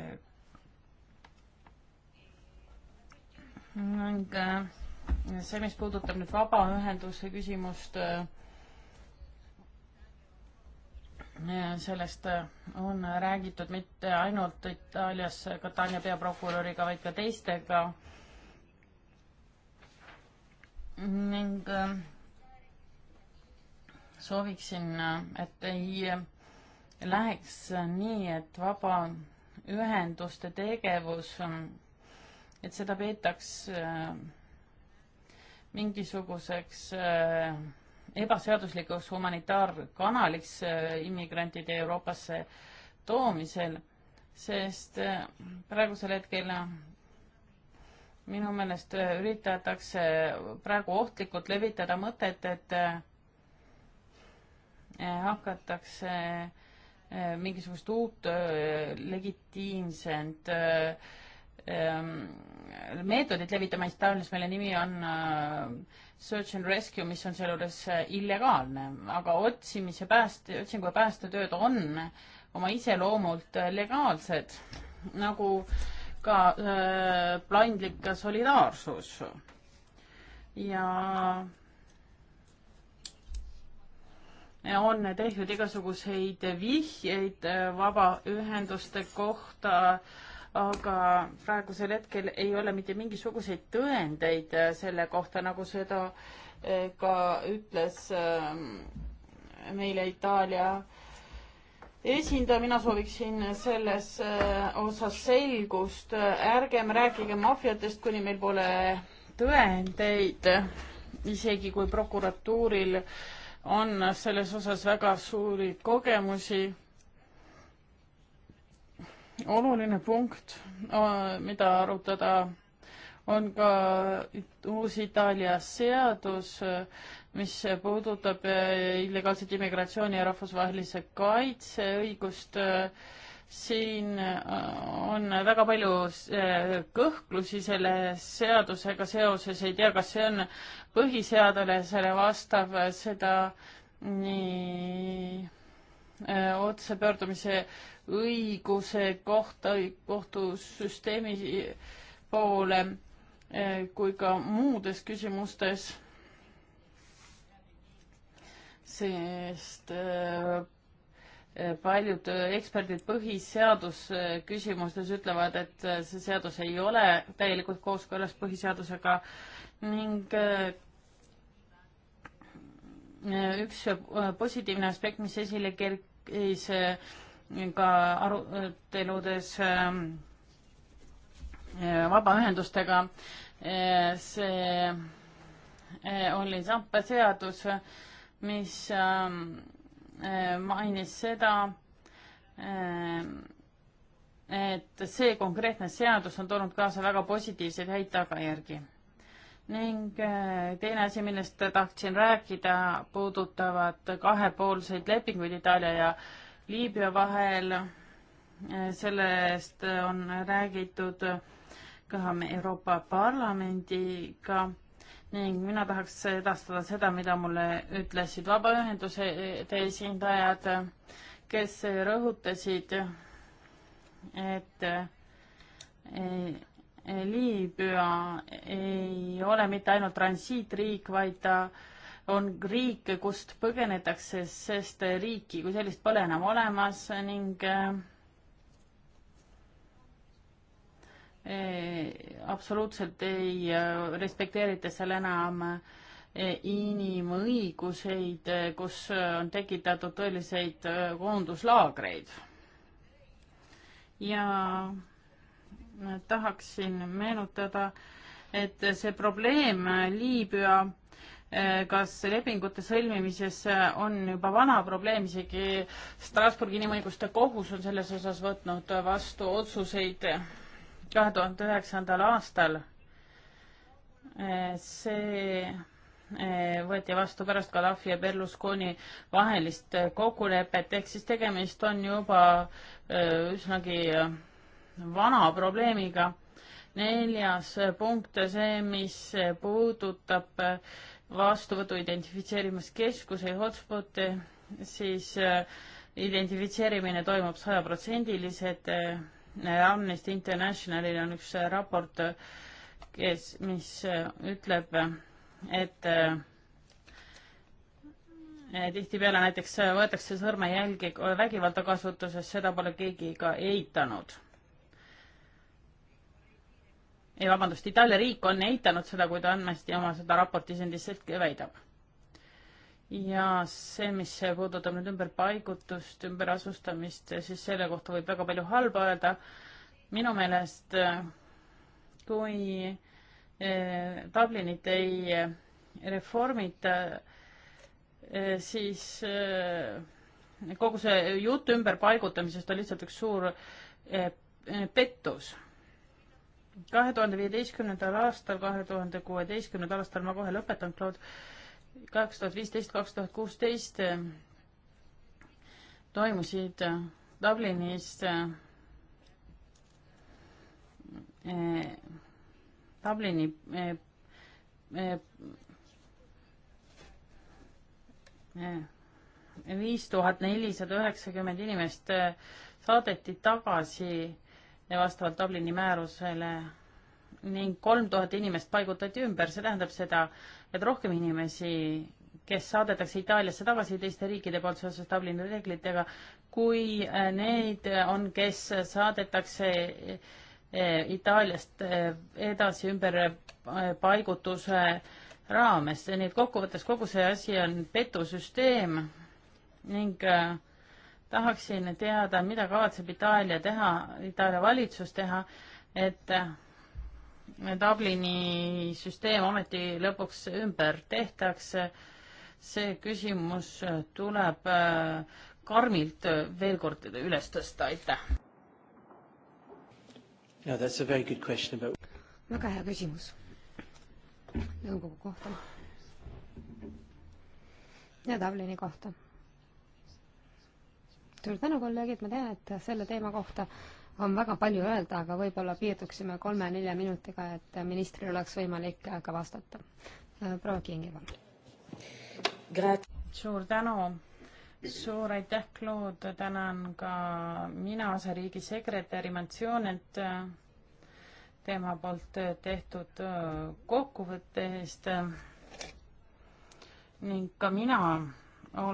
ning äh, see, mis puudutab nüüd vabaühenduse küsimust, äh, sellest äh, on räägitud mitte ainult Itaalias Katania peaprokuröriga, vaid ka teistega ning sooviksin, et ei läheks nii, et vabaühenduste tegevus et seda peetaks äh, mingisuguseks äh, ebaseaduslikuks humanitaarkanaliks äh, immigrantide Euroopasse toomisel, sest praegusel hetkel minu meelest üritatakse praegu ohtlikult levitada mõtet, et hakatakse mingisugust uut legitiimset äh, Ehm, meetodit levitama, siis taolis meile nimi on äh, search and rescue, mis on sealjuures äh, illegaalne, aga otsimise pääste, otsingu ja päästetööd on oma iseloomult äh, legaalsed, nagu ka äh, plaindlik solidaarsus. ja on tehtud igasuguseid vihjeid vabaühenduste kohta äh,, aga praegusel hetkel ei ole mitte mingisuguseid tõendeid äh, selle kohta, nagu seda äh, ka ütles äh, meile Itaalia esindaja, mina sooviksin selles osas selgust, ärgem rääkige maffiatest, kuni meil pole tõendeid, isegi kui prokuratuuril on selles osas väga suuri kogemusi oluline punkt, äh, mida arutada, on ka uus Itaalia seadus, mis puudutab äh, illegaalset immigratsiooni ja rahvusvahelise kaitse õigust. siin äh, on väga palju kõhklusi selle seadusega seoses, ei tea, kas see on põhiseadusele vastav, seda nii Äh, otsepöördumise õiguse kohta, kohtusüsteemi poole äh, kui ka muudes küsimustes, sest äh, paljud eksperdid põhiseaduse küsimustes ütlevad, et see seadus ei ole täielikult kooskõlas põhiseadusega ning üks positiivne aspekt, mis esile kerkis, ei see eh, ka aruteludes eh, eh, vabaühendustega, see oli Zampa seadus, mis mainis seda, et see konkreetne seadus on toonud kaasa väga positiivseid häid tagajärgi ning äh, teine asi, millest tahtsin rääkida, puudutavad kahepoolseid lepinguid Itaalia ja Liibüa vahel. Äh, sellest on räägitud ka Euroopa Parlamendiga ning mina tahaks edastada seda, mida mulle ütlesid vabaühenduse esindajad, kes rõhutasid, et äh, Liibüa ei ole mitte ainult transiitriik, vaid ta on riik, kust põgenetakse, sest riiki kui sellist pole enam olemas ning eh, absoluutselt ei eh, respekteerita seal enam eh, inimõiguseid, kus on tekitatud tõeliseid koonduslaagreid. ja tahaksin meenutada, et see probleem Liibüa eh, kas lepingute sõlmimises eh, on juba vana probleem, isegi Strasbourgi inimõiguste kohus on selles osas võtnud vastu otsuseid kahe tuhande üheksandal aastal. Eh, see võeti vastu pärast Gaddafi ja Berlusconi vahelist kokkulepet, ehk siis tegemist on juba üsnagi vana probleemiga. neljas punkt, see, mis puudutab vastuvõtu identifitseerimiskeskuse hotspot'e, siis äh, identifitseerimine toimub sajaprotsendiliselt. Äh, Amnesty Internationalil on üks äh, raport, kes, mis ütleb, et tihtipeale näiteks võetakse sõrmejälgi vägivalda kasutuses, seda pole keegi ka eitanud ei vabandust, Itaalia riik on eitanud seda, kui ta andmesti oma seda raportis endiselt väidab. ja see, mis puudutab nüüd ümberpaigutust, ümberasustamist, siis selle kohta võib väga palju halba öelda. minu meelest, kui eh, Dublinit ei reformita, eh, siis eh, kogu see jutt ümberpaigutamisest on lihtsalt üks suur pettus kahe tuhande viieteistkümnendal aastal, kahe tuhande kuueteistkümnendal aastal, ma kohe lõpetan, Claude, kaks tuhat viisteist, kaks tuhat kuusteist toimusid äh, Dublinis äh, äh, Dublini eh, viis tuhat nelisada üheksakümmend inimest saadeti tagasi eh, vastavalt Dublini määrusele ning kolm tuhat inimest paigutati ümber, see tähendab seda, et rohkem inimesi, kes saadetakse Itaaliasse tagasi teiste riikide poolt seoses Dublini reeglitega, kui äh, need on, kes saadetakse äh, Itaaliast äh, edasi ümberpaigutuse raames, nii et kokkuvõttes kogu see asi on petusüsteem ning äh, tahaksin teada, mida kavatseb Itaalia teha, Itaalia valitsus teha, et Dublini süsteem ometi lõpuks ümber tehtaks. see küsimus tuleb äh, karmilt veel kord üles tõsta, aitäh no,. About... väga hea küsimus nõukogu kohta ja Dublini kohta suur tänu, kolleegid, ma tean, et selle teema kohta on väga palju öelda, aga võib-olla piirduksime kolme-nelja minutiga, et ministril oleks võimalik ka vastata. proua Kingi, palun. suur tänu, suur aitäh, Claude, tänan ka mina, osariigi sekretäri Mantsioonilt tema poolt tehtud kokkuvõtte eest ning ka mina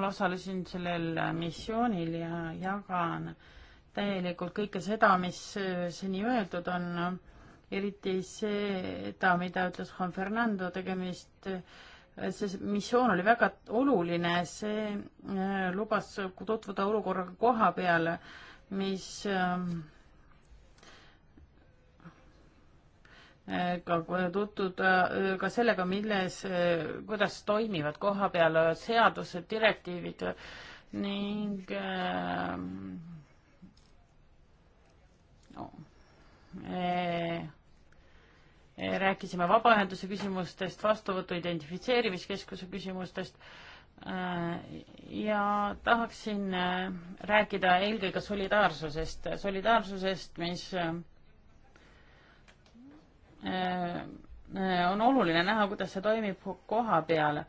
osalesin sellel missioonil ja jagan täielikult kõike seda, mis äh, seni öeldud on, eriti seda, mida ütles Juan Fernando, tegemist äh, see missioon oli väga oluline, see äh, lubas tutvuda olukorraga koha peal, mis ähm, ka tutvuda äh, ka sellega, milles, äh, kuidas toimivad kohapeal seadused, direktiivid ning no, äh, oh, rääkisime vabaühenduse küsimustest, vastuvõtu identifitseerimiskeskuse küsimustest ja tahaksin rääkida eelkõige solidaarsusest, solidaarsusest, mis Äh, äh, on oluline näha, kuidas see toimib koha peal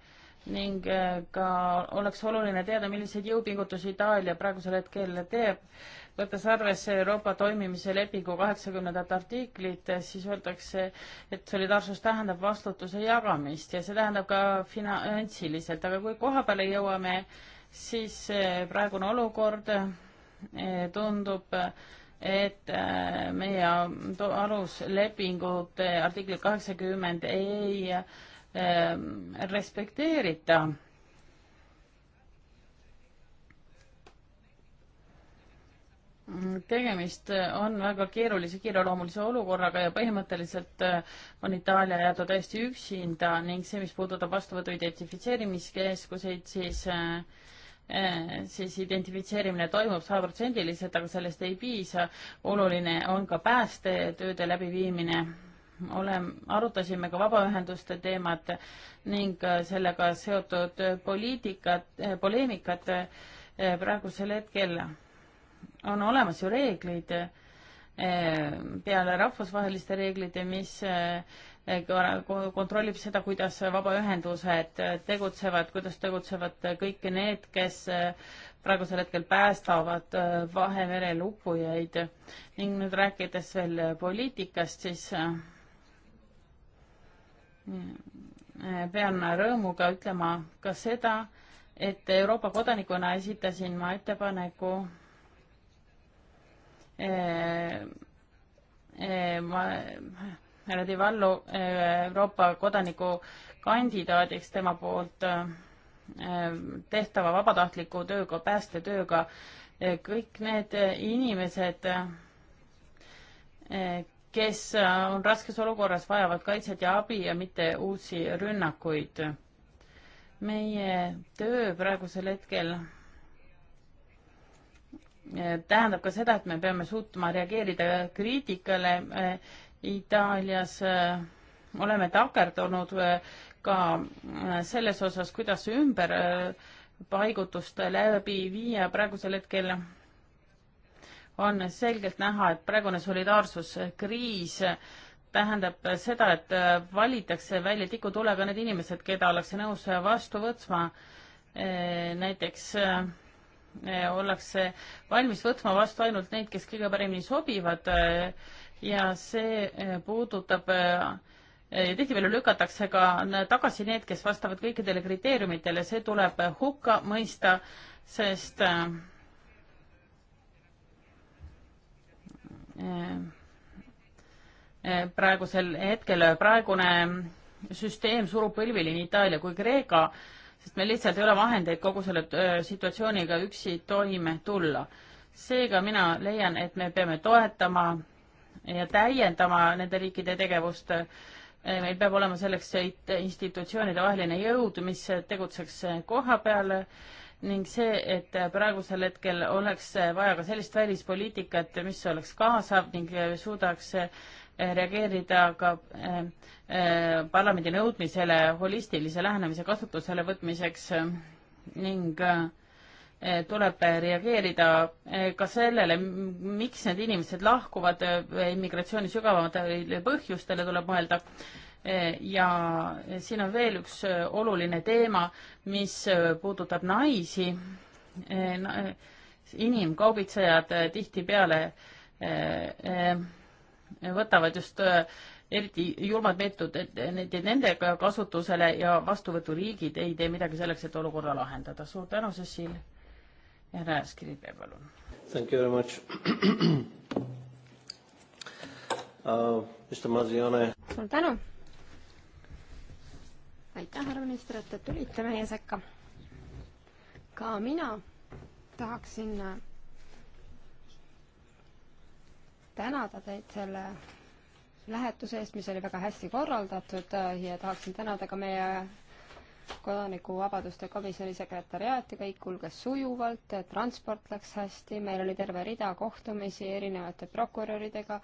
ning äh, ka oleks oluline teada, milliseid jõupingutusi Itaalia praegusel hetkel teeb. võttes arvesse Euroopa toimimise lepingu kaheksakümnendat artiklit, siis öeldakse, et solidaarsus tähendab vastutuse jagamist ja see tähendab ka finantsiliselt, aga kui koha peale jõuame, siis praegune olukord tundub et äh, meie aluslepingute artiklit kaheksakümmend ei ähm, respekteerita. tegemist on väga keerulise kiireloomulise olukorraga ja põhimõtteliselt äh, on Itaalia jäetud täiesti üksinda ning see, mis puudutab vastuvõtu identifitseerimiskeskuseid, siis äh, Eh, siis identifitseerimine toimub sajaprotsendiliselt, aga sellest ei piisa. oluline on ka päästetööde läbiviimine. oleme, arutasime ka vabaühenduste teemat ning äh, sellega seotud poliitikat, äh, poleemikat. Äh, praegusel hetkel on olemas ju reeglid peale rahvusvaheliste reeglite, mis kontrollib seda, kuidas vabaühendused tegutsevad, kuidas tegutsevad kõik need, kes praegusel hetkel päästavad Vahemerel uppujaid. ning nüüd rääkides veel poliitikast, siis eh, pean rõõmuga ütlema ka seda, et Euroopa kodanikuna esitasin ma ettepaneku eh, eh, ma härra Di Vallo eh, Euroopa kodaniku kandidaadiks tema poolt eh, tehtava vabatahtliku tööga, päästetööga. Eh, kõik need inimesed, kes on raskes olukorras, vajavad kaitset ja abi ja mitte uusi rünnakuid. meie töö praegusel hetkel tähendab ka seda, et me peame suutma reageerida kriitikale Itaalias äh, oleme takerdunud äh, ka äh, selles osas, kuidas ümberpaigutust läbi viia praegusel hetkel on selgelt näha, et praegune solidaarsuskriis tähendab seda, et valitakse välja tikutulega need inimesed, keda ollakse nõus vastu võtma. näiteks ollakse valmis võtma vastu ainult neid, kes kõige paremini sobivad ja see eh, puudutab eh, tihtipeale lükatakse ka tagasi need, kes vastavad kõikidele kriteeriumitele, see tuleb eh, hukka mõista, sest praegusel hetkel praegune süsteem surub põlvili nii Itaalia kui Kreeka, sest meil lihtsalt ei ole vahendeid kogu selle situatsiooniga üksi toime tulla. seega mina leian, et me peame toetama ja täiendama nende riikide tegevust. meil peab olema selleks institutsioonide vaheline jõud, mis tegutseks koha peal ning see, et praegusel hetkel oleks vaja ka sellist välispoliitikat, mis oleks kaasav ning suudaks reageerida ka äh, äh, parlamendi nõudmisele holistilise lähenemise kasutusele võtmiseks ning äh, tuleb reageerida eh, ka sellele, miks need inimesed lahkuvad, eh, immigratsiooni sügavamatele põhjustele tuleb mõelda. Eh, ja siin on veel üks oluline teema, mis puudutab naisi. inimkaubitsejad tihtipeale võtavad just eriti julmad meetodid nendega kasutusele ja vastuvõturiigid ei tee midagi selleks, et olukorda lahendada. suur tänu, Cecil härra Skribe, palun. Thank you very much uh,. Mr Masione. suur tänu. aitäh, härra minister, et te tulite meie sekka. ka mina tahaksin äh, tänada teid selle lähetuse eest, mis oli väga hästi korraldatud äh, ja tahaksin tänada ka meie kodanikuvabaduste komisjoni sekretäriaat ja kõik kulges sujuvalt, transport läks hästi, meil oli terve rida kohtumisi erinevate prokuröridega,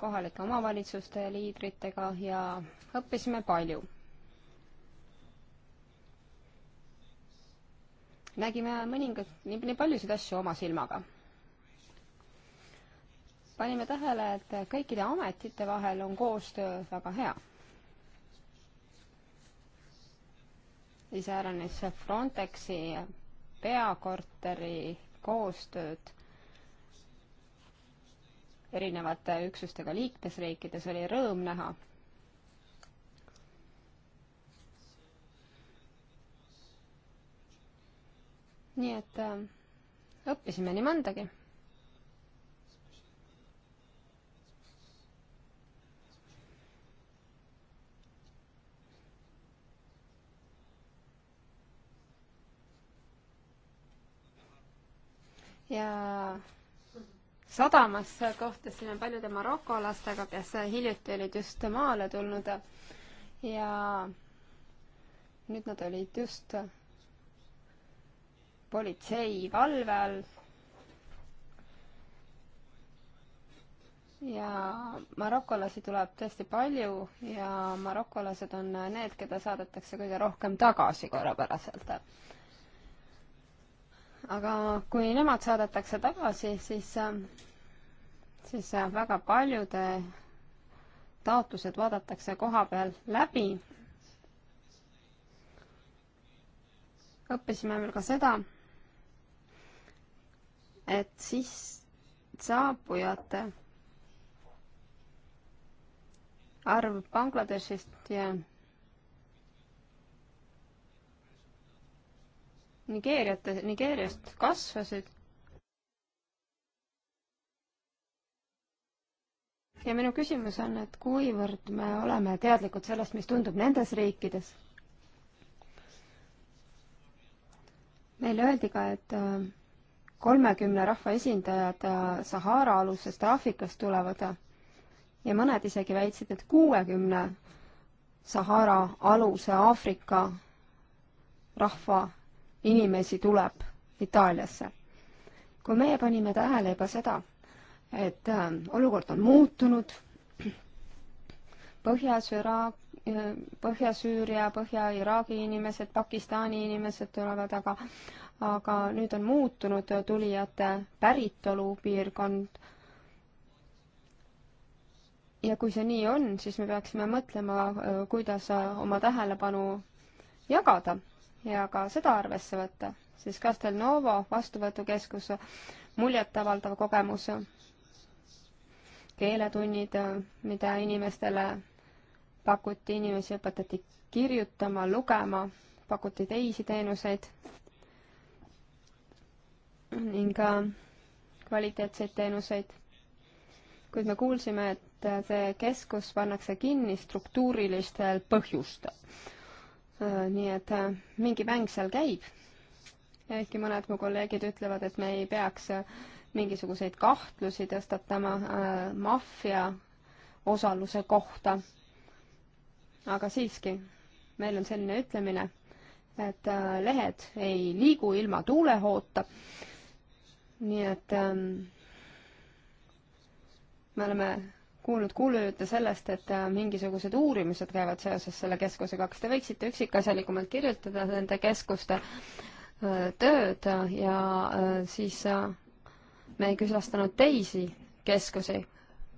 kohalike omavalitsuste liidritega ja õppisime palju. nägime mõningaid, nii, nii paljusid asju oma silmaga panime tähele, et kõikide ametite vahel on koostöö väga hea iseäranis Frontexi peakorteri koostööd erinevate üksustega liikmesriikides oli rõõm näha. nii et äh, õppisime nii mõndagi ja sadamas kohtusime paljude marokolastega, kes hiljuti olid just maale tulnud ja nüüd nad olid just politsei valve all. ja marokolasi tuleb tõesti palju ja marokolased on need, keda saadetakse kõige rohkem tagasi korrapäraselt aga kui nemad saadetakse tagasi, siis, äh, siis äh, väga paljude taotlused vaadatakse koha peal läbi. õppisime veel ka seda, et siis saabujate arv Bangladeshist ja Nigeeriat, Nigeeriast kasvasid. ja minu küsimus on, et kuivõrd me oleme teadlikud sellest, mis tundub nendes riikides? meile öeldi ka, et äh, kolmekümne rahvaesindajad äh, Sahara-alusest Aafrikast tulevad äh, ja mõned isegi väitsid, et kuuekümne Sahara aluse Aafrika rahva inimesi tuleb Itaaliasse. kui meie panime tähele juba seda, et äh, olukord on muutunud, Põhja-Süraa-, äh, Põhja-Süüria, Põhja-Iraagi inimesed, Pakistani inimesed tulevad, aga aga nüüd on muutunud tulijate päritolupiirkond. ja kui see nii on, siis me peaksime mõtlema, äh, kuidas äh, oma tähelepanu jagada ja ka seda arvesse võtta, siis Castelnovo vastuvõtukeskus, muljetavaldav kogemus, keeletunnid, mida inimestele pakuti, inimesi õpetati kirjutama, lugema, pakuti teisi teenuseid ning kvaliteetseid teenuseid. kuid me kuulsime, et see keskus pannakse kinni struktuurilistel põhjustel Äh, nii et äh, mingi mäng seal käib. ehkki mõned mu kolleegid ütlevad, et me ei peaks äh, mingisuguseid kahtlusi tõstatama maffia osaluse kohta. aga siiski, meil on selline ütlemine, et lehed ei liigu ilma tuulehoota. nii et ähm, me oleme kuulnud kuulujutte sellest, et äh, mingisugused uurimised käivad seoses selle keskusega, kas te võiksite üksikasjalikumalt kirjutada nende keskuste äh, tööd ja äh, siis me ei külastanud teisi keskusi,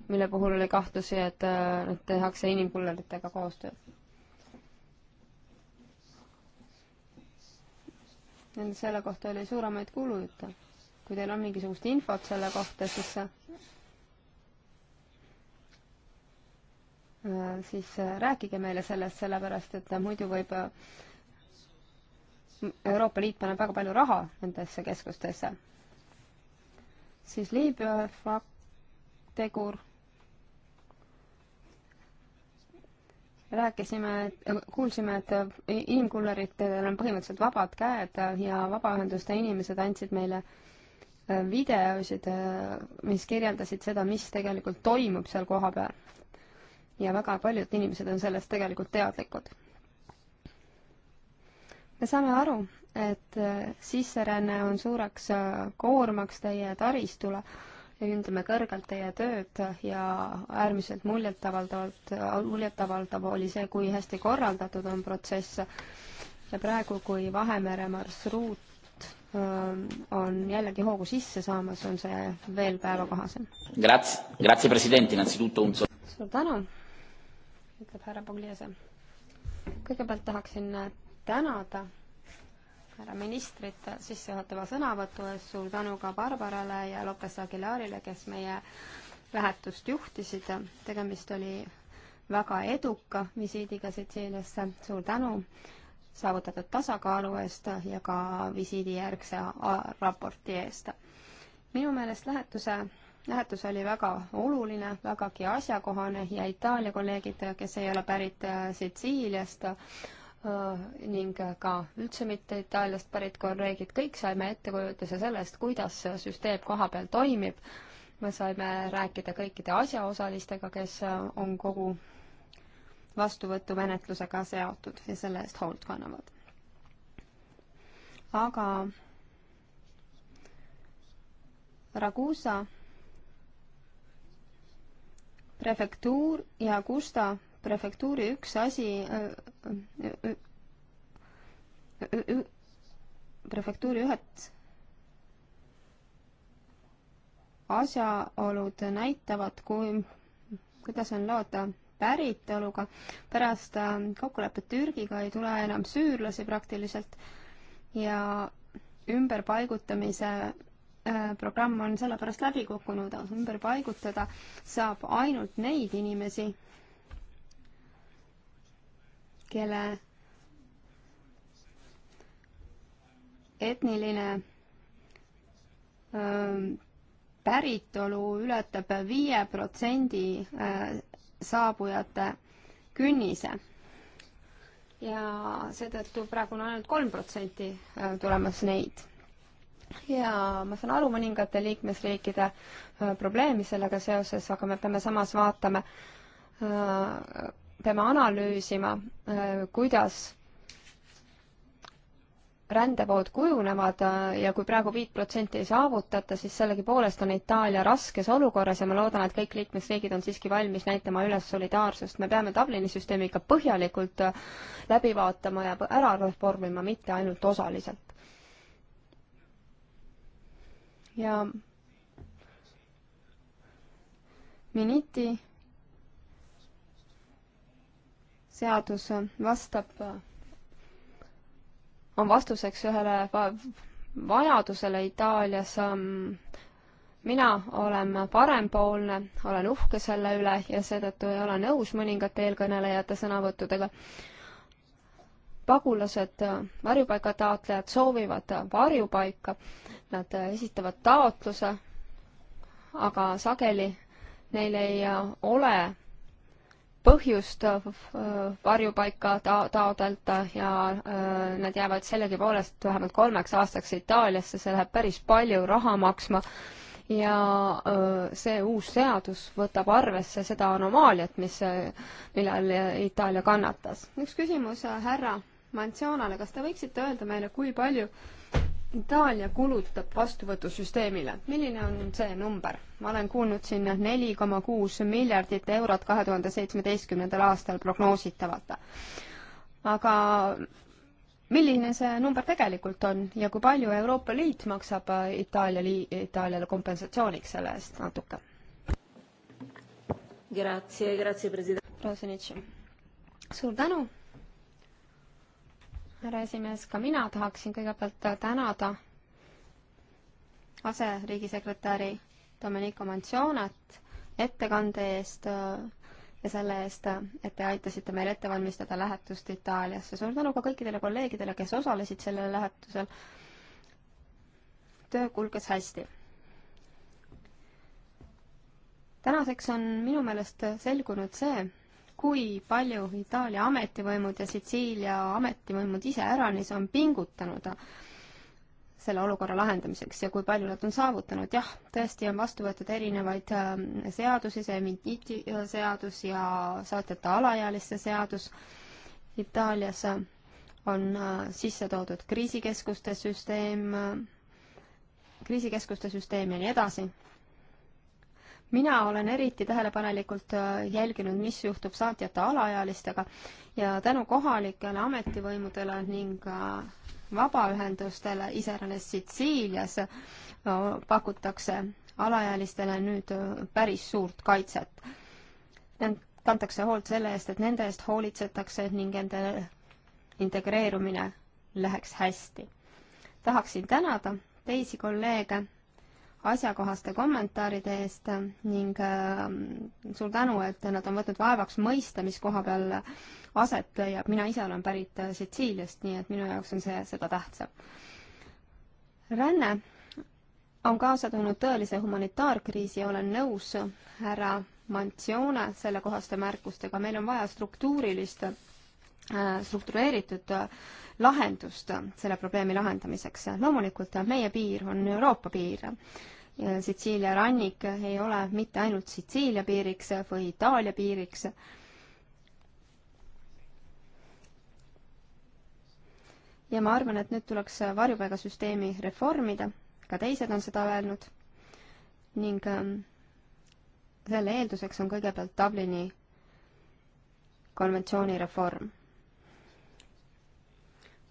mille puhul oli kahtlusi, et nad tehakse inimkulleritega koostööd. selle kohta oli suuremaid kuulujutte. kui teil on mingisugust infot selle kohta, siis Äh, siis äh, rääkige meile sellest, sellepärast et muidu võib äh, Euroopa Liit paneb väga palju raha nendesse keskustesse. siis Liibüa tegur. rääkisime, kuulsime, et inimkulleritel on põhimõtteliselt vabad käed ja vabaühenduste inimesed andsid meile videosid, mis kirjeldasid seda, mis tegelikult toimub seal kohapeal ja väga paljud inimesed on sellest tegelikult teadlikud. me saame aru, et äh, sisseränne on suureks äh, koormaks teie taristule ja hindame kõrgelt teie tööd ja äärmiselt muljetavaldavalt, äh, muljetavaldav oli see, kui hästi korraldatud on protsess. ja praegu, kui Vahemere marsruut ähm, on jällegi hoogu sisse saamas, on see veel päevakohasem. suur tänu ütleb härra Pugliese. kõigepealt tahaksin tänada härra ministrit sissejuhatava sõnavõtu eest, suur tänu ka Barbarale ja Lopes Aguilarile, kes meie lähetust juhtisid, tegemist oli väga eduka visiidiga Sitsiiliasse, suur tänu saavutatud tasakaalu eest ja ka visiidijärgse raporti eest. minu meelest lähetuse lähetus oli väga oluline, vägagi asjakohane ja Itaalia kolleegid, kes ei ole pärit äh, Sitsiiliast äh, ning ka üldse mitte Itaaliast pärit kolleegid, kõik saime ettekujutuse sellest, kuidas süsteem koha peal toimib. me saime rääkida kõikide asjaosalistega, kes äh, on kogu vastuvõtumenetlusega seotud ja selle eest hoolt kannavad. aga Ragusa prefektuur ja Kusta prefektuuri üks asi, prefektuuri ühed asjaolud näitavad, kui, kuidas on lood päritoluga. pärast äh, kokkulepet Türgiga ei tule enam süürlasi praktiliselt ja ümberpaigutamise Äh, programm on sellepärast läbi kukkunud, ümber paigutada saab ainult neid inimesi, kelle etniline ähm, päritolu ületab viie protsendi äh, saabujate künnise ja seetõttu praegu on ainult kolm protsenti äh, tulemas neid ja ma saan aru mõningate liikmesriikide äh, probleemi sellega seoses, aga me peame samas vaatama, äh, peame analüüsima, äh, kuidas rändevood kujunevad ja kui praegu viit protsenti ei saavutata, siis sellegipoolest on Itaalia raskes olukorras ja ma loodan, et kõik liikmesriigid on siiski valmis näitama üles solidaarsust. me peame Dublini süsteemi ikka põhjalikult läbi vaatama ja ära reformima, mitte ainult osaliselt. ja Miniti seadus vastab, on vastuseks ühele vajadusele Itaalias mina olen parempoolne, olen uhke selle üle ja seetõttu ei ole nõus mõningate eelkõnelejate sõnavõttudega pagulased, äh, varjupaigataotlejad soovivad äh, varjupaika, nad äh, esitavad taotluse, aga sageli neil ei ole põhjust varjupaika ta-, taotleda ja öö, nad jäävad sellegipoolest vähemalt kolmeks aastaks Itaaliasse, see läheb päris palju raha maksma ja öö, see uus seadus võtab arvesse seda anomaaliat, mis, millal Itaalia kannatas. üks küsimus härra Manzionale, kas te võiksite öelda meile, kui palju Itaalia kulutab vastuvõtusüsteemile, milline on see number? ma olen kuulnud siin neli koma kuus miljardit eurot kahe tuhande seitsmeteistkümnendal aastal prognoositavalt. aga milline see number tegelikult on ja kui palju Euroopa Liit maksab Itaalia lii-, Itaaliale kompensatsiooniks selle eest natuke? Grazie, grazie, president. suur tänu härra esimees, ka mina tahaksin kõigepealt tänada aseriigisekretäri Domenico Mancionat ettekande eest äh, ja selle eest, et te aitasite meil ette valmistada lähetust Itaaliasse. suur tänu ka kõikidele kolleegidele, kes osalesid sellel lähetusel. töö kulges hästi. tänaseks on minu meelest selgunud see, kui palju Itaalia ametivõimud ja Sitsiilia ametivõimud ise äranis on pingutanud selle olukorra lahendamiseks ja kui palju nad on saavutanud. jah, tõesti on vastu võetud erinevaid ähm, seadusi, see Miniti äh, seadus ja saatjate alaealiste seadus Itaalias äh, on äh, sisse toodud kriisikeskuste süsteem, kriisikeskuste süsteem ja nii edasi mina olen eriti tähelepanelikult äh, jälginud, mis juhtub saatjate alaealistega ja tänu kohalikele ametivõimudele ning äh, vabaühendustele, iseäranis Sitsiilias, äh, pakutakse alaealistele nüüd päris suurt kaitset. kantakse hoolt selle eest, et nende eest hoolitsetakse ning nende integreerumine läheks hästi. tahaksin tänada teisi kolleege asjakohaste kommentaaride eest ning ähm, suur tänu, et nad on võtnud vaevaks mõista, mis koha peal aset leiab. mina ise olen pärit äh, Sitsiiliast, nii et minu jaoks on see seda tähtsam. ränne on kaasa toonud tõelise humanitaarkriisi, olen nõus härra Mantsione sellekohaste märkustega, meil on vaja struktuurilist Äh, struktureeritud äh, lahendust selle probleemi lahendamiseks. loomulikult äh, meie piir on Euroopa piir. Sitsiilia rannik ei ole mitte ainult Sitsiilia piiriks või Itaalia piiriks. ja ma arvan, et nüüd tuleks varjupaigasüsteemi reformida, ka teised on seda öelnud, ning ähm, selle eelduseks on kõigepealt Dublini konventsiooni reform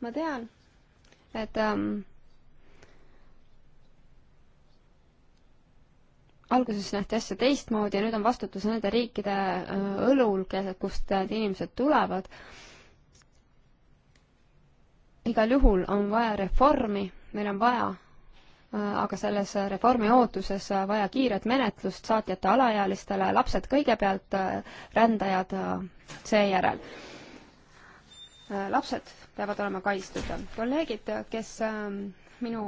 ma tean, et ähm, alguses nähti asja teistmoodi ja nüüd on vastutus nende riikide äh, õlul, kust inimesed tulevad. igal juhul on vaja reformi, meil on vaja äh, aga selles reformi ootuses vaja kiiret menetlust saatjate alaealistele, lapsed kõigepealt, äh, rändajad seejärel. lapsed peavad olema kaitstud. kolleegid, kes ähm, minu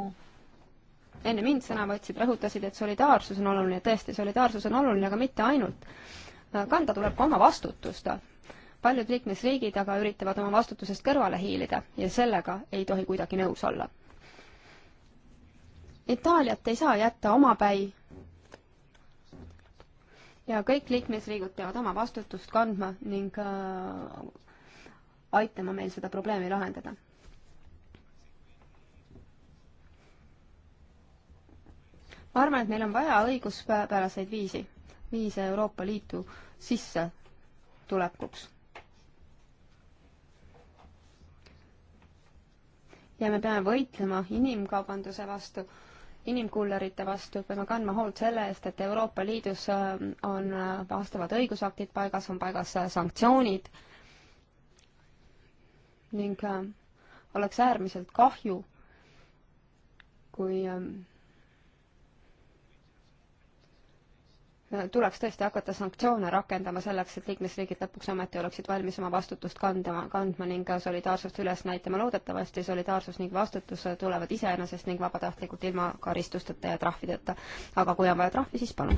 enne mind sõna võtsid, rõhutasid, et solidaarsus on oluline, tõesti, solidaarsus on oluline, aga mitte ainult. Äh, kanda tuleb ka oma vastutust. paljud liikmesriigid aga üritavad oma vastutusest kõrvale hiilida ja sellega ei tohi kuidagi nõus olla. Itaaliat ei saa jätta omapäi ja kõik liikmesriigid peavad oma vastutust kandma ning äh, aitama meil seda probleemi lahendada. ma arvan, et meil on vaja õiguspäraseid viisi, viise Euroopa Liitu sissetulekuks. ja me peame võitlema inimkaubanduse vastu inimkullerite vastu, peame kandma hoolt selle eest, et Euroopa Liidus äh, on äh, vastavad õigusaktid paigas, on paigas äh, sanktsioonid ning äh, oleks äärmiselt kahju, kui ähm, äh, tuleks tõesti hakata sanktsioone rakendama selleks, et liikmesriigid lõpuks ometi oleksid valmis oma vastutust kandma, kandma ning äh, solidaarsust üles näitama. loodetavasti solidaarsus ning vastutus tulevad iseenesest ning vabatahtlikult ilma karistusteta ja trahvideta. aga kui on vaja trahvi, siis palun.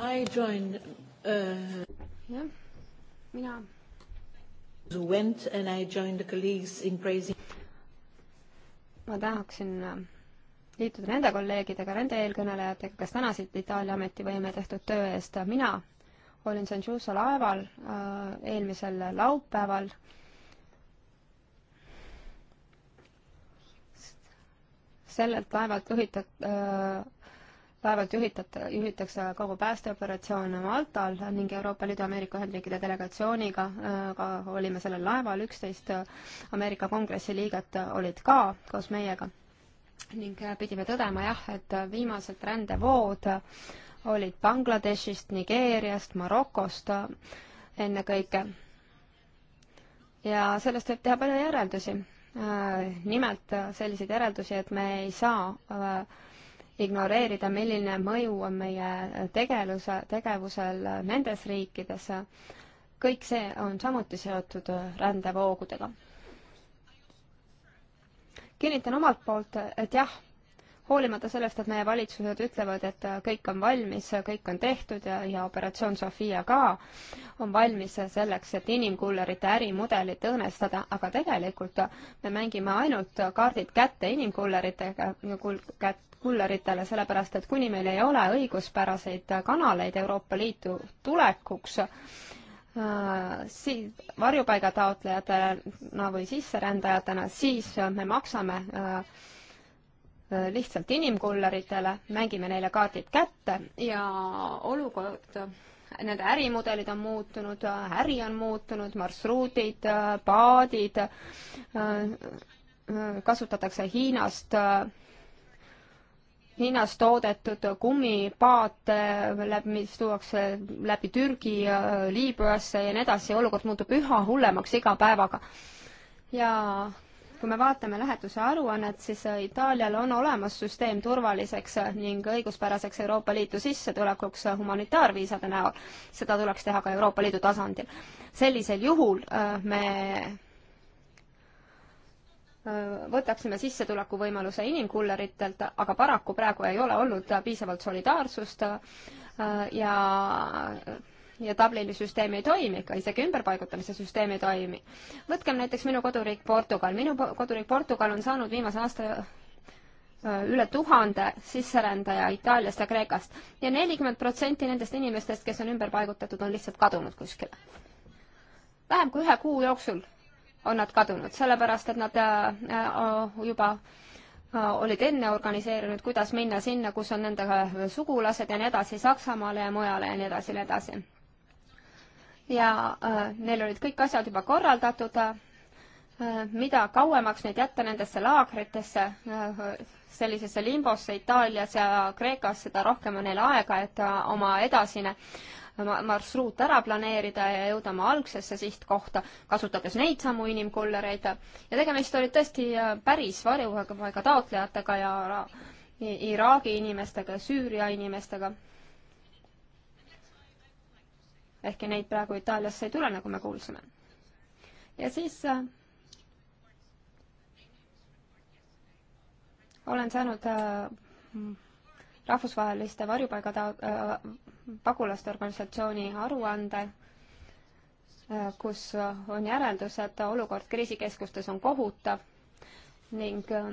jah, mina ma tahaksin äh, liituda nende kolleegidega, nende eelkõnelejatega, kes tänasid Itaalia ametivõime tehtud töö eest. mina olin Sanchusa laeval äh, eelmisel laupäeval. sellelt laevalt juhitud äh, laevalt juhitate, juhitakse kogu päästeoperatsioon Maltal ning Euroopa Liidu Ameerika Ühendriikide delegatsiooniga äh, ka olime sellel laeval, üksteist äh, Ameerika Kongressi liiget äh, olid ka koos meiega. ning pidime tõdema jah, et viimased rändevood olid Bangladeshist, Nigeeriast, Marokost ennekõike. ja sellest võib teha palju järeldusi. nimelt selliseid järeldusi, et me ei saa ignoreerida, milline mõju on meie tegeluse, tegevusel nendes riikides. kõik see on samuti seotud rändevoogudega. kinnitan omalt poolt, et jah hoolimata sellest, et meie valitsused ütlevad, et äh, kõik on valmis, äh, kõik on tehtud ja, ja operatsioon Sofia ka on valmis äh, selleks, et inimkullerite ärimudelit õõnestada, aga tegelikult me mängime ainult kaardid kätte inimkulleritega, kät-, kulleritele, sellepärast et kuni meil ei ole õiguspäraseid kanaleid Euroopa Liitu tulekuks, sii-, varjupaigataotlejatena või sisserändajatena, siis me maksame äh, Äh, lihtsalt inimkulleritele, mängime neile kaardid kätte ja olukord nende ärimudelid on muutunud, äri on muutunud, marsruudid, paadid, äh, äh, kasutatakse Hiinast, Hiinas toodetud kummipaate, läbi, mis tuuakse läbi Türgi Liibüasse ja nii edasi, olukord muutub üha hullemaks iga päevaga. ja kui me vaatame lähetuse aruannet, siis äh, Itaalial on olemas süsteem turvaliseks äh, ning õiguspäraseks Euroopa Liitu sissetulekuks äh, humanitaarviisade näol. seda tuleks teha ka Euroopa Liidu tasandil. sellisel juhul me võtaksime sissetulekuvõimaluse inimkulleritelt, aga paraku praegu ei ole olnud piisavalt solidaarsust ja ja Dublini süsteem ei toimi, ega isegi ümberpaigutamise süsteem ei toimi. võtkem näiteks minu koduriik Portugal, minu koduriik Portugal on saanud viimase aasta äh, üle tuhande sisserändaja Itaaliast ja Kreekast ja nelikümmend protsenti nendest inimestest, kes on ümber paigutatud, on lihtsalt kadunud kuskile. vähem kui ühe kuu jooksul on nad kadunud, sellepärast et nad äh, äh, juba olid enne organiseerinud, kuidas minna sinna, kus on nende sugulased ja nii edasi, Saksamaale ja mujale ja nii edasi ja nii edasi ja äh, neil olid kõik asjad juba korraldatud. Äh, mida kauemaks neid jätta nendesse laagritesse, äh, sellisesse limbosse Itaalias ja Kreekas, seda rohkem on neil aega, et oma edasine marsruut ära planeerida ja jõuda oma algsesse sihtkohta, kasutades neid samu inimkullereid. ja tegemist oli tõesti päris varjupaiga taotlejatega ja Iraagi inimestega ja Süüria inimestega ehkki neid praegu Itaaliasse ei tule, nagu me kuulsime. ja siis äh, olen saanud äh, rahvusvaheliste varjupaiga äh, pagulaste organisatsiooni aruande äh,, kus on järeldus, et olukord kriisikeskustes on kohutav ning äh,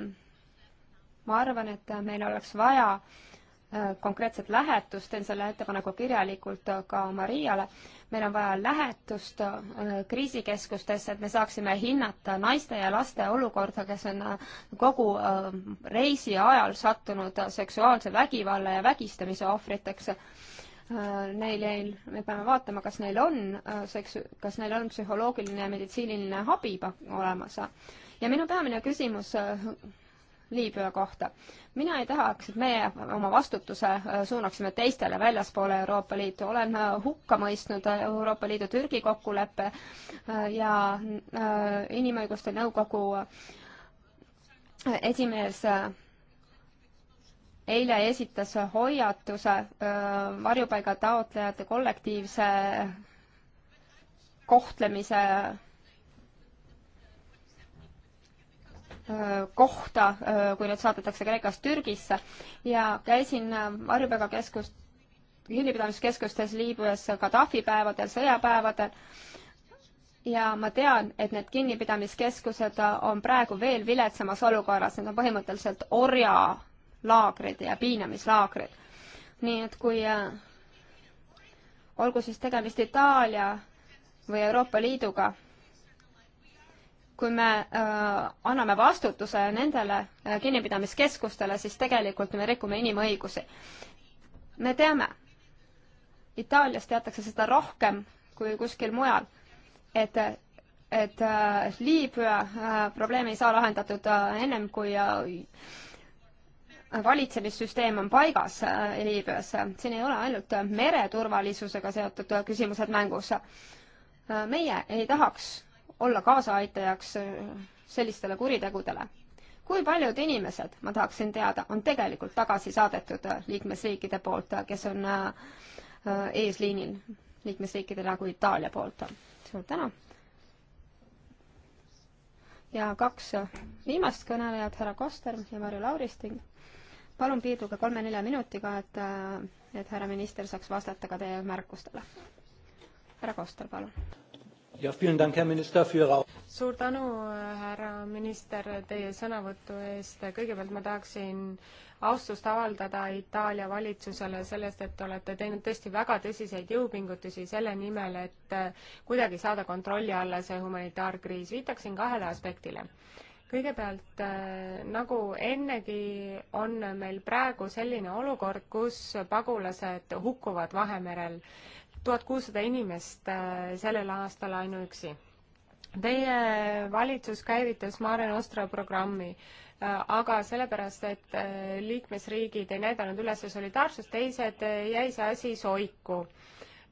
ma arvan, et meil oleks vaja äh, Äh, konkreetset lähetust, teen selle ettepaneku kirjalikult äh, ka Mariale. meil on vaja lähetust äh, kriisikeskustesse, et me saaksime hinnata naiste ja laste olukorda, kes on kogu reisi ajal sattunud seksuaalse vägivalla ja vägistamise ohvriteks. Neil ei, me peame vaatama, kas neil on seks-, kas neil on psühholoogiline ja meditsiiniline abi olemas. ja minu peamine küsimus Liibüa kohta. mina ei tahaks, et meie oma vastutuse äh, suunaksime teistele väljaspoole Euroopa Liitu. olen äh, hukka mõistnud äh, Euroopa Liidu Türgi kokkuleppe ja Inimõiguste Nõukogu esimees eile esitas hoiatuse varjupaiga taotlejate kollektiivse kohtlemise Äh, kohta, äh, kui need saadetakse Kreekast Türgisse ja käisin varjupaigakeskust, äh, kinnipidamiskeskustes Liibüas Gaddafi päevadel, sõjapäevadel ja ma tean, et need kinnipidamiskeskused on praegu veel viletsamas olukorras, need on põhimõtteliselt orjalaagrid ja piinamislaagrid. nii et kui olgu siis tegemist Itaalia või Euroopa Liiduga, kui me äh, anname vastutuse nendele äh, kinnipidamiskeskustele, siis tegelikult me rikume inimõigusi. me teame, Itaalias teatakse seda rohkem kui kuskil mujal, et, et äh, Liibüa äh, probleem ei saa lahendatud äh, ennem kui äh, valitsemissüsteem on paigas äh, Liibüas. siin ei ole ainult mereturvalisusega seotud äh, küsimused mängus äh,. meie ei tahaks olla kaasaaitajaks äh, sellistele kuritegudele. kui paljud inimesed, ma tahaksin teada, on tegelikult tagasi saadetud äh, liikmesriikide poolt, äh, kes on eesliinil liikmesriikide nagu Itaalia poolt? suur tänu! ja kaks viimast kõnelejat, härra Koster ja Marju Lauristing. palun piirduge kolme-nelja minutiga, et, et härra minister saaks vastata ka teie märkustele. härra Koster, palun suur tänu, härra minister, teie sõnavõtu eest. kõigepealt ma tahaksin austust avaldada Itaalia valitsusele sellest, et olete teinud tõesti väga tõsiseid jõupingutusi selle nimel, et kuidagi saada kontrolli alla see humanitaarkriis. viitaksin kahele aspektile kõigepealt nagu ennegi on meil praegu selline olukord, kus pagulased hukkuvad Vahemerel tuhat kuussada inimest äh, sellel aastal ainuüksi. Teie valitsus käivitas Mare Nostra programmi, äh, aga sellepärast, et äh, liikmesriigid ei näidanud üles solidaarsust, teised jäi see asi soiku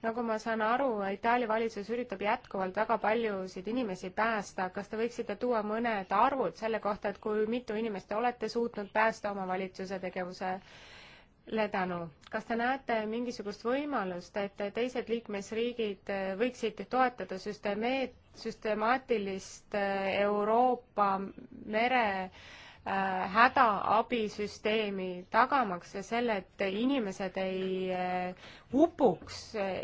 nagu ma saan aru, Itaalia valitsus üritab jätkuvalt väga paljusid inimesi päästa. kas te võiksite tuua mõned arvud selle kohta, et kui mitu inimest te olete suutnud päästa oma valitsuse tegevuse äh, Ledanu, kas te näete mingisugust võimalust, et teised liikmesriigid võiksid toetada süsteemi, süstemaatilist äh, Euroopa mere äh, hädaabisüsteemi tagamaks ja selle, et inimesed ei äh, upuks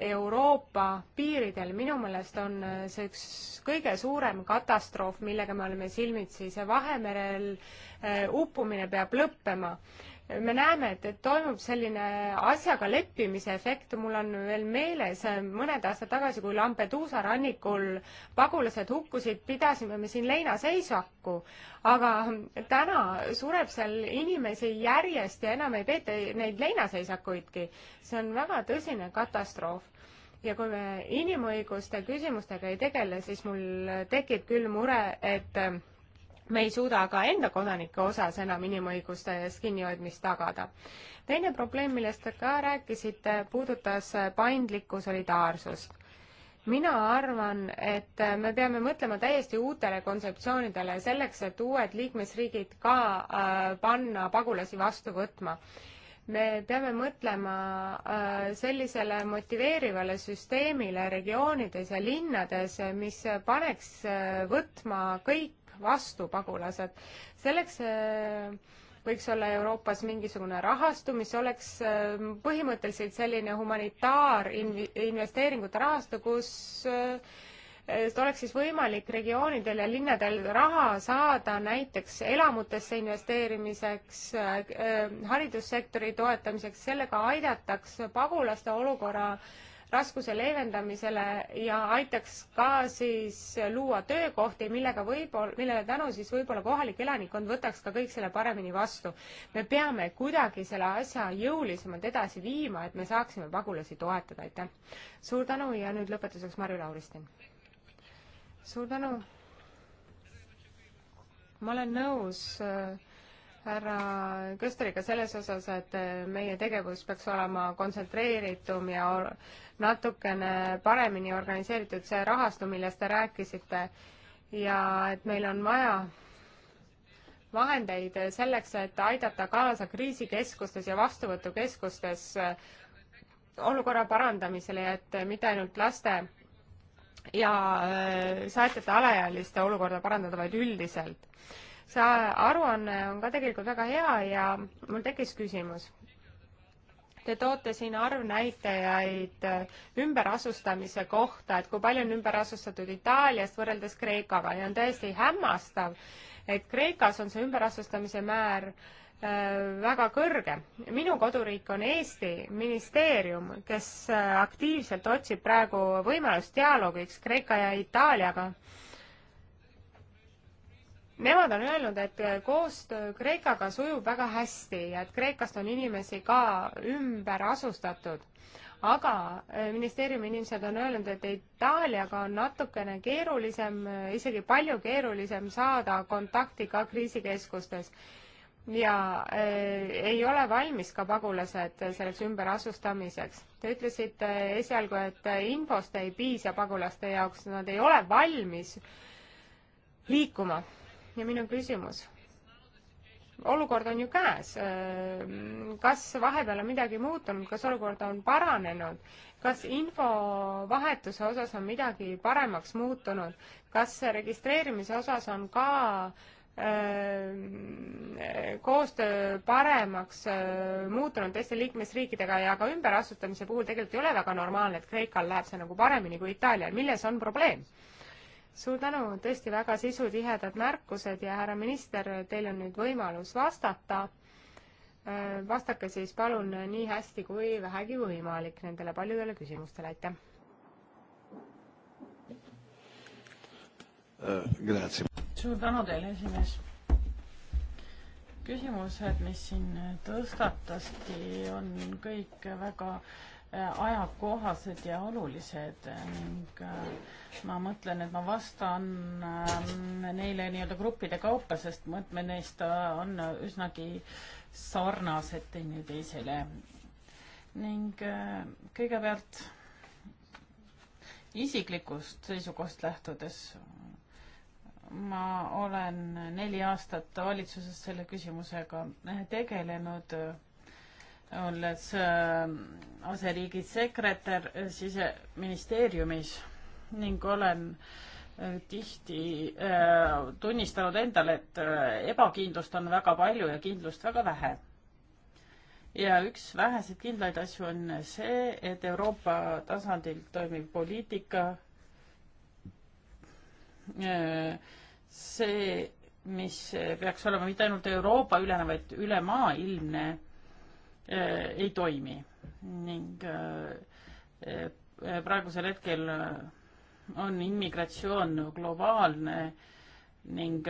Euroopa piiridel. minu meelest on see üks kõige suurem katastroof, millega me oleme silmitsi. see Vahemerel uppumine peab lõppema me näeme, et, et toimub selline asjaga leppimise efekt, mul on veel meeles mõned aastad tagasi, kui Lampeduusa rannikul pagulased hukkusid, pidasime me siin leinaseisaku, aga täna sureb seal inimesi järjest ja enam ei peeta neid leinaseisakuidki. see on väga tõsine katastroof ja kui me inimõiguste küsimustega ei tegele, siis mul tekib küll mure, et me ei suuda ka enda kodanike osas enam inimõiguste ees kinnihoidmist tagada. teine probleem, millest te ka rääkisite, puudutas paindlikku solidaarsust. mina arvan, et me peame mõtlema täiesti uutele kontseptsioonidele selleks, et uued liikmesriigid ka äh, panna pagulasi vastu võtma me peame mõtlema äh, sellisele motiveerivale süsteemile regioonides ja linnades, mis paneks äh, võtma kõik vastu pagulased. selleks äh, võiks olla Euroopas mingisugune rahastu, mis oleks äh, põhimõtteliselt selline humanitaarinvesteeringute rahastu, kus äh, oleks siis võimalik regioonidel ja linnadel raha saada näiteks elamutesse investeerimiseks, haridussektori toetamiseks, sellega aidataks pagulaste olukorra äh, raskuse leevendamisele ja aitaks ka siis luua töökohti, millega võib-olla, millele tänu siis võib-olla kohalik elanikkond võtaks ka kõik selle paremini vastu. me peame kuidagi selle asja jõulisemalt edasi viima, et me saaksime pagulasi toetada, aitäh. suur tänu ja nüüd lõpetuseks Marju Lauristin. suur tänu ma olen nõus äh, härra Kösteriga selles osas, et meie tegevus peaks olema kontsentreeritum ja natukene paremini organiseeritud, see rahastu, millest te rääkisite, ja et meil on vaja vahendeid selleks, et aidata kaasa kriisikeskustes ja vastuvõtukeskustes olukorra parandamisele ja et mitte ainult laste ja äh, saatjate alaealiste olukorda parandada, vaid üldiselt see aruanne on, on ka tegelikult väga hea ja mul tekkis küsimus. Te toote siin arvnäitajaid äh, ümberasustamise kohta, et kui palju on ümber asustatud Itaaliast võrreldes Kreekaga ja on tõesti hämmastav, et Kreekas on see ümberasustamise määr äh, väga kõrge. minu koduriik on Eesti ministeerium, kes äh, aktiivselt otsib praegu võimalust dialoogiks Kreeka ja Itaaliaga Nemad on öelnud, et koostöö Kreekaga sujub väga hästi ja et Kreekast on inimesi ka ümber asustatud. aga äh, ministeeriumi inimesed on öelnud, et Itaaliaga on natukene keerulisem, äh, isegi palju keerulisem saada kontakti ka kriisikeskustes ja äh, ei ole valmis ka pagulased selleks ümberasustamiseks. Te ütlesite äh, esialgu, et infost ei piisa pagulaste jaoks, nad ei ole valmis liikuma ja minu küsimus, olukord on ju käes, äh, kas vahepeal on midagi muutunud, kas olukord on paranenud, kas infovahetuse osas on midagi paremaks muutunud, kas registreerimise osas on ka äh, koostöö paremaks äh, muutunud teiste liikmesriikidega ja ka ümberasutamise puhul tegelikult ei ole väga normaalne, et Kreekal läheb see nagu paremini kui Itaalial. milles on probleem? suur tänu, tõesti väga sisutihedad märkused ja härra minister, teil on nüüd võimalus vastata. Äh, vastake siis palun nii hästi kui vähegi võimalik nendele paljudele küsimustele, aitäh. Äh, suur tänu teile, esimees. küsimused, mis siin tõstatati, on kõik väga äh, ajakohased ja olulised ning äh, ma mõtlen, et ma vastan ähm, neile nii-öelda gruppide kaupa, sest mõtmed neist äh, on üsnagi sarnased teineteisele. ning äh, kõigepealt isiklikust seisukohast lähtudes ma olen neli aastat valitsuses selle küsimusega tegelenud olles äh, aseriigisekretär äh, siseministeeriumis ning olen äh, tihti tunnistanud endale, et ebakindlust on väga palju ja kindlust väga vähe. ja üks väheseid kindlaid asju on see, et Euroopa tasandil toimiv poliitika, see, mis peaks olema mitte ainult Euroopa ülene, vaid ülemaailmne Äh, ei toimi ning äh, äh, praegusel hetkel on immigratsioon globaalne ning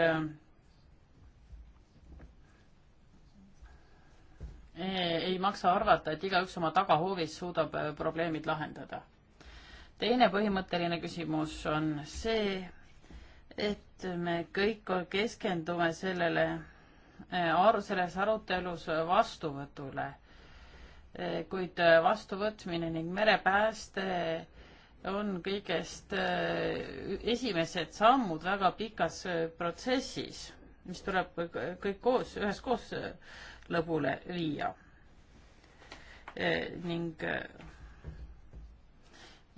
ei maksa arvata, et igaüks oma tagahoovis suudab probleemid lahendada. teine põhimõtteline küsimus on see, et me kõik keskendume sellele, selles arutelus vastuvõtule Eh, kuid eh, vastuvõtmine ning merepääste on kõigest eh, esimesed sammud väga pikas protsessis, mis tuleb kõik koos, üheskoos lõpule viia. ning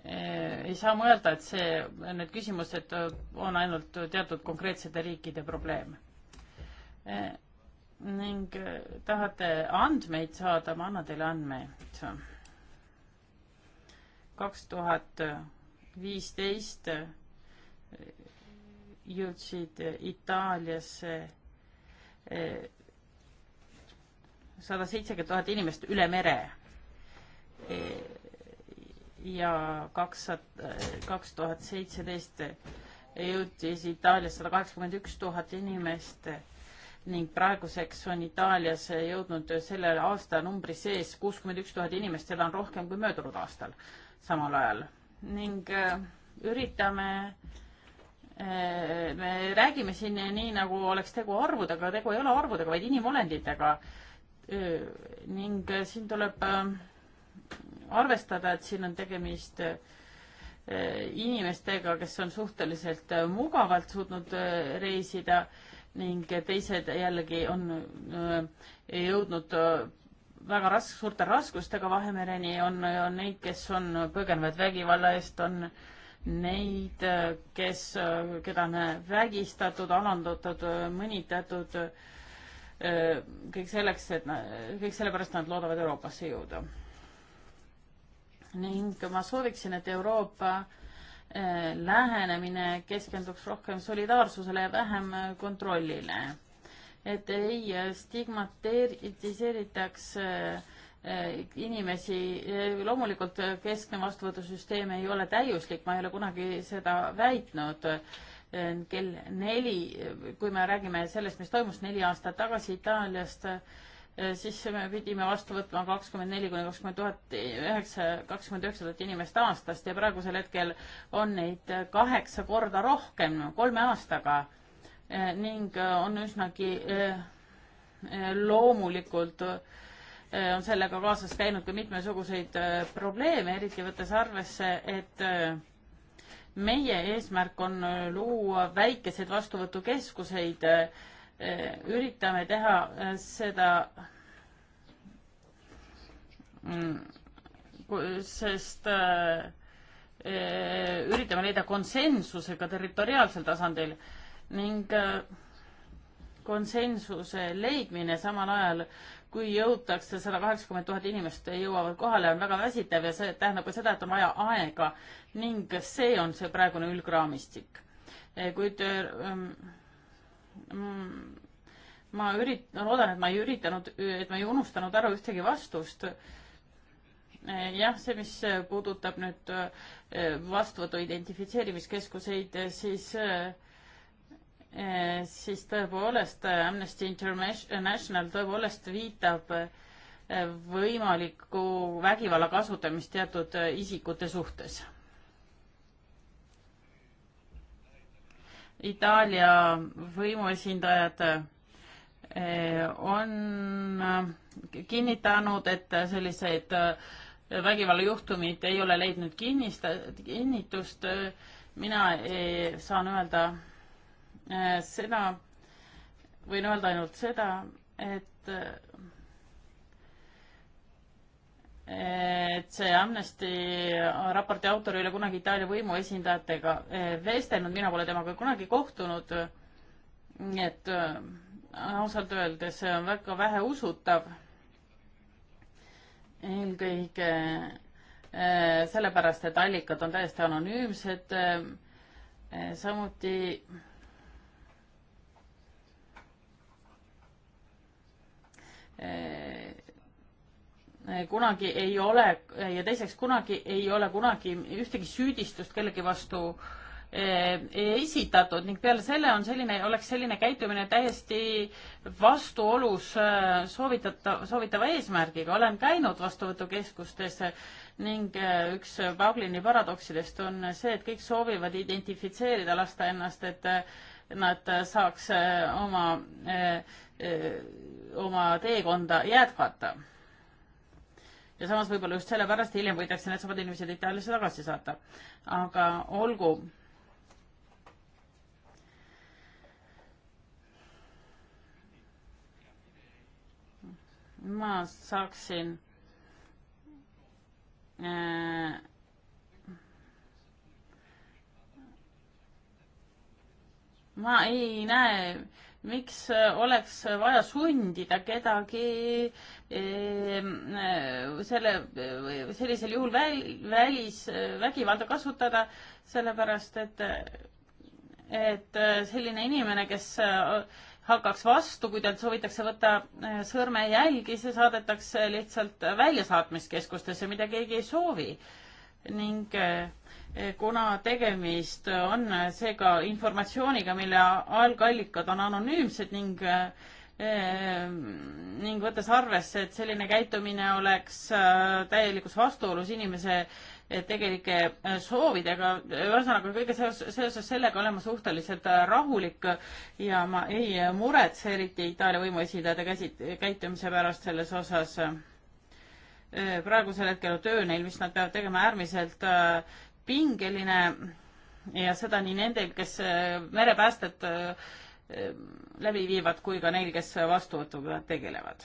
ei saa mõelda, et see, need küsimused on ainult teatud konkreetsete riikide probleem ning eh, tahate andmeid saada, ma annan teile andmeid. kaks tuhat viisteist eh, jõudsid Itaaliasse eh, sada seitsekümmend tuhat inimest üle mere ja kakssada, kaks tuhat seitseteist jõudis Itaalias sada kaheksakümmend üks tuhat inimest ning praeguseks on Itaalias jõudnud selle aastanumbri sees kuuskümmend üks tuhat inimest, seda on rohkem kui möödunud aastal samal ajal ning äh, üritame äh, me räägime siin nii, nagu oleks tegu arvudega, tegu ei ole arvudega, vaid inimolenditega. Äh, ning siin tuleb arvestada, et siin on tegemist inimestega, kes on suhteliselt mugavalt suutnud reisida ning teised jällegi on äh, jõudnud äh, väga ras-, suurte raskustega Vahemereni, on, on neid, kes on põgenevad vägivalla eest, on neid, kes, äh, keda on vägistatud, alandatud, mõnitatud, kõik selleks, et, kõik sellepärast nad loodavad Euroopasse jõuda. ning ma sooviksin, et Euroopa äh, lähenemine keskenduks rohkem solidaarsusele ja vähem kontrollile. et ei stigmatiseeritaks eh, inimesi, loomulikult keskne vastuvõtusüsteem ei ole täiuslik, ma ei ole kunagi seda väitnud, kell neli, kui me räägime sellest, mis toimus neli aastat tagasi Itaaliast, Äh, siis me pidime vastu võtma kakskümmend neli kuni kakskümmend tuhat üheksa, kakskümmend üheksa tuhat inimest aastast ja praegusel hetkel on neid kaheksa korda rohkem kolme aastaga äh, ning äh, on üsnagi loomulikult on sellega kaasas käinud ka mitmesuguseid probleeme, eriti võttes arvesse, et meie eesmärk on luua väikeseid vastuvõtukeskuseid Äh, üritame teha äh, seda, mm, sest äh, üritame leida konsensuse ka territoriaalsel tasandil ning konsensuse leidmine samal ajal, kui jõutakse sada kaheksakümmend tuhat inimest jõuavad kohale, on väga väsitav ja see tähendab ka seda, et on vaja aega ning see on see praegune üldraamistik. kuid ähm, Mm, ma ürit-, no loodan, et ma ei üritanud, et ma ei unustanud ära ühtegi vastust. jah, see, mis puudutab nüüd eh, vastuvõtu identifitseerimiskeskuseid, siis eh, siis tõepoolest eh, Amnesty International tõepoolest viitab võimalikku vägivalla kasutamist teatud isikute suhtes Itaalia võimuesindajad eh, on eh, kinnitanud, et selliseid eh, vägivallajuhtumid ei ole leidnud kinnist-, kinnitust. mina saan öelda seda, võin öelda ainult seda, et et see Amnesty raporti autor ei ole kunagi Itaalia võimu esindajatega eh, vestelnud, mina pole temaga kunagi kohtunud. nii et eh, ausalt öeldes see on väga väheusutav. eelkõige eh, sellepärast, et allikad on täiesti anonüümsed. samuti kunagi ei ole ja teiseks kunagi ei ole kunagi ühtegi süüdistust kellegi vastu eh, esitatud ning peale selle on selline, oleks selline käitumine täiesti vastuolus eh, soovitata, soovitava eesmärgiga. olen käinud vastuvõtukeskustes ning eh, üks Pavlini paradoksidest on see, et kõik soovivad identifitseerida, lasta ennast, et nad saaks oma, oma teekonda jätkata ja samas võib-olla just sellepärast hiljem võidakse needsamad inimesed Itaaliasse tagasi saata. aga olgu. ma saaksin äh, ma ei näe miks äh, oleks vaja sundida kedagi ehm, äh, selle, sellisel juhul väl, välis, äh, vägivalda kasutada, sellepärast et, et selline inimene, kes hakkaks vastu, kui talt soovitakse võtta sõrmejälgi, see saadetakse lihtsalt väljasaatmiskeskustesse, mida keegi ei soovi. ning äh, kuna tegemist on seega informatsiooniga, mille algallikad on anonüümsed ning eh, ning võttes arvesse, et selline käitumine oleks eh, täielikus vastuolus inimese eh, tegelike soovidega, ühesõnaga kõige seoses, seoses sellega olen ma suhteliselt rahulik ja ma ei muretse eriti Itaalia võimuesindajate käsit-, käitumise pärast selles osas praegusel hetkel on töö neil, mis nad peavad tegema, äärmiselt pingeline ja seda nii nendel, kes äh, merepäästet äh, läbi viivad, kui ka neil, kes vastuvõtuga tegelevad.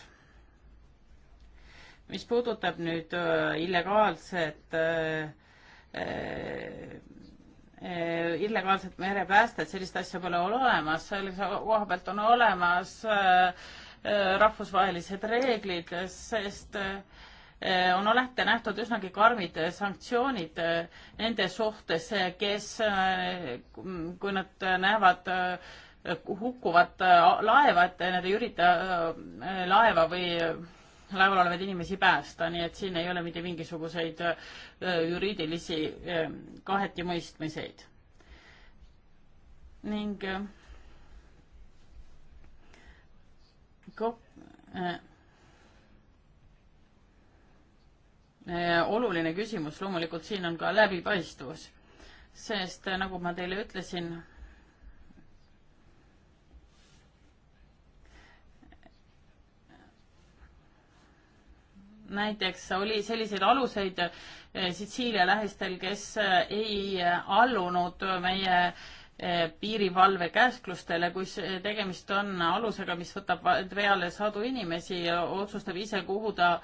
mis puudutab nüüd äh, illegaalset illegaalset merepäästet, sellist asja pole olemas, selle koha pealt on olemas rahvusvahelised reeglid, sest äh, Eh, on olete nähtud üsnagi karmid eh, sanktsioonid eh, nende suhtes, kes, kui nad näevad hukkuvat laeva, et nad ei ürita laeva või laeval olevaid inimesi päästa, nii et siin ei ole mitte mingisuguseid juriidilisi kahetimõistmiseid. ning kok- Eh, oluline küsimus loomulikult siin on ka läbipaistvus, sest eh, nagu ma teile ütlesin, näiteks oli selliseid aluseid eh, Sitsiilia lähistel, kes ei allunud meie piirivalve käsklustele, kui tegemist on alusega, mis võtab peale sadu inimesi ja otsustab ise, kuhu ta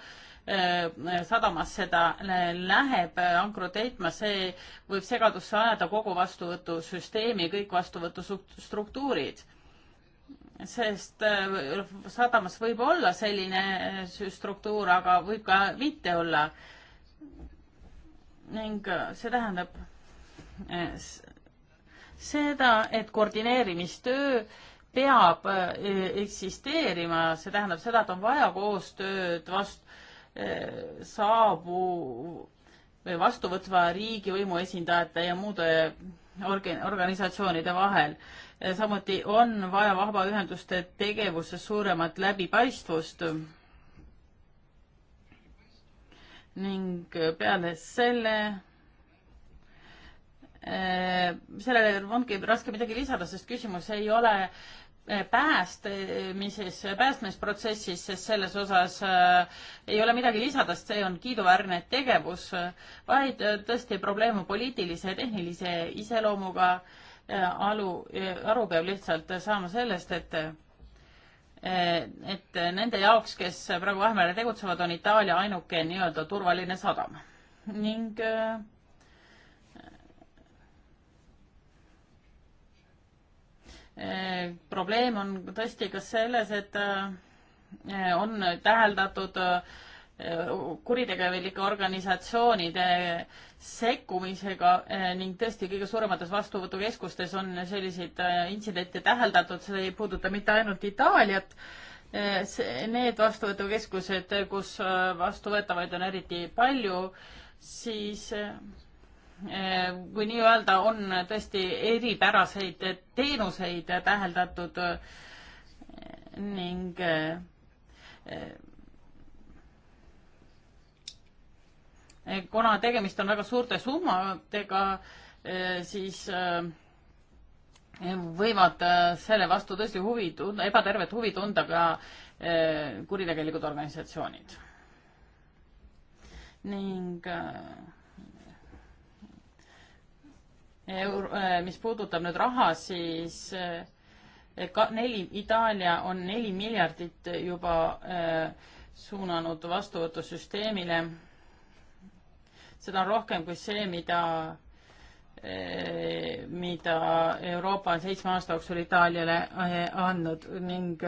Äh, sadamas seda äh, läheb äh, ankru täitma, see võib segadusse ajada kogu vastuvõtusüsteemi, kõik vastuvõtustruktuurid. sest sadamas võib olla selline struktuur, aga võib ka mitte olla. ning see tähendab seda, et koordineerimistöö peab e-, eksisteerima, see tähendab seda, et on vaja koostööd vast-, Eh, saabu vastuvõtva riigivõimu esindajate ja muude organisatsioonide vahel. Eh, samuti on vaja vabaühenduste tegevuses suuremat läbipaistvust ning peale selle eh, sellele ongi raske midagi lisada, sest küsimus ei ole Äh, päästmises, päästmisprotsessis, sest selles osas äh, ei ole midagi lisada, sest see on kiiduväärne tegevus, vaid äh, tõesti probleem on poliitilise ja tehnilise iseloomuga äh,. alu äh,, aru peab lihtsalt saama sellest, et äh, et nende jaoks, kes praegu Vahemere tegutsevad, on Itaalia ainuke nii-öelda turvaline sadam ning äh, Eh, probleem on tõesti ka selles, et eh, on täheldatud eh, kuritegelike organisatsioonide sekkumisega ning tõesti kõige suuremates vastuvõtukeskustes on selliseid intsidente täheldatud, see ei puuduta mitte ainult Itaaliat, see, need vastuvõtukeskused, kus vastuvõetavaid on eriti palju, siis kui nii-öelda on tõesti eripäraseid teenuseid täheldatud eh, ning eh, eh, kuna tegemist on väga suurte summadega, siis võivad selle vastu tõesti huvi tunda, ebatervet huvi tunda ka kuritegelikud organisatsioonid. ning Euro, äh, mis puudutab nüüd raha, siis äh, ka neli, Itaalia on neli miljardit juba äh, suunanud vastuvõtusüsteemile. seda on rohkem kui see, mida, mida Euroopa on seitsme aasta jooksul Itaaliale andnud ning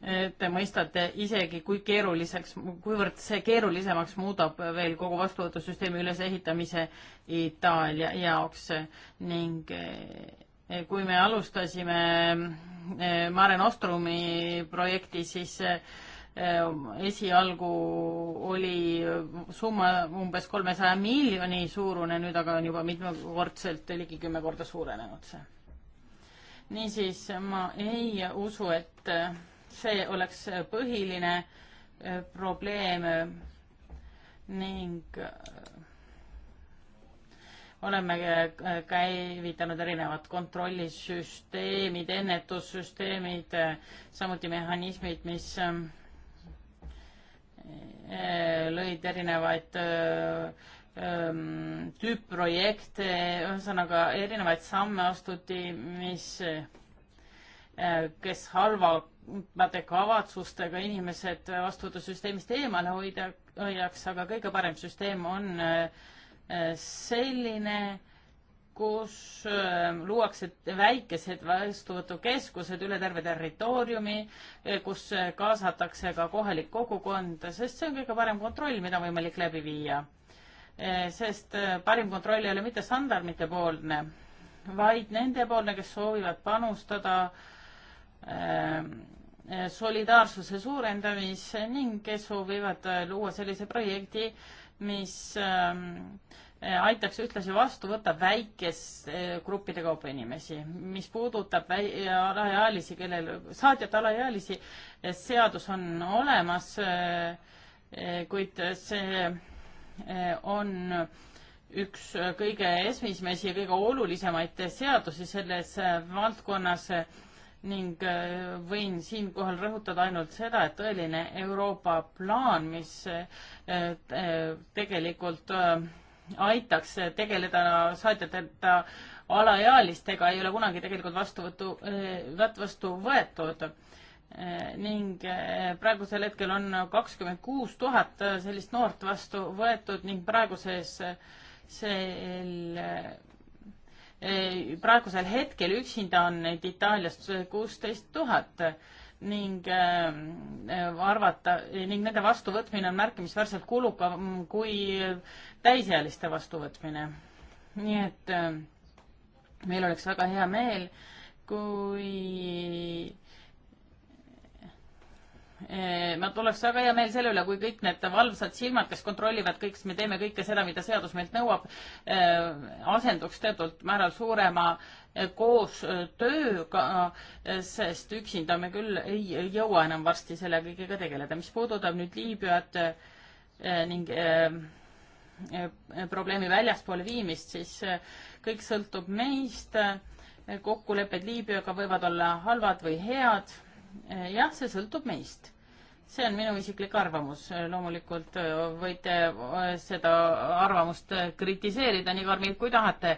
Te mõistate isegi, kui keeruliseks, kuivõrd see keerulisemaks muudab veel kogu vastuvõtusüsteemi ülesehitamise Itaalia jaoks ning eh, eh, kui me alustasime eh, Mare Nostrumi projekti, siis esialgu oli summa umbes kolmesaja miljoni suurune, nüüd aga on juba mitmekordselt ligi kümme korda suurenenud see. niisiis ma ei usu, et see oleks põhiline äh, probleem ning äh, oleme äh, käivitanud erinevad kontrollisüsteemid, ennetussüsteemid, samuti mehhanismid, mis lõid erinevaid ähm, tüüpprojekte, ühesõnaga erinevaid samme astuti, mis, kes halva halbade kavatsustega inimesed vastuvõtusüsteemist eemale hoida, hoiaks, aga kõige parem süsteem on äh, selline, kus äh, luuakse väikesed vastuvõtukeskused üle terve territooriumi, äh, kus kaasatakse ka kohalik kogukond, sest see on kõige parem kontroll, mida on võimalik läbi viia. sest parim kontroll ei ole mitte standardite poolne, vaid nende poolne, kes soovivad panustada äh, solidaarsuse suurendamise ning kes soovivad äh, luua sellise projekti, mis ähm, äh, aitaks ühtlasi vastu võtta väikeste äh, gruppide kaupa inimesi. mis puudutab alaealisi, kellel, saatjate alaealisi, seadus on olemas, kuid see on üks kõige esimesi ja kõige olulisemaid seadusi selles valdkonnas ning äh, võin siinkohal rõhutada ainult seda, et tõeline Euroopa plaan, mis äh, äh, tegelikult aitaks tegeleda saatjateta alaealistega, ei ole kunagi tegelikult vastuvõtu, vastu võetud. ning praegusel hetkel on kakskümmend kuus tuhat sellist noort vastu võetud ning praeguses sel praegusel hetkel üksinda on neid Itaaliast kuusteist tuhat ning äh, arvata ning nende vastuvõtmine on märkimisväärselt kulukam kui täisealiste vastuvõtmine. nii et äh, meil oleks väga hea meel, kui Eh, ma tuleks väga hea meel selle üle, kui kõik need valvsad silmad, kes kontrollivad kõik, me teeme kõike seda, mida seadus meilt nõuab, eh, asenduks teatud määral suurema eh, koostööga, sest üksinda me küll ei jõua enam varsti selle kõigega tegeleda. mis puudutab nüüd Liibüat ning probleemi väljaspoole viimist, siis kõik sõltub meist. kokkulepped Liibüaga võivad olla halvad või head jah, see sõltub meist. see on minu isiklik arvamus, loomulikult äh, võite äh, seda arvamust äh, kritiseerida nii karmilt kui tahate,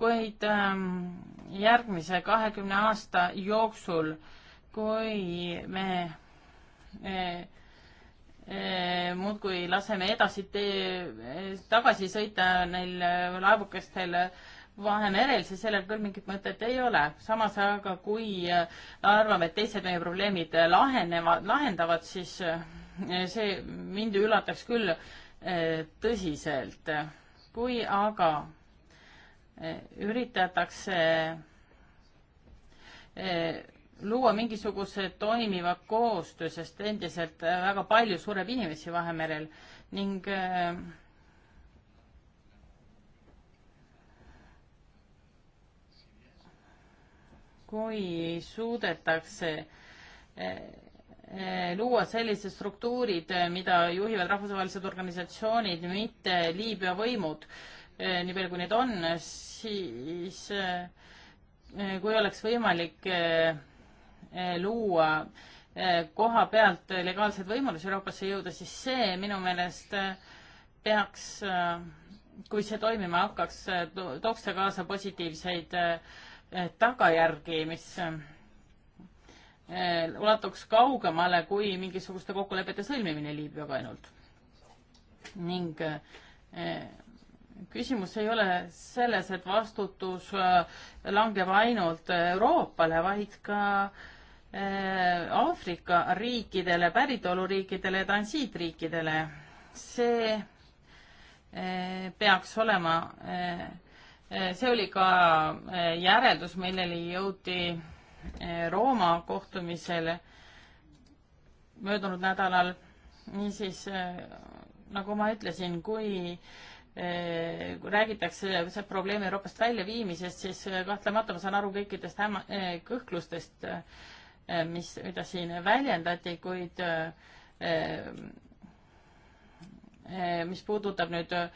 kuid ähm, järgmise kahekümne aasta jooksul, kui me muudkui laseme edasi tee, tagasi sõita neil laevukestel Vahemerel, siis sellel küll mingit mõtet ei ole. samas aga kui äh, arvame, et teised meie probleemid äh, lahenevad, lahendavad, siis äh, see mind üllataks küll tõsiselt. kui aga üritatakse luua mingisuguse toimiva koostöö, sest endiselt väga palju sureb inimesi Vahemerel ning kui suudetakse eh, eh, luua sellised struktuurid, eh, mida juhivad rahvusvahelised organisatsioonid, mitte Liibüa võimud, nii palju kui neid on, siis kui oleks võimalik luua koha pealt legaalseid võimalusi Euroopasse jõuda, siis see minu meelest peaks, kui see toimima hakkaks, tooks see kaasa positiivseid äh, Eh, tagajärgi, mis eh, ulatuks kaugemale kui mingisuguste kokkulepete sõlmimine Liibüaga ainult. ning eh, küsimus ei ole selles, et vastutus langeb ainult Euroopale, vaid ka Aafrika riikidele, päritoluriikidele ja transiitriikidele. see peaks olema see oli ka äh, järeldus, milleni jõuti äh, Rooma kohtumisel möödunud nädalal. niisiis, äh, nagu ma ütlesin, kui kui räägitakse see probleem Euroopast väljaviimisest, siis kahtlemata ma saan aru kõikidest häma-, kõhklustest, mis, mida siin väljendati, kuid mis puudutab nüüd äh,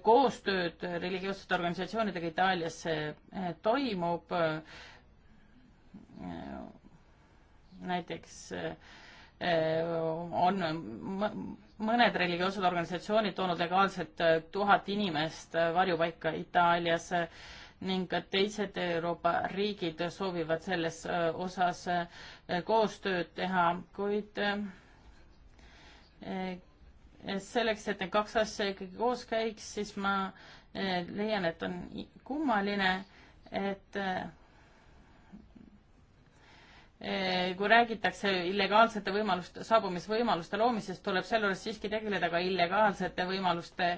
koostööd religioossete organisatsioonidega Itaalias see eh, toimub. Eh, näiteks eh, on mõned religioossed organisatsioonid toonud legaalselt tuhat inimest varjupaika Itaalias ning ka teised Euroopa riigid soovivad selles osas koostööd teha, kuid selleks, et need kaks asja ikkagi koos käiks, siis ma eh, leian, et on kummaline, et eh, kui räägitakse illegaalsete võimaluste, saabumisvõimaluste loomisest, tuleb sealjuures siiski tegeleda ka illegaalsete võimaluste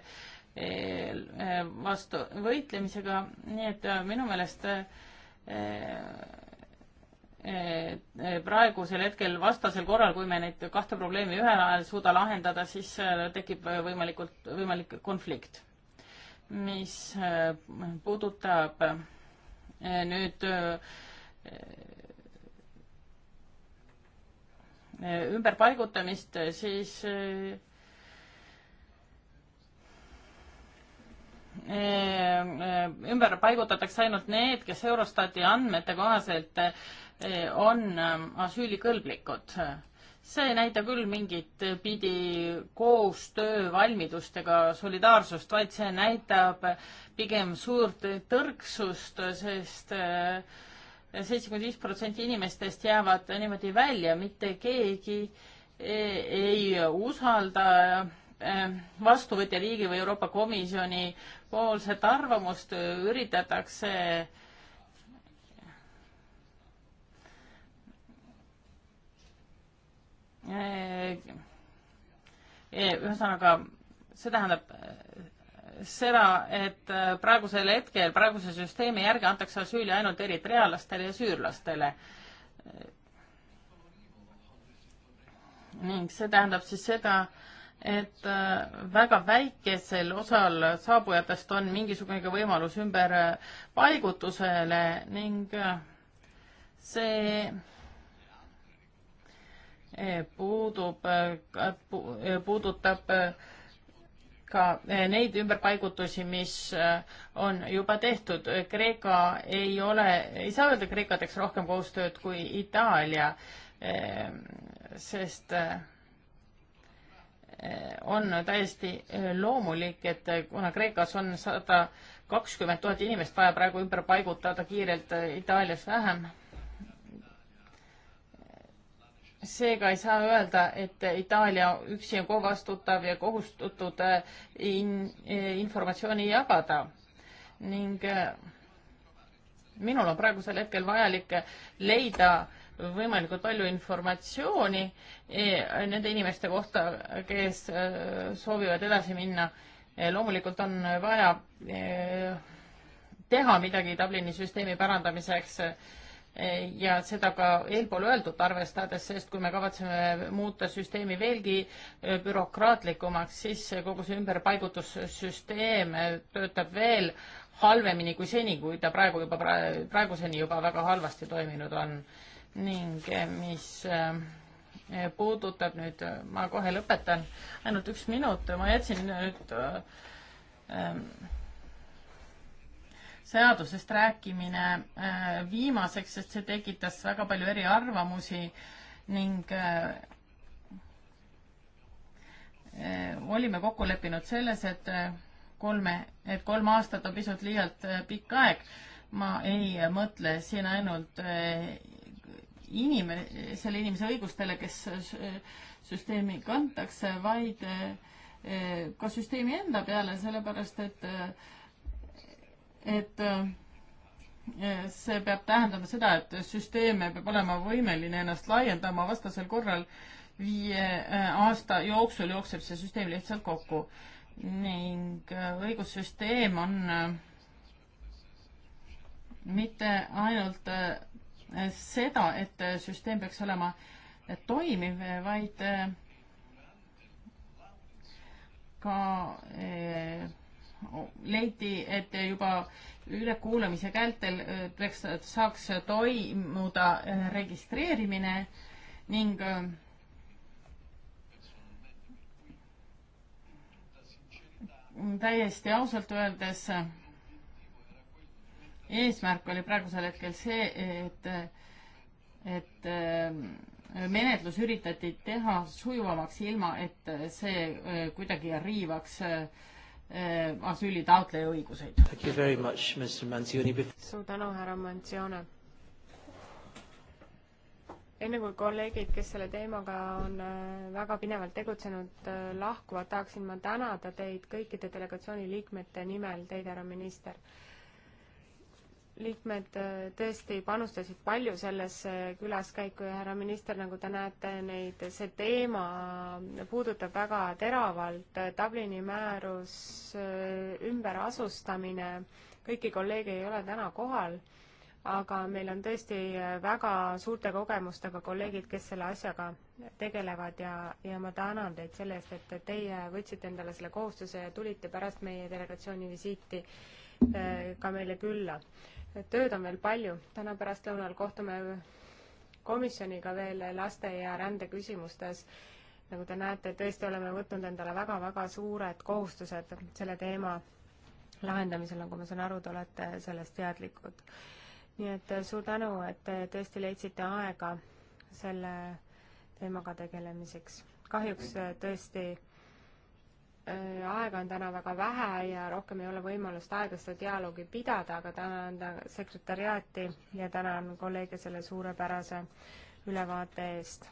eh, vastu võitlemisega, nii et minu meelest Eh, eh, praegusel hetkel vastasel korral, kui me neid kahte probleemi ühel ajal ei suuda lahendada, siis eh, tekib võimalikult, võimalik konflikt. mis puudutab nüüd ümberpaigutamist, siis ümber paigutatakse ainult need, kes Eurostati andmete kohaselt Eh, on eh, asüülikõlblikud. see ei näita küll mingit pidi koostöövalmidust ega solidaarsust, vaid see näitab pigem suurt tõrksust sest, sest eh, seitsekümmend viis protsenti inimestest jäävad niimoodi välja, mitte keegi ei usalda vastuvõtja riigi või Euroopa Komisjoni poolset arvamust, üritatakse äh, Äh, äh, ühesõnaga, see tähendab äh, seda, et praegusel hetkel, praeguse süsteemi järgi antakse asüüli ainult eritrealastele ja süürlastele. ning see tähendab siis seda, et väga väikesel osal saabujatest on mingisugune võimalus ümberpaigutusele ning see puudub, puudutab ka neid ümberpaigutusi, mis on juba tehtud. Kreeka ei ole, ei saa öelda Kreeka teeks rohkem koostööd kui Itaalia, sest on täiesti loomulik, et kuna Kreekas on sada kakskümmend tuhat inimest vaja praegu ümber paigutada kiirelt, Itaalias vähem seega ei saa öelda, et Itaalia üksi on vastutav ja kohustatud äh, in, äh, informatsiooni jagada ning äh, minul on praegusel hetkel vajalik leida võimalikult palju informatsiooni nende inimeste kohta, kes soovivad edasi minna. loomulikult on vaja teha midagi Dublini süsteemi parandamiseks ja seda ka eelpool öeldut arvestades, sest kui me kavatseme muuta süsteemi veelgi äh, bürokraatlikumaks, siis kogu see ümberpaigutussüsteem äh, töötab veel halvemini kui seni, kui ta praegu juba, praeguseni juba väga halvasti toiminud on. ning äh, mis puudutab nüüd, ma kohe lõpetan, ainult üks minut, ma jätsin nüüd ähm, seadusest rääkimine äh, viimaseks, sest see tekitas väga palju eriarvamusi ning äh, äh, olime kokku leppinud selles, et kolme, et kolm aastat on pisut liialt pikk aeg. ma ei mõtle siin ainult inime-, selle inimese õigustele, kes süsteemi kantakse, vaid ka süsteemi enda peale, sellepärast et äh, et äh, see peab tähendama seda, et süsteeme peab olema võimeline ennast laiendama, vastasel korral viie äh, aasta jooksul jookseb see süsteem lihtsalt kokku ning äh, õigussüsteem on mitte ainult seda, et süsteem peaks olema toimiv, vaid ka leiti, et juba ülekuulamise käeltel äh, peaks, saaks toimuda äh, registreerimine ning äh, täiesti ausalt öeldes eesmärk oli praegusel hetkel see, et, et menetlus üritati teha sujuvamaks, ilma et see kuidagi riivaks äh, Äh, asüülitaotleja õiguseid. suur tänu, härra Mantsione. enne kui kolleegid, kes selle teemaga on äh, väga pinevalt tegutsenud, äh, lahkuvad, tahaksin ma tänada teid kõikide delegatsiooni liikmete nimel, teid, härra minister liikmed äh, tõesti panustasid palju sellesse külaskäiku ja härra minister, nagu te näete, neid, see teema puudutab väga teravalt äh, Dublini määrus, äh, ümberasustamine, kõiki kolleege ei ole täna kohal, aga meil on tõesti väga suurte kogemustega kolleegid, kes selle asjaga tegelevad ja, ja ma tänan teid selle eest, et teie võtsite endale selle kohustuse ja tulite pärast meie delegatsiooni visiiti ka meile külla tööd on veel palju, täna pärastlõunal kohtume komisjoniga veel laste ja rände küsimustes. nagu te näete, tõesti oleme võtnud endale väga-väga suured kohustused selle teema lahendamisel, nagu ma saan aru, te olete sellest teadlikud. nii et suur tänu, et te tõesti leidsite aega selle teemaga tegelemiseks. kahjuks tõesti Äh, aega on täna väga vähe ja rohkem ei ole võimalust aega seda dialoogi pidada, aga tänan sekretäriaati ja tänan kolleege selle suurepärase ülevaate eest.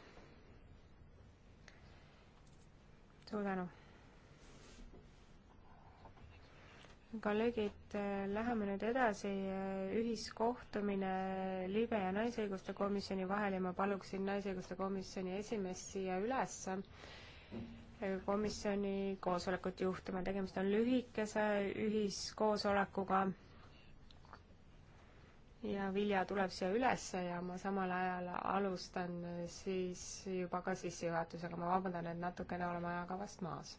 suur tänu. kolleegid, äh, läheme nüüd edasi, äh, ühiskohtumine Liibe ja Naisõiguste Komisjoni vahel ja ma paluksin Naisõiguste Komisjoni esimeest siia ülesse komisjoni koosolekut juhtima, tegemist on lühikese ühiskoosolekuga ja Vilja tuleb siia ülesse ja ma samal ajal alustan siis juba ka sissejuhatusega, ma vabandan, et natukene oleme ajakavast maas.